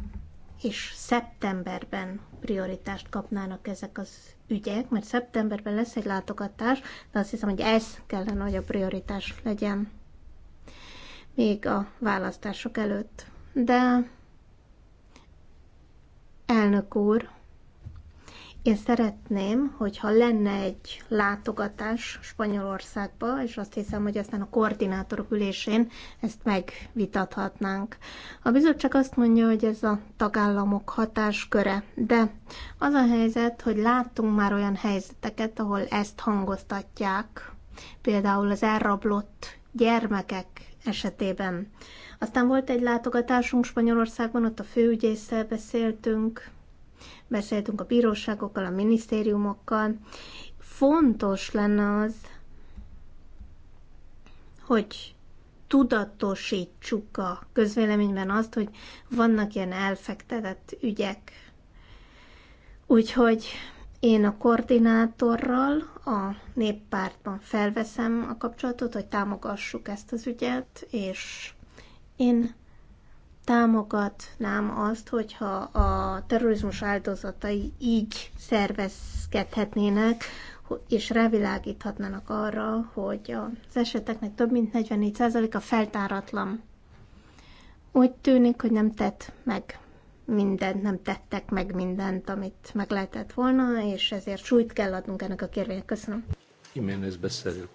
és szeptemberben prioritást kapnának ezek az ügyek, mert szeptemberben lesz egy látogatás, de azt hiszem, hogy ez kellene, hogy a prioritás legyen még a választások előtt. De Elnök úr, én szeretném, hogyha lenne egy látogatás Spanyolországba, és azt hiszem, hogy aztán a koordinátorok ülésén ezt megvitathatnánk. A bizottság azt mondja, hogy ez a tagállamok hatásköre, de az a helyzet, hogy láttunk már olyan helyzeteket, ahol ezt hangoztatják, például az elrablott gyermekek esetében. Aztán volt egy látogatásunk Spanyolországban, ott a főügyészsel beszéltünk, beszéltünk a bíróságokkal, a minisztériumokkal. Fontos lenne az, hogy tudatosítsuk a közvéleményben azt, hogy vannak ilyen elfektetett ügyek. Úgyhogy én a koordinátorral a néppártban felveszem a kapcsolatot, hogy támogassuk ezt az ügyet, és én támogatnám azt, hogyha a terrorizmus áldozatai így szervezkedhetnének, és rávilágíthatnának arra, hogy az eseteknek több mint 44%-a feltáratlan. Úgy tűnik, hogy nem tett meg mindent, nem tettek meg mindent, amit meg lehetett volna, és ezért súlyt kell adnunk ennek a kérvénynek. Köszönöm. Jiménez Becerril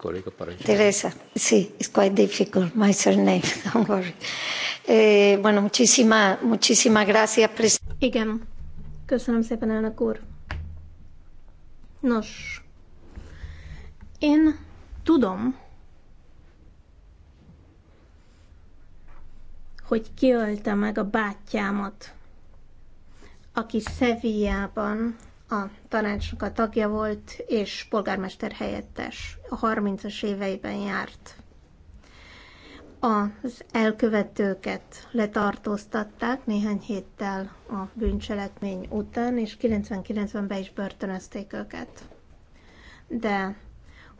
Teresa, sí, it's quite difficult, my surname, don't worry. Eh, bueno, muchísima, muchísima gracias, presidente. Igen, köszönöm szépen, elnök úr. Nos, én tudom, hogy kiölte meg a bátyámat, aki Szevijában a tanácsnak a tagja volt, és polgármester helyettes. A 30-as éveiben járt. Az elkövetőket letartóztatták néhány héttel a bűncselekmény után, és 99-ben be is börtönözték őket. De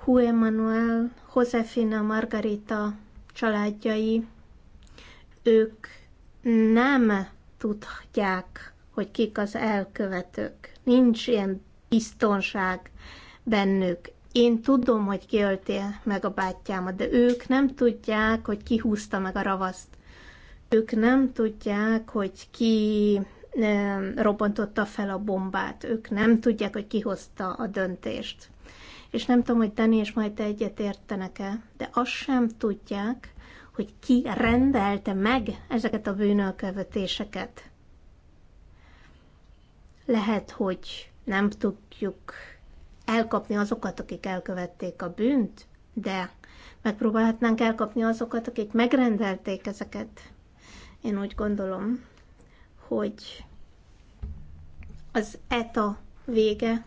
Juan Manuel, Josefina, Margarita családjai, ők nem tudják hogy kik az elkövetők. Nincs ilyen biztonság bennük. Én tudom, hogy ki öltél meg a bátyámat, de ők nem tudják, hogy ki húzta meg a ravaszt. Ők nem tudják, hogy ki robbantotta fel a bombát. Ők nem tudják, hogy ki hozta a döntést. És nem tudom, hogy Dani és majd egyet értenek-e, de azt sem tudják, hogy ki rendelte meg ezeket a bűnölkövetéseket. Lehet, hogy nem tudjuk elkapni azokat, akik elkövették a bűnt, de megpróbálhatnánk elkapni azokat, akik megrendelték ezeket. Én úgy gondolom, hogy az ETA vége,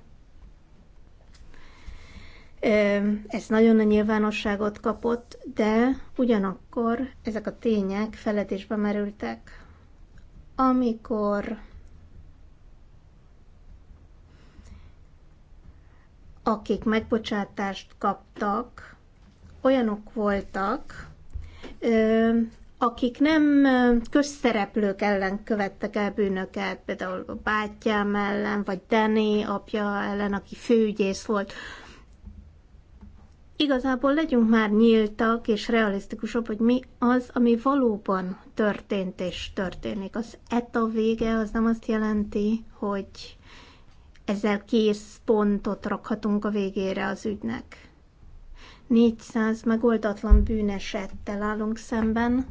ez nagyon a nyilvánosságot kapott, de ugyanakkor ezek a tények feledésbe merültek. Amikor akik megbocsátást kaptak, olyanok voltak, akik nem közszereplők ellen követtek el bűnöket, például a bátyám ellen, vagy Dani apja ellen, aki főügyész volt. Igazából legyünk már nyíltak és realisztikusabb, hogy mi az, ami valóban történt és történik. Az ETA vége az nem azt jelenti, hogy ezzel kész pontot rakhatunk a végére az ügynek. 400 megoldatlan bűnesettel állunk szemben,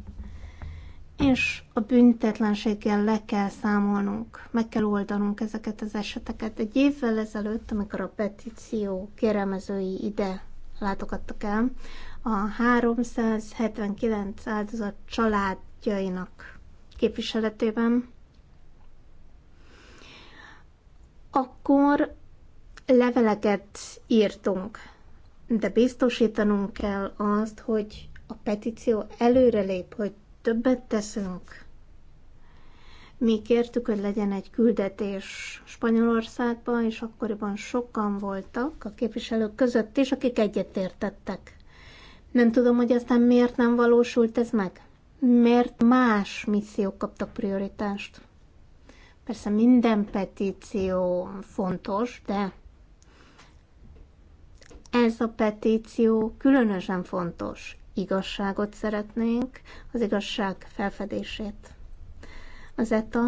és a büntetlenséggel le kell számolnunk, meg kell oldanunk ezeket az eseteket. Egy évvel ezelőtt, amikor a petíció kéremezői ide látogattak el, a 379 áldozat családjainak képviseletében akkor leveleket írtunk, de biztosítanunk kell azt, hogy a petíció előrelép, hogy többet teszünk. Mi kértük, hogy legyen egy küldetés Spanyolországba, és akkoriban sokan voltak a képviselők között is, akik egyetértettek. Nem tudom, hogy aztán miért nem valósult ez meg. Miért más missziók kaptak prioritást? Persze minden petíció fontos, de ez a petíció különösen fontos. Igazságot szeretnénk, az igazság felfedését. Az ETA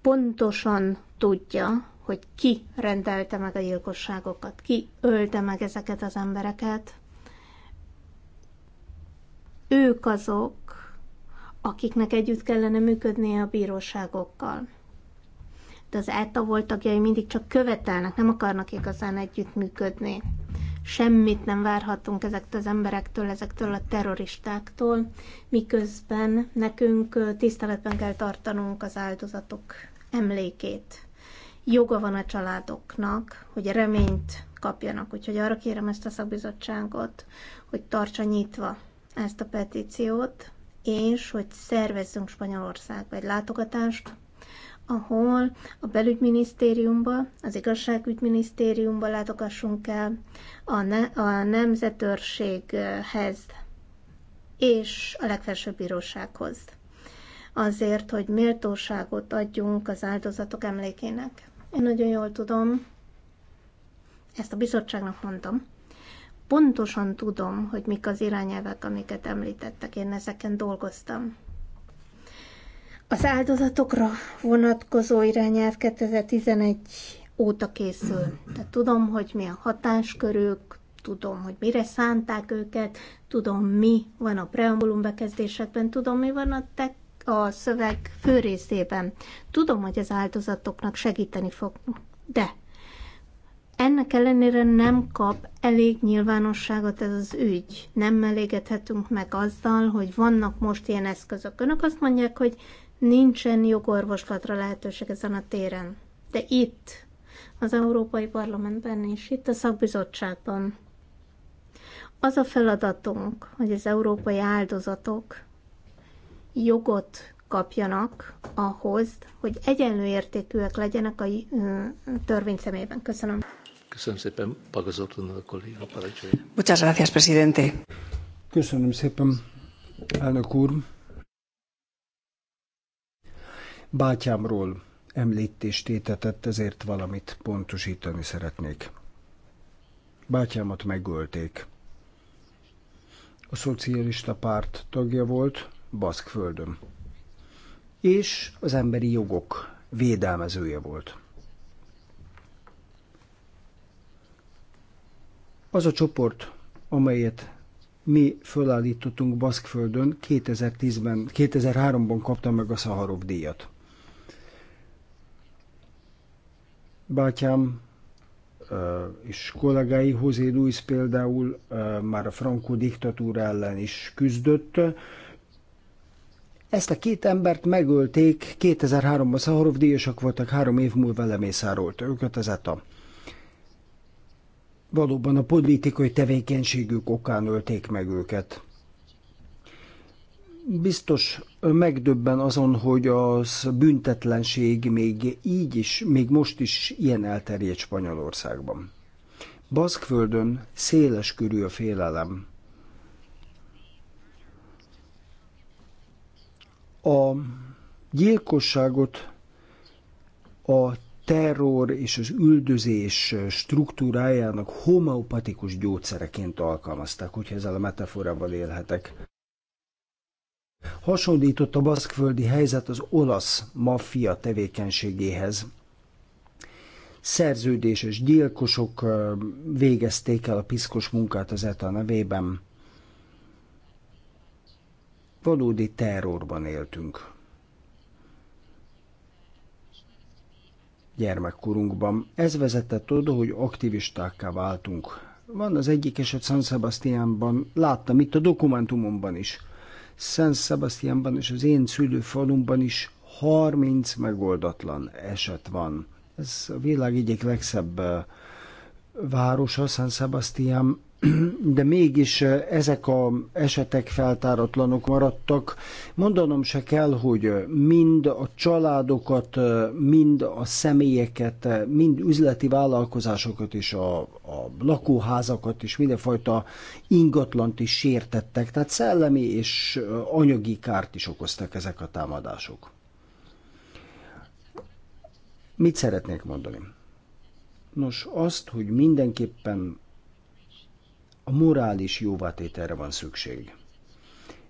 pontosan tudja, hogy ki rendelte meg a gyilkosságokat, ki ölte meg ezeket az embereket. Ők azok, akiknek együtt kellene működnie a bíróságokkal. De az ETA volt tagjai mindig csak követelnek, nem akarnak igazán együttműködni. Semmit nem várhatunk ezektől az emberektől, ezektől a terroristáktól, miközben nekünk tiszteletben kell tartanunk az áldozatok emlékét. Joga van a családoknak, hogy reményt kapjanak, úgyhogy arra kérem ezt a szakbizottságot, hogy tartsa nyitva ezt a petíciót, és hogy szervezzünk Spanyolországba egy látogatást, ahol a belügyminisztériumba, az igazságügyminisztériumba látogassunk el, a, ne, a nemzetőrséghez és a legfelsőbb bírósághoz. Azért, hogy méltóságot adjunk az áldozatok emlékének. Én nagyon jól tudom, ezt a bizottságnak mondtam, pontosan tudom, hogy mik az irányelvek, amiket említettek, én ezeken dolgoztam. Az áldozatokra vonatkozó irányelv 2011 óta készül. Tehát tudom, hogy milyen hatáskörük, tudom, hogy mire szánták őket, tudom, mi van a preambulum bekezdésekben, tudom, mi van a, tek, a szöveg fő részében. Tudom, hogy az áldozatoknak segíteni fog. De ennek ellenére nem kap elég nyilvánosságot ez az ügy. Nem elégedhetünk meg azzal, hogy vannak most ilyen eszközök. Önök azt mondják, hogy nincsen jogorvoslatra lehetőség ezen a téren. De itt, az Európai Parlamentben és itt a szakbizottságban az a feladatunk, hogy az európai áldozatok jogot kapjanak ahhoz, hogy egyenlő értékűek legyenek a törvény szemében. Köszönöm. Köszönöm szépen, Pagazorton a kolléga parancsolja. Muchas gracias, presidente. Köszönöm szépen, elnök úr. Bátyámról említést étetett, ezért valamit pontosítani szeretnék. Bátyámat megölték. A szocialista párt tagja volt, Baszkföldön és az emberi jogok védelmezője volt. Az a csoport, amelyet mi fölállítottunk Baszkföldön, 2010-ben, 2003-ban kapta meg a Szaharov díjat. Bátyám és kollégái, José Luis például már a Franco diktatúra ellen is küzdött, ezt a két embert megölték, 2003-ban Szahorov díjasak voltak, három év múlva lemészárolt őket az ETA. Valóban a politikai tevékenységük okán ölték meg őket. Biztos megdöbben azon, hogy az büntetlenség még így is, még most is ilyen elterjedt Spanyolországban. Baszkföldön széles körű a félelem A gyilkosságot a terror és az üldözés struktúrájának homeopatikus gyógyszereként alkalmazták, hogyha ezzel a metaforával élhetek. Hasonlított a baszkföldi helyzet az olasz maffia tevékenységéhez. Szerződéses gyilkosok végezték el a piszkos munkát az ETA nevében valódi terrorban éltünk. Gyermekkorunkban ez vezetett oda, hogy aktivistákká váltunk. Van az egyik eset San Sebastianban, láttam itt a dokumentumomban is. San Sebastianban és az én szülőfalumban is 30 megoldatlan eset van. Ez a világ egyik legszebb városa, San Sebastian, de mégis eh, ezek a esetek feltáratlanok maradtak. Mondanom se kell, hogy eh, mind a családokat, eh, mind a személyeket, mind üzleti vállalkozásokat és a, a lakóházakat és mindenfajta ingatlant is sértettek, tehát szellemi és anyagi kárt is okoztak ezek a támadások. Mit szeretnék mondani? Nos, azt, hogy mindenképpen a morális jóvátételre van szükség.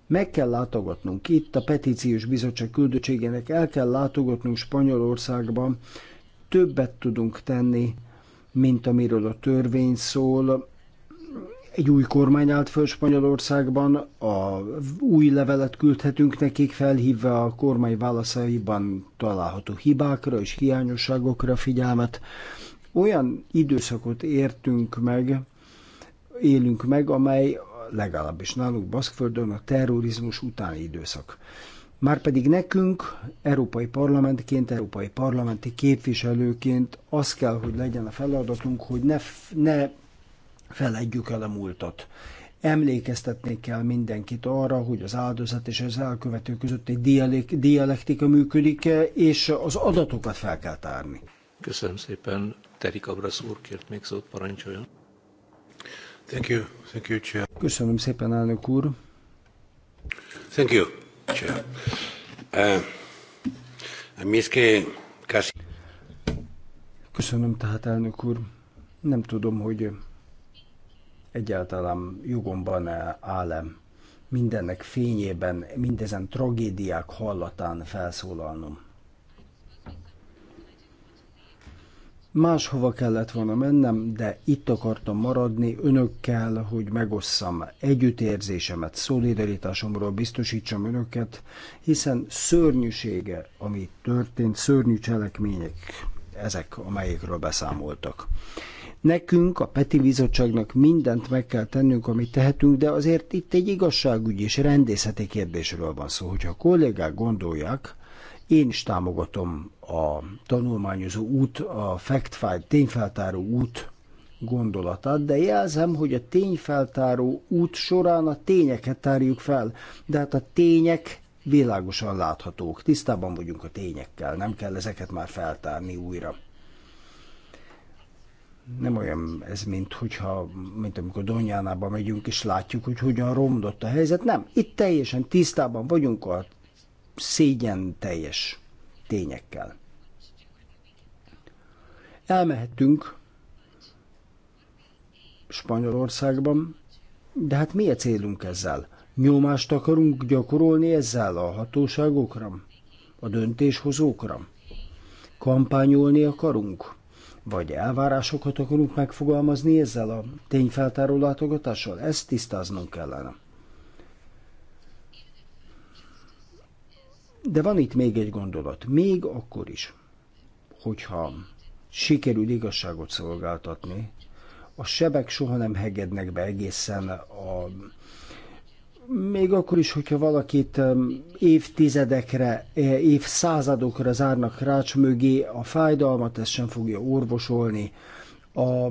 Meg kell látogatnunk itt, a petíciós bizottság küldöttségének el kell látogatnunk Spanyolországban, többet tudunk tenni, mint amiről a törvény szól. Egy új kormány állt föl Spanyolországban, a új levelet küldhetünk nekik, felhívva a kormány válaszaiban található hibákra és hiányosságokra figyelmet. Olyan időszakot értünk meg, élünk meg, amely legalábbis nálunk Baszkföldön a terrorizmus utáni időszak. Márpedig nekünk, Európai Parlamentként, Európai Parlamenti képviselőként az kell, hogy legyen a feladatunk, hogy ne, ne feledjük el a múltat. Emlékeztetni kell mindenkit arra, hogy az áldozat és az elkövető között egy dialektika működik, és az adatokat fel kell tárni. Köszönöm szépen. Terik Abrasz úr kért még szót, parancsoljon. Thank you. Thank you, Chair. Köszönöm szépen, elnök úr. Thank you, Chair. Uh, Köszönöm tehát, elnök úr. Nem tudom, hogy egyáltalán jogomban áll mindennek fényében, mindezen tragédiák hallatán felszólalnom. Máshova kellett volna mennem, de itt akartam maradni önökkel, hogy megosszam együttérzésemet, szolidaritásomról biztosítsam önöket, hiszen szörnyűsége, ami történt, szörnyű cselekmények, ezek, amelyekről beszámoltak. Nekünk, a Peti Bizottságnak mindent meg kell tennünk, amit tehetünk, de azért itt egy igazságügyi és rendészeti kérdésről van szó. Hogyha a kollégák gondolják, én is támogatom a tanulmányozó út, a fact-find, tényfeltáró út gondolatát, de jelzem, hogy a tényfeltáró út során a tényeket tárjuk fel, de hát a tények világosan láthatók, tisztában vagyunk a tényekkel, nem kell ezeket már feltárni újra. Nem olyan ez, mint, hogyha, mint amikor Donjánába megyünk, és látjuk, hogy hogyan romlott a helyzet. Nem, itt teljesen tisztában vagyunk a szégyen teljes tényekkel. Elmehettünk Spanyolországban, de hát mi a célunk ezzel? Nyomást akarunk gyakorolni ezzel a hatóságokra, a döntéshozókra? Kampányolni akarunk? Vagy elvárásokat akarunk megfogalmazni ezzel a tényfeltáró látogatással? Ezt tisztáznunk kellene. De van itt még egy gondolat. Még akkor is, hogyha sikerül igazságot szolgáltatni, a sebek soha nem hegednek be egészen a még akkor is, hogyha valakit um, évtizedekre, e, évszázadokra zárnak rács mögé, a fájdalmat ezt sem fogja orvosolni, a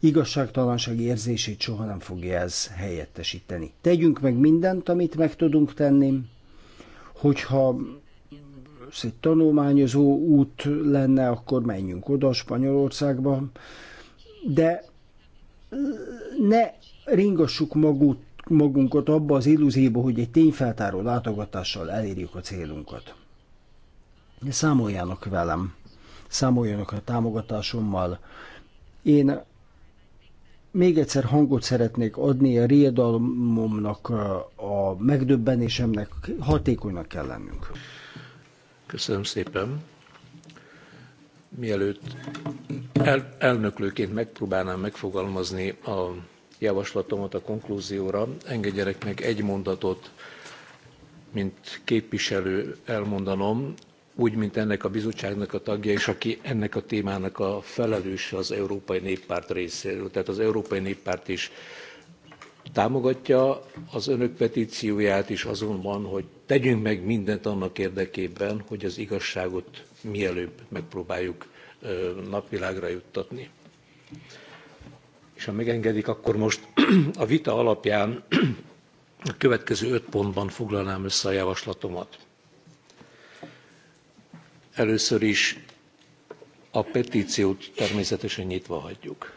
igazságtalanság érzését soha nem fogja ez helyettesíteni. Tegyünk meg mindent, amit meg tudunk tenni, Hogyha ez egy tanulmányozó út lenne, akkor menjünk oda Spanyolországba, de ne ringassuk magut, magunkat abba az illúzióba, hogy egy tényfeltáró látogatással elérjük a célunkat. Számoljanak velem, számoljanak a támogatásommal. Én még egyszer hangot szeretnék adni a riadalmomnak, a megdöbbenésemnek, hatékonynak kell lennünk. Köszönöm szépen. Mielőtt el, elnöklőként megpróbálnám megfogalmazni a javaslatomat a konklúzióra, engedjenek meg egy mondatot, mint képviselő elmondanom úgy, mint ennek a bizottságnak a tagja, és aki ennek a témának a felelőse az Európai Néppárt részéről. Tehát az Európai Néppárt is támogatja az önök petícióját is van, hogy tegyünk meg mindent annak érdekében, hogy az igazságot mielőbb megpróbáljuk napvilágra juttatni. És ha megengedik, akkor most a vita alapján a következő öt pontban foglalnám össze a javaslatomat. Először is a petíciót természetesen nyitva hagyjuk.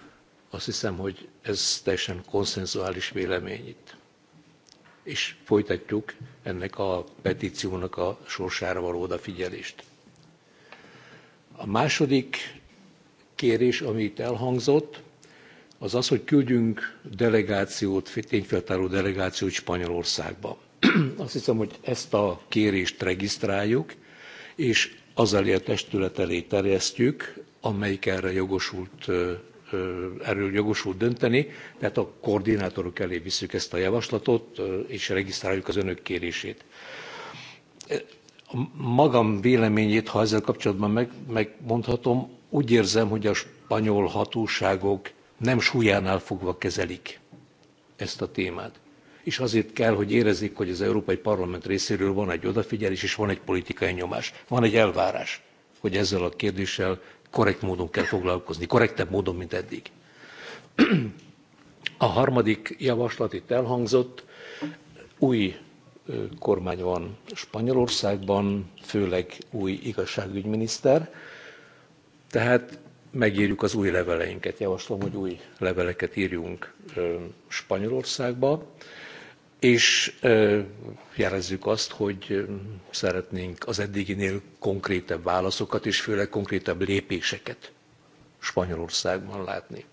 Azt hiszem, hogy ez teljesen konszenzuális vélemény itt. És folytatjuk ennek a petíciónak a sorsára való odafigyelést. A második kérés, ami itt elhangzott, az az, hogy küldjünk delegációt, tényfeltáró delegációt Spanyolországba. Azt hiszem, hogy ezt a kérést regisztráljuk, és az elé a testület elé terjesztjük, amelyik erre jogosult, erről jogosult dönteni, tehát a koordinátorok elé visszük ezt a javaslatot, és regisztráljuk az önök kérését. A magam véleményét, ha ezzel kapcsolatban meg, megmondhatom, úgy érzem, hogy a spanyol hatóságok nem súlyánál fogva kezelik ezt a témát és azért kell, hogy érezzék, hogy az Európai Parlament részéről van egy odafigyelés, és van egy politikai nyomás, van egy elvárás, hogy ezzel a kérdéssel korrekt módon kell foglalkozni, korrektebb módon, mint eddig. A harmadik javaslat itt elhangzott, új kormány van Spanyolországban, főleg új igazságügyminiszter, tehát megírjuk az új leveleinket. Javaslom, hogy új leveleket írjunk Spanyolországba és jelezzük azt, hogy szeretnénk az eddiginél konkrétebb válaszokat és főleg konkrétebb lépéseket Spanyolországban látni.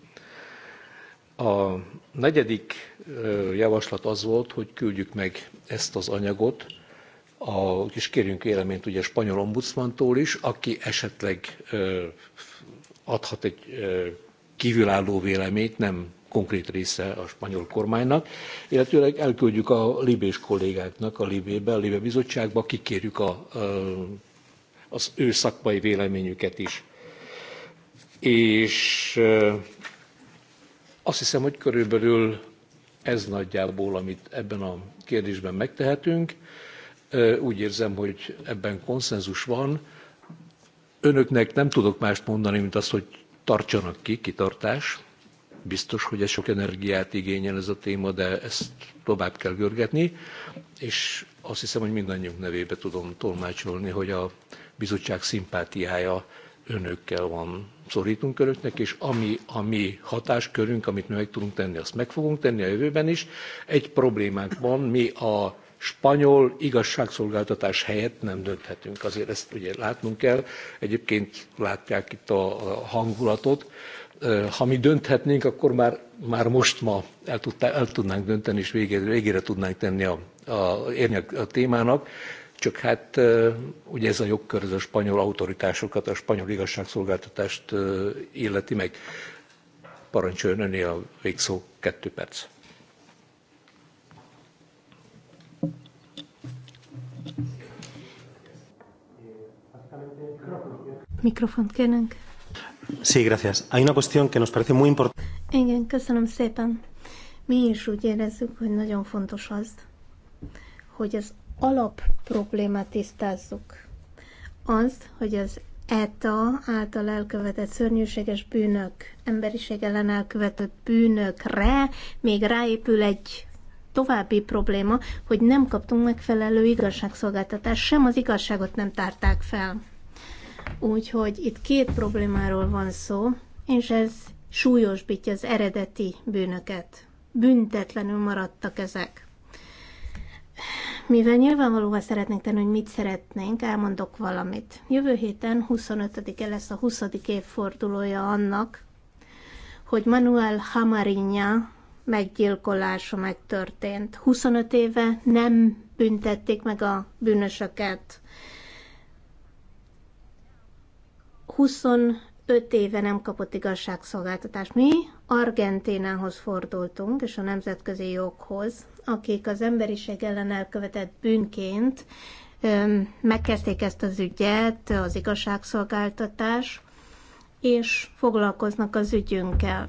A negyedik javaslat az volt, hogy küldjük meg ezt az anyagot, a, és kérjünk véleményt ugye a spanyol ombudsmantól is, aki esetleg adhat egy kívülálló véleményt, nem konkrét része a spanyol kormánynak, illetőleg elküldjük a libés kollégáknak a Libébe, a Libé bizottságba, kikérjük a, az ő szakmai véleményüket is. És azt hiszem, hogy körülbelül ez nagyjából, amit ebben a kérdésben megtehetünk. Úgy érzem, hogy ebben konszenzus van. Önöknek nem tudok mást mondani, mint azt, hogy tartsanak ki, kitartás, Biztos, hogy ez sok energiát igényel ez a téma, de ezt tovább kell görgetni, és azt hiszem, hogy mindannyiunk nevébe tudom tolmácsolni, hogy a bizottság szimpátiája önökkel van. Szorítunk önöknek, és ami a mi hatáskörünk, amit mi meg tudunk tenni, azt meg fogunk tenni a jövőben is. Egy problémánk van, mi a spanyol igazságszolgáltatás helyett nem dönthetünk. Azért ezt ugye látnunk kell. Egyébként látják itt a hangulatot ha mi dönthetnénk, akkor már, már most ma el, el tudnánk dönteni, és végére, végére tudnánk tenni a, a, érni a, a témának. Csak hát ugye ez a jogkör, ez a spanyol autoritásokat, a spanyol igazságszolgáltatást illeti meg. Parancsoljon öné a végszó, kettő perc. Mikrofont kérnénk. Sí, gracias. Hay una cuestión que nos parece muy importante. Igen, köszönöm szépen. Mi is úgy érezzük, hogy nagyon fontos az, hogy az alap problémát tisztázzuk. Az, hogy az ETA által elkövetett szörnyűséges bűnök, emberiség ellen elkövetett bűnökre még ráépül egy további probléma, hogy nem kaptunk megfelelő igazságszolgáltatást, sem az igazságot nem tárták fel. Úgyhogy itt két problémáról van szó, és ez súlyosbítja az eredeti bűnöket. Büntetlenül maradtak ezek. Mivel nyilvánvalóan szeretnénk tenni, hogy mit szeretnénk, elmondok valamit. Jövő héten 25-e lesz a 20. évfordulója annak, hogy Manuel Hamarinha meggyilkolása megtörtént. 25 éve nem büntették meg a bűnösöket. 25 éve nem kapott igazságszolgáltatást. Mi Argentinához fordultunk, és a nemzetközi joghoz, akik az emberiség ellen elkövetett bűnként megkezdték ezt az ügyet, az igazságszolgáltatás, és foglalkoznak az ügyünkkel.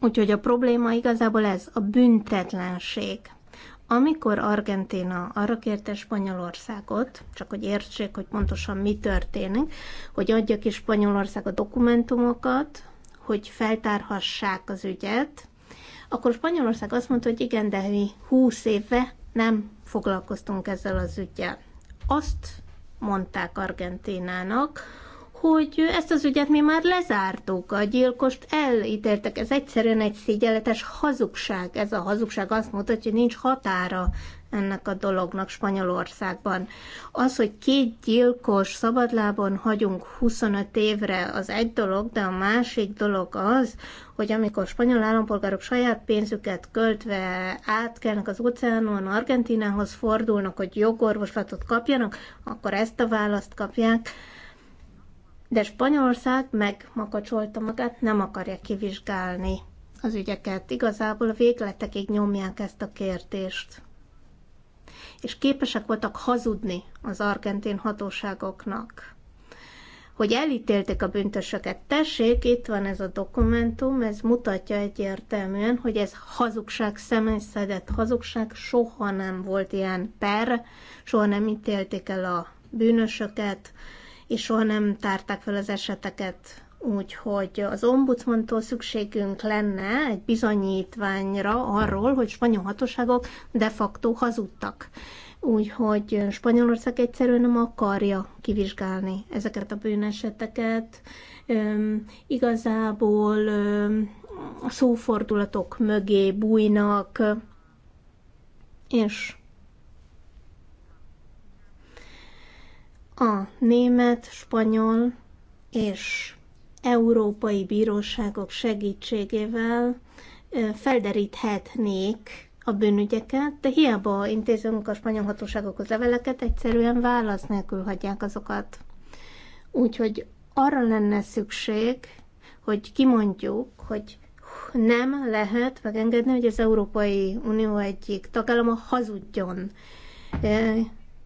Úgyhogy a probléma igazából ez, a büntetlenség. Amikor Argentina arra kérte Spanyolországot, csak hogy értsék, hogy pontosan mi történik, hogy adja ki Spanyolország a dokumentumokat, hogy feltárhassák az ügyet, akkor Spanyolország azt mondta, hogy igen, de mi húsz éve nem foglalkoztunk ezzel az ügyel. Azt mondták Argentinának, hogy ezt az ügyet mi már lezártuk, a gyilkost elítéltek. Ez egyszerűen egy szégyenletes hazugság. Ez a hazugság azt mutatja, hogy nincs határa ennek a dolognak Spanyolországban. Az, hogy két gyilkos szabadlábon hagyunk 25 évre, az egy dolog, de a másik dolog az, hogy amikor spanyol állampolgárok saját pénzüket költve átkelnek az óceánon, Argentinához fordulnak, hogy jogorvoslatot kapjanak, akkor ezt a választ kapják, de Spanyolország megmakacsolta magát, nem akarja kivizsgálni az ügyeket. Igazából a végletekig nyomják ezt a kérdést. És képesek voltak hazudni az argentin hatóságoknak, hogy elítélték a büntösöket. Tessék, itt van ez a dokumentum, ez mutatja egyértelműen, hogy ez hazugság, szemenszedett hazugság, soha nem volt ilyen per, soha nem ítélték el a bűnösöket, és soha nem tárták fel az eseteket. Úgyhogy az ombudsmantól szükségünk lenne egy bizonyítványra arról, hogy spanyol hatóságok de facto hazudtak. Úgyhogy Spanyolország egyszerűen nem akarja kivizsgálni ezeket a bűneseteket. Üm, igazából üm, a szófordulatok mögé bújnak, és A német, spanyol és európai bíróságok segítségével felderíthetnék a bűnügyeket, de hiába intézünk a spanyol hatóságokhoz leveleket, egyszerűen válasz nélkül hagyják azokat. Úgyhogy arra lenne szükség, hogy kimondjuk, hogy nem lehet megengedni, hogy az Európai Unió egyik tagállama hazudjon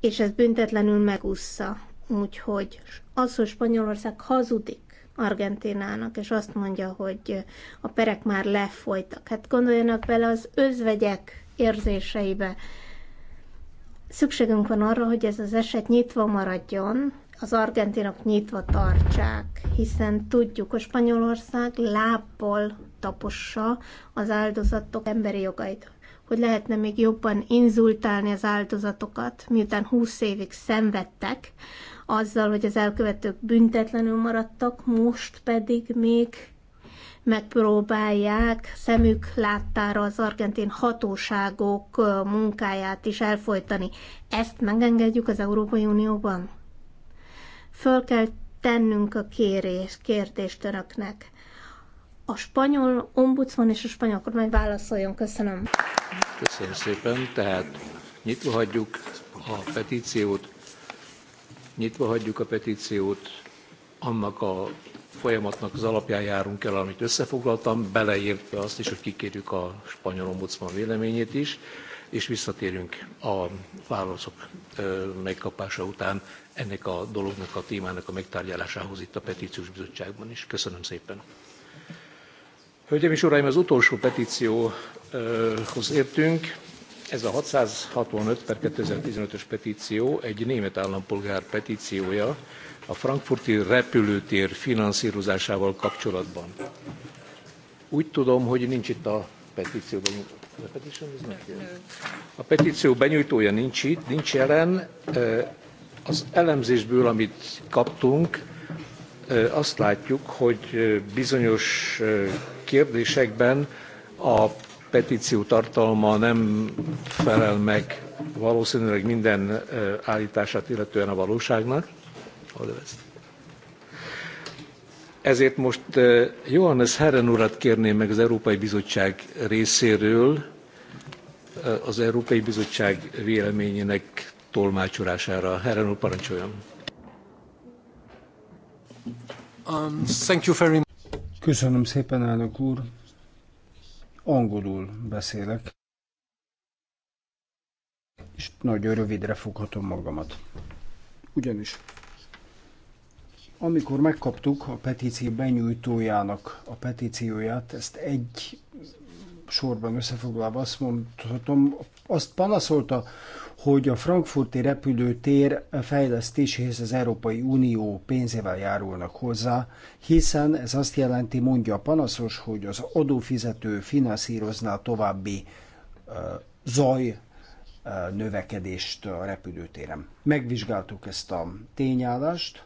és ez büntetlenül megúszza. Úgyhogy az, hogy Spanyolország hazudik Argentinának, és azt mondja, hogy a perek már lefolytak. Hát gondoljanak bele az özvegyek érzéseibe. Szükségünk van arra, hogy ez az eset nyitva maradjon, az argentinok nyitva tartsák, hiszen tudjuk, hogy Spanyolország lábbal tapossa az áldozatok emberi jogait hogy lehetne még jobban inzultálni az áldozatokat, miután 20 évig szenvedtek, azzal, hogy az elkövetők büntetlenül maradtak, most pedig még megpróbálják szemük láttára az argentin hatóságok munkáját is elfolytani. Ezt megengedjük az Európai Unióban? Föl kell tennünk a kérés, kérdést önöknek a spanyol ombudsman és a spanyol kormány válaszoljon. Köszönöm. Köszönöm szépen. Tehát nyitva hagyjuk a petíciót, nyitva hagyjuk a petíciót, annak a folyamatnak az alapján járunk el, amit összefoglaltam, beleértve azt is, hogy kikérjük a spanyol ombudsman véleményét is, és visszatérünk a válaszok megkapása után ennek a dolognak, a témának a megtárgyalásához itt a petíciós bizottságban is. Köszönöm szépen! Hölgyeim és Uraim, az utolsó petícióhoz értünk. Ez a 665 per 2015-ös petíció egy német állampolgár petíciója a frankfurti repülőtér finanszírozásával kapcsolatban. Úgy tudom, hogy nincs itt a petícióban. A petíció benyújtója nincs itt, nincs jelen. Az elemzésből, amit kaptunk, azt látjuk, hogy bizonyos kérdésekben a petíció tartalma nem felel meg valószínűleg minden állítását illetően a valóságnak. Ezért most Johannes Herren urat kérném meg az Európai Bizottság részéről az Európai Bizottság véleményének tolmácsolására. Herren úr, parancsoljon! Um, thank you very much. Köszönöm szépen, elnök úr. Angolul beszélek. És nagyon rövidre foghatom magamat. Ugyanis amikor megkaptuk a petíció benyújtójának a petícióját, ezt egy sorban összefoglalva azt mondhatom, azt panaszolta, hogy a frankfurti repülőtér fejlesztéséhez az Európai Unió pénzével járulnak hozzá, hiszen ez azt jelenti, mondja a panaszos, hogy az adófizető finanszírozná további uh, zaj uh, növekedést a repülőtéren. Megvizsgáltuk ezt a tényállást.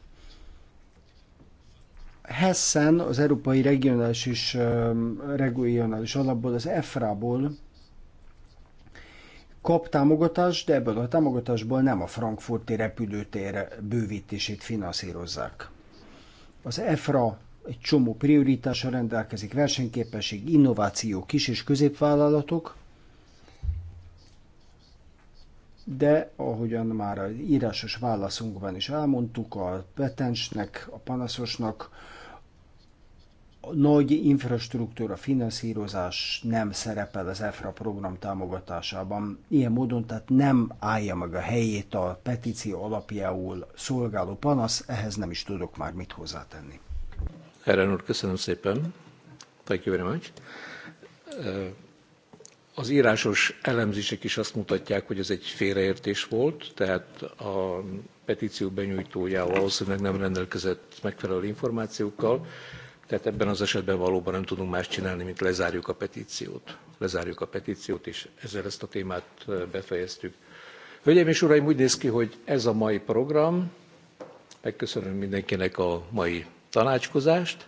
Hessen az Európai Regionális és uh, Regionális Alapból, az EFRA-ból kap támogatást, de ebből a támogatásból nem a frankfurti repülőtér bővítését finanszírozzák. Az EFRA egy csomó prioritással rendelkezik, versenyképesség, innováció, kis és középvállalatok, de ahogyan már az írásos válaszunkban is elmondtuk, a petensnek, a panaszosnak nagy infrastruktúra finanszírozás nem szerepel az EFRA program támogatásában. Ilyen módon tehát nem állja meg a helyét a petíció alapjául szolgáló panasz, ehhez nem is tudok már mit hozzátenni. Erre úr, köszönöm szépen. Thank you very much. Az írásos elemzések is azt mutatják, hogy ez egy félreértés volt, tehát a petíció benyújtójával valószínűleg nem rendelkezett megfelelő információkkal tehát ebben az esetben valóban nem tudunk más csinálni, mint lezárjuk a petíciót. Lezárjuk a petíciót, és ezzel ezt a témát befejeztük. Hölgyeim és uraim, úgy néz ki, hogy ez a mai program. Megköszönöm mindenkinek a mai tanácskozást.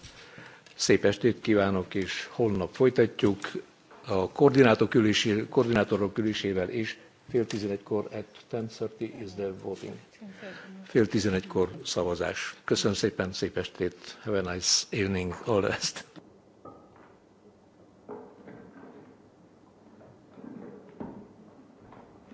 Szép estét kívánok, és holnap folytatjuk a koordinátorok ülésével is fél tizenegykor at 10.30 is the voting. Fél tizenegykor szavazás. Köszönöm szépen, szép estét. Have a nice evening, all the best.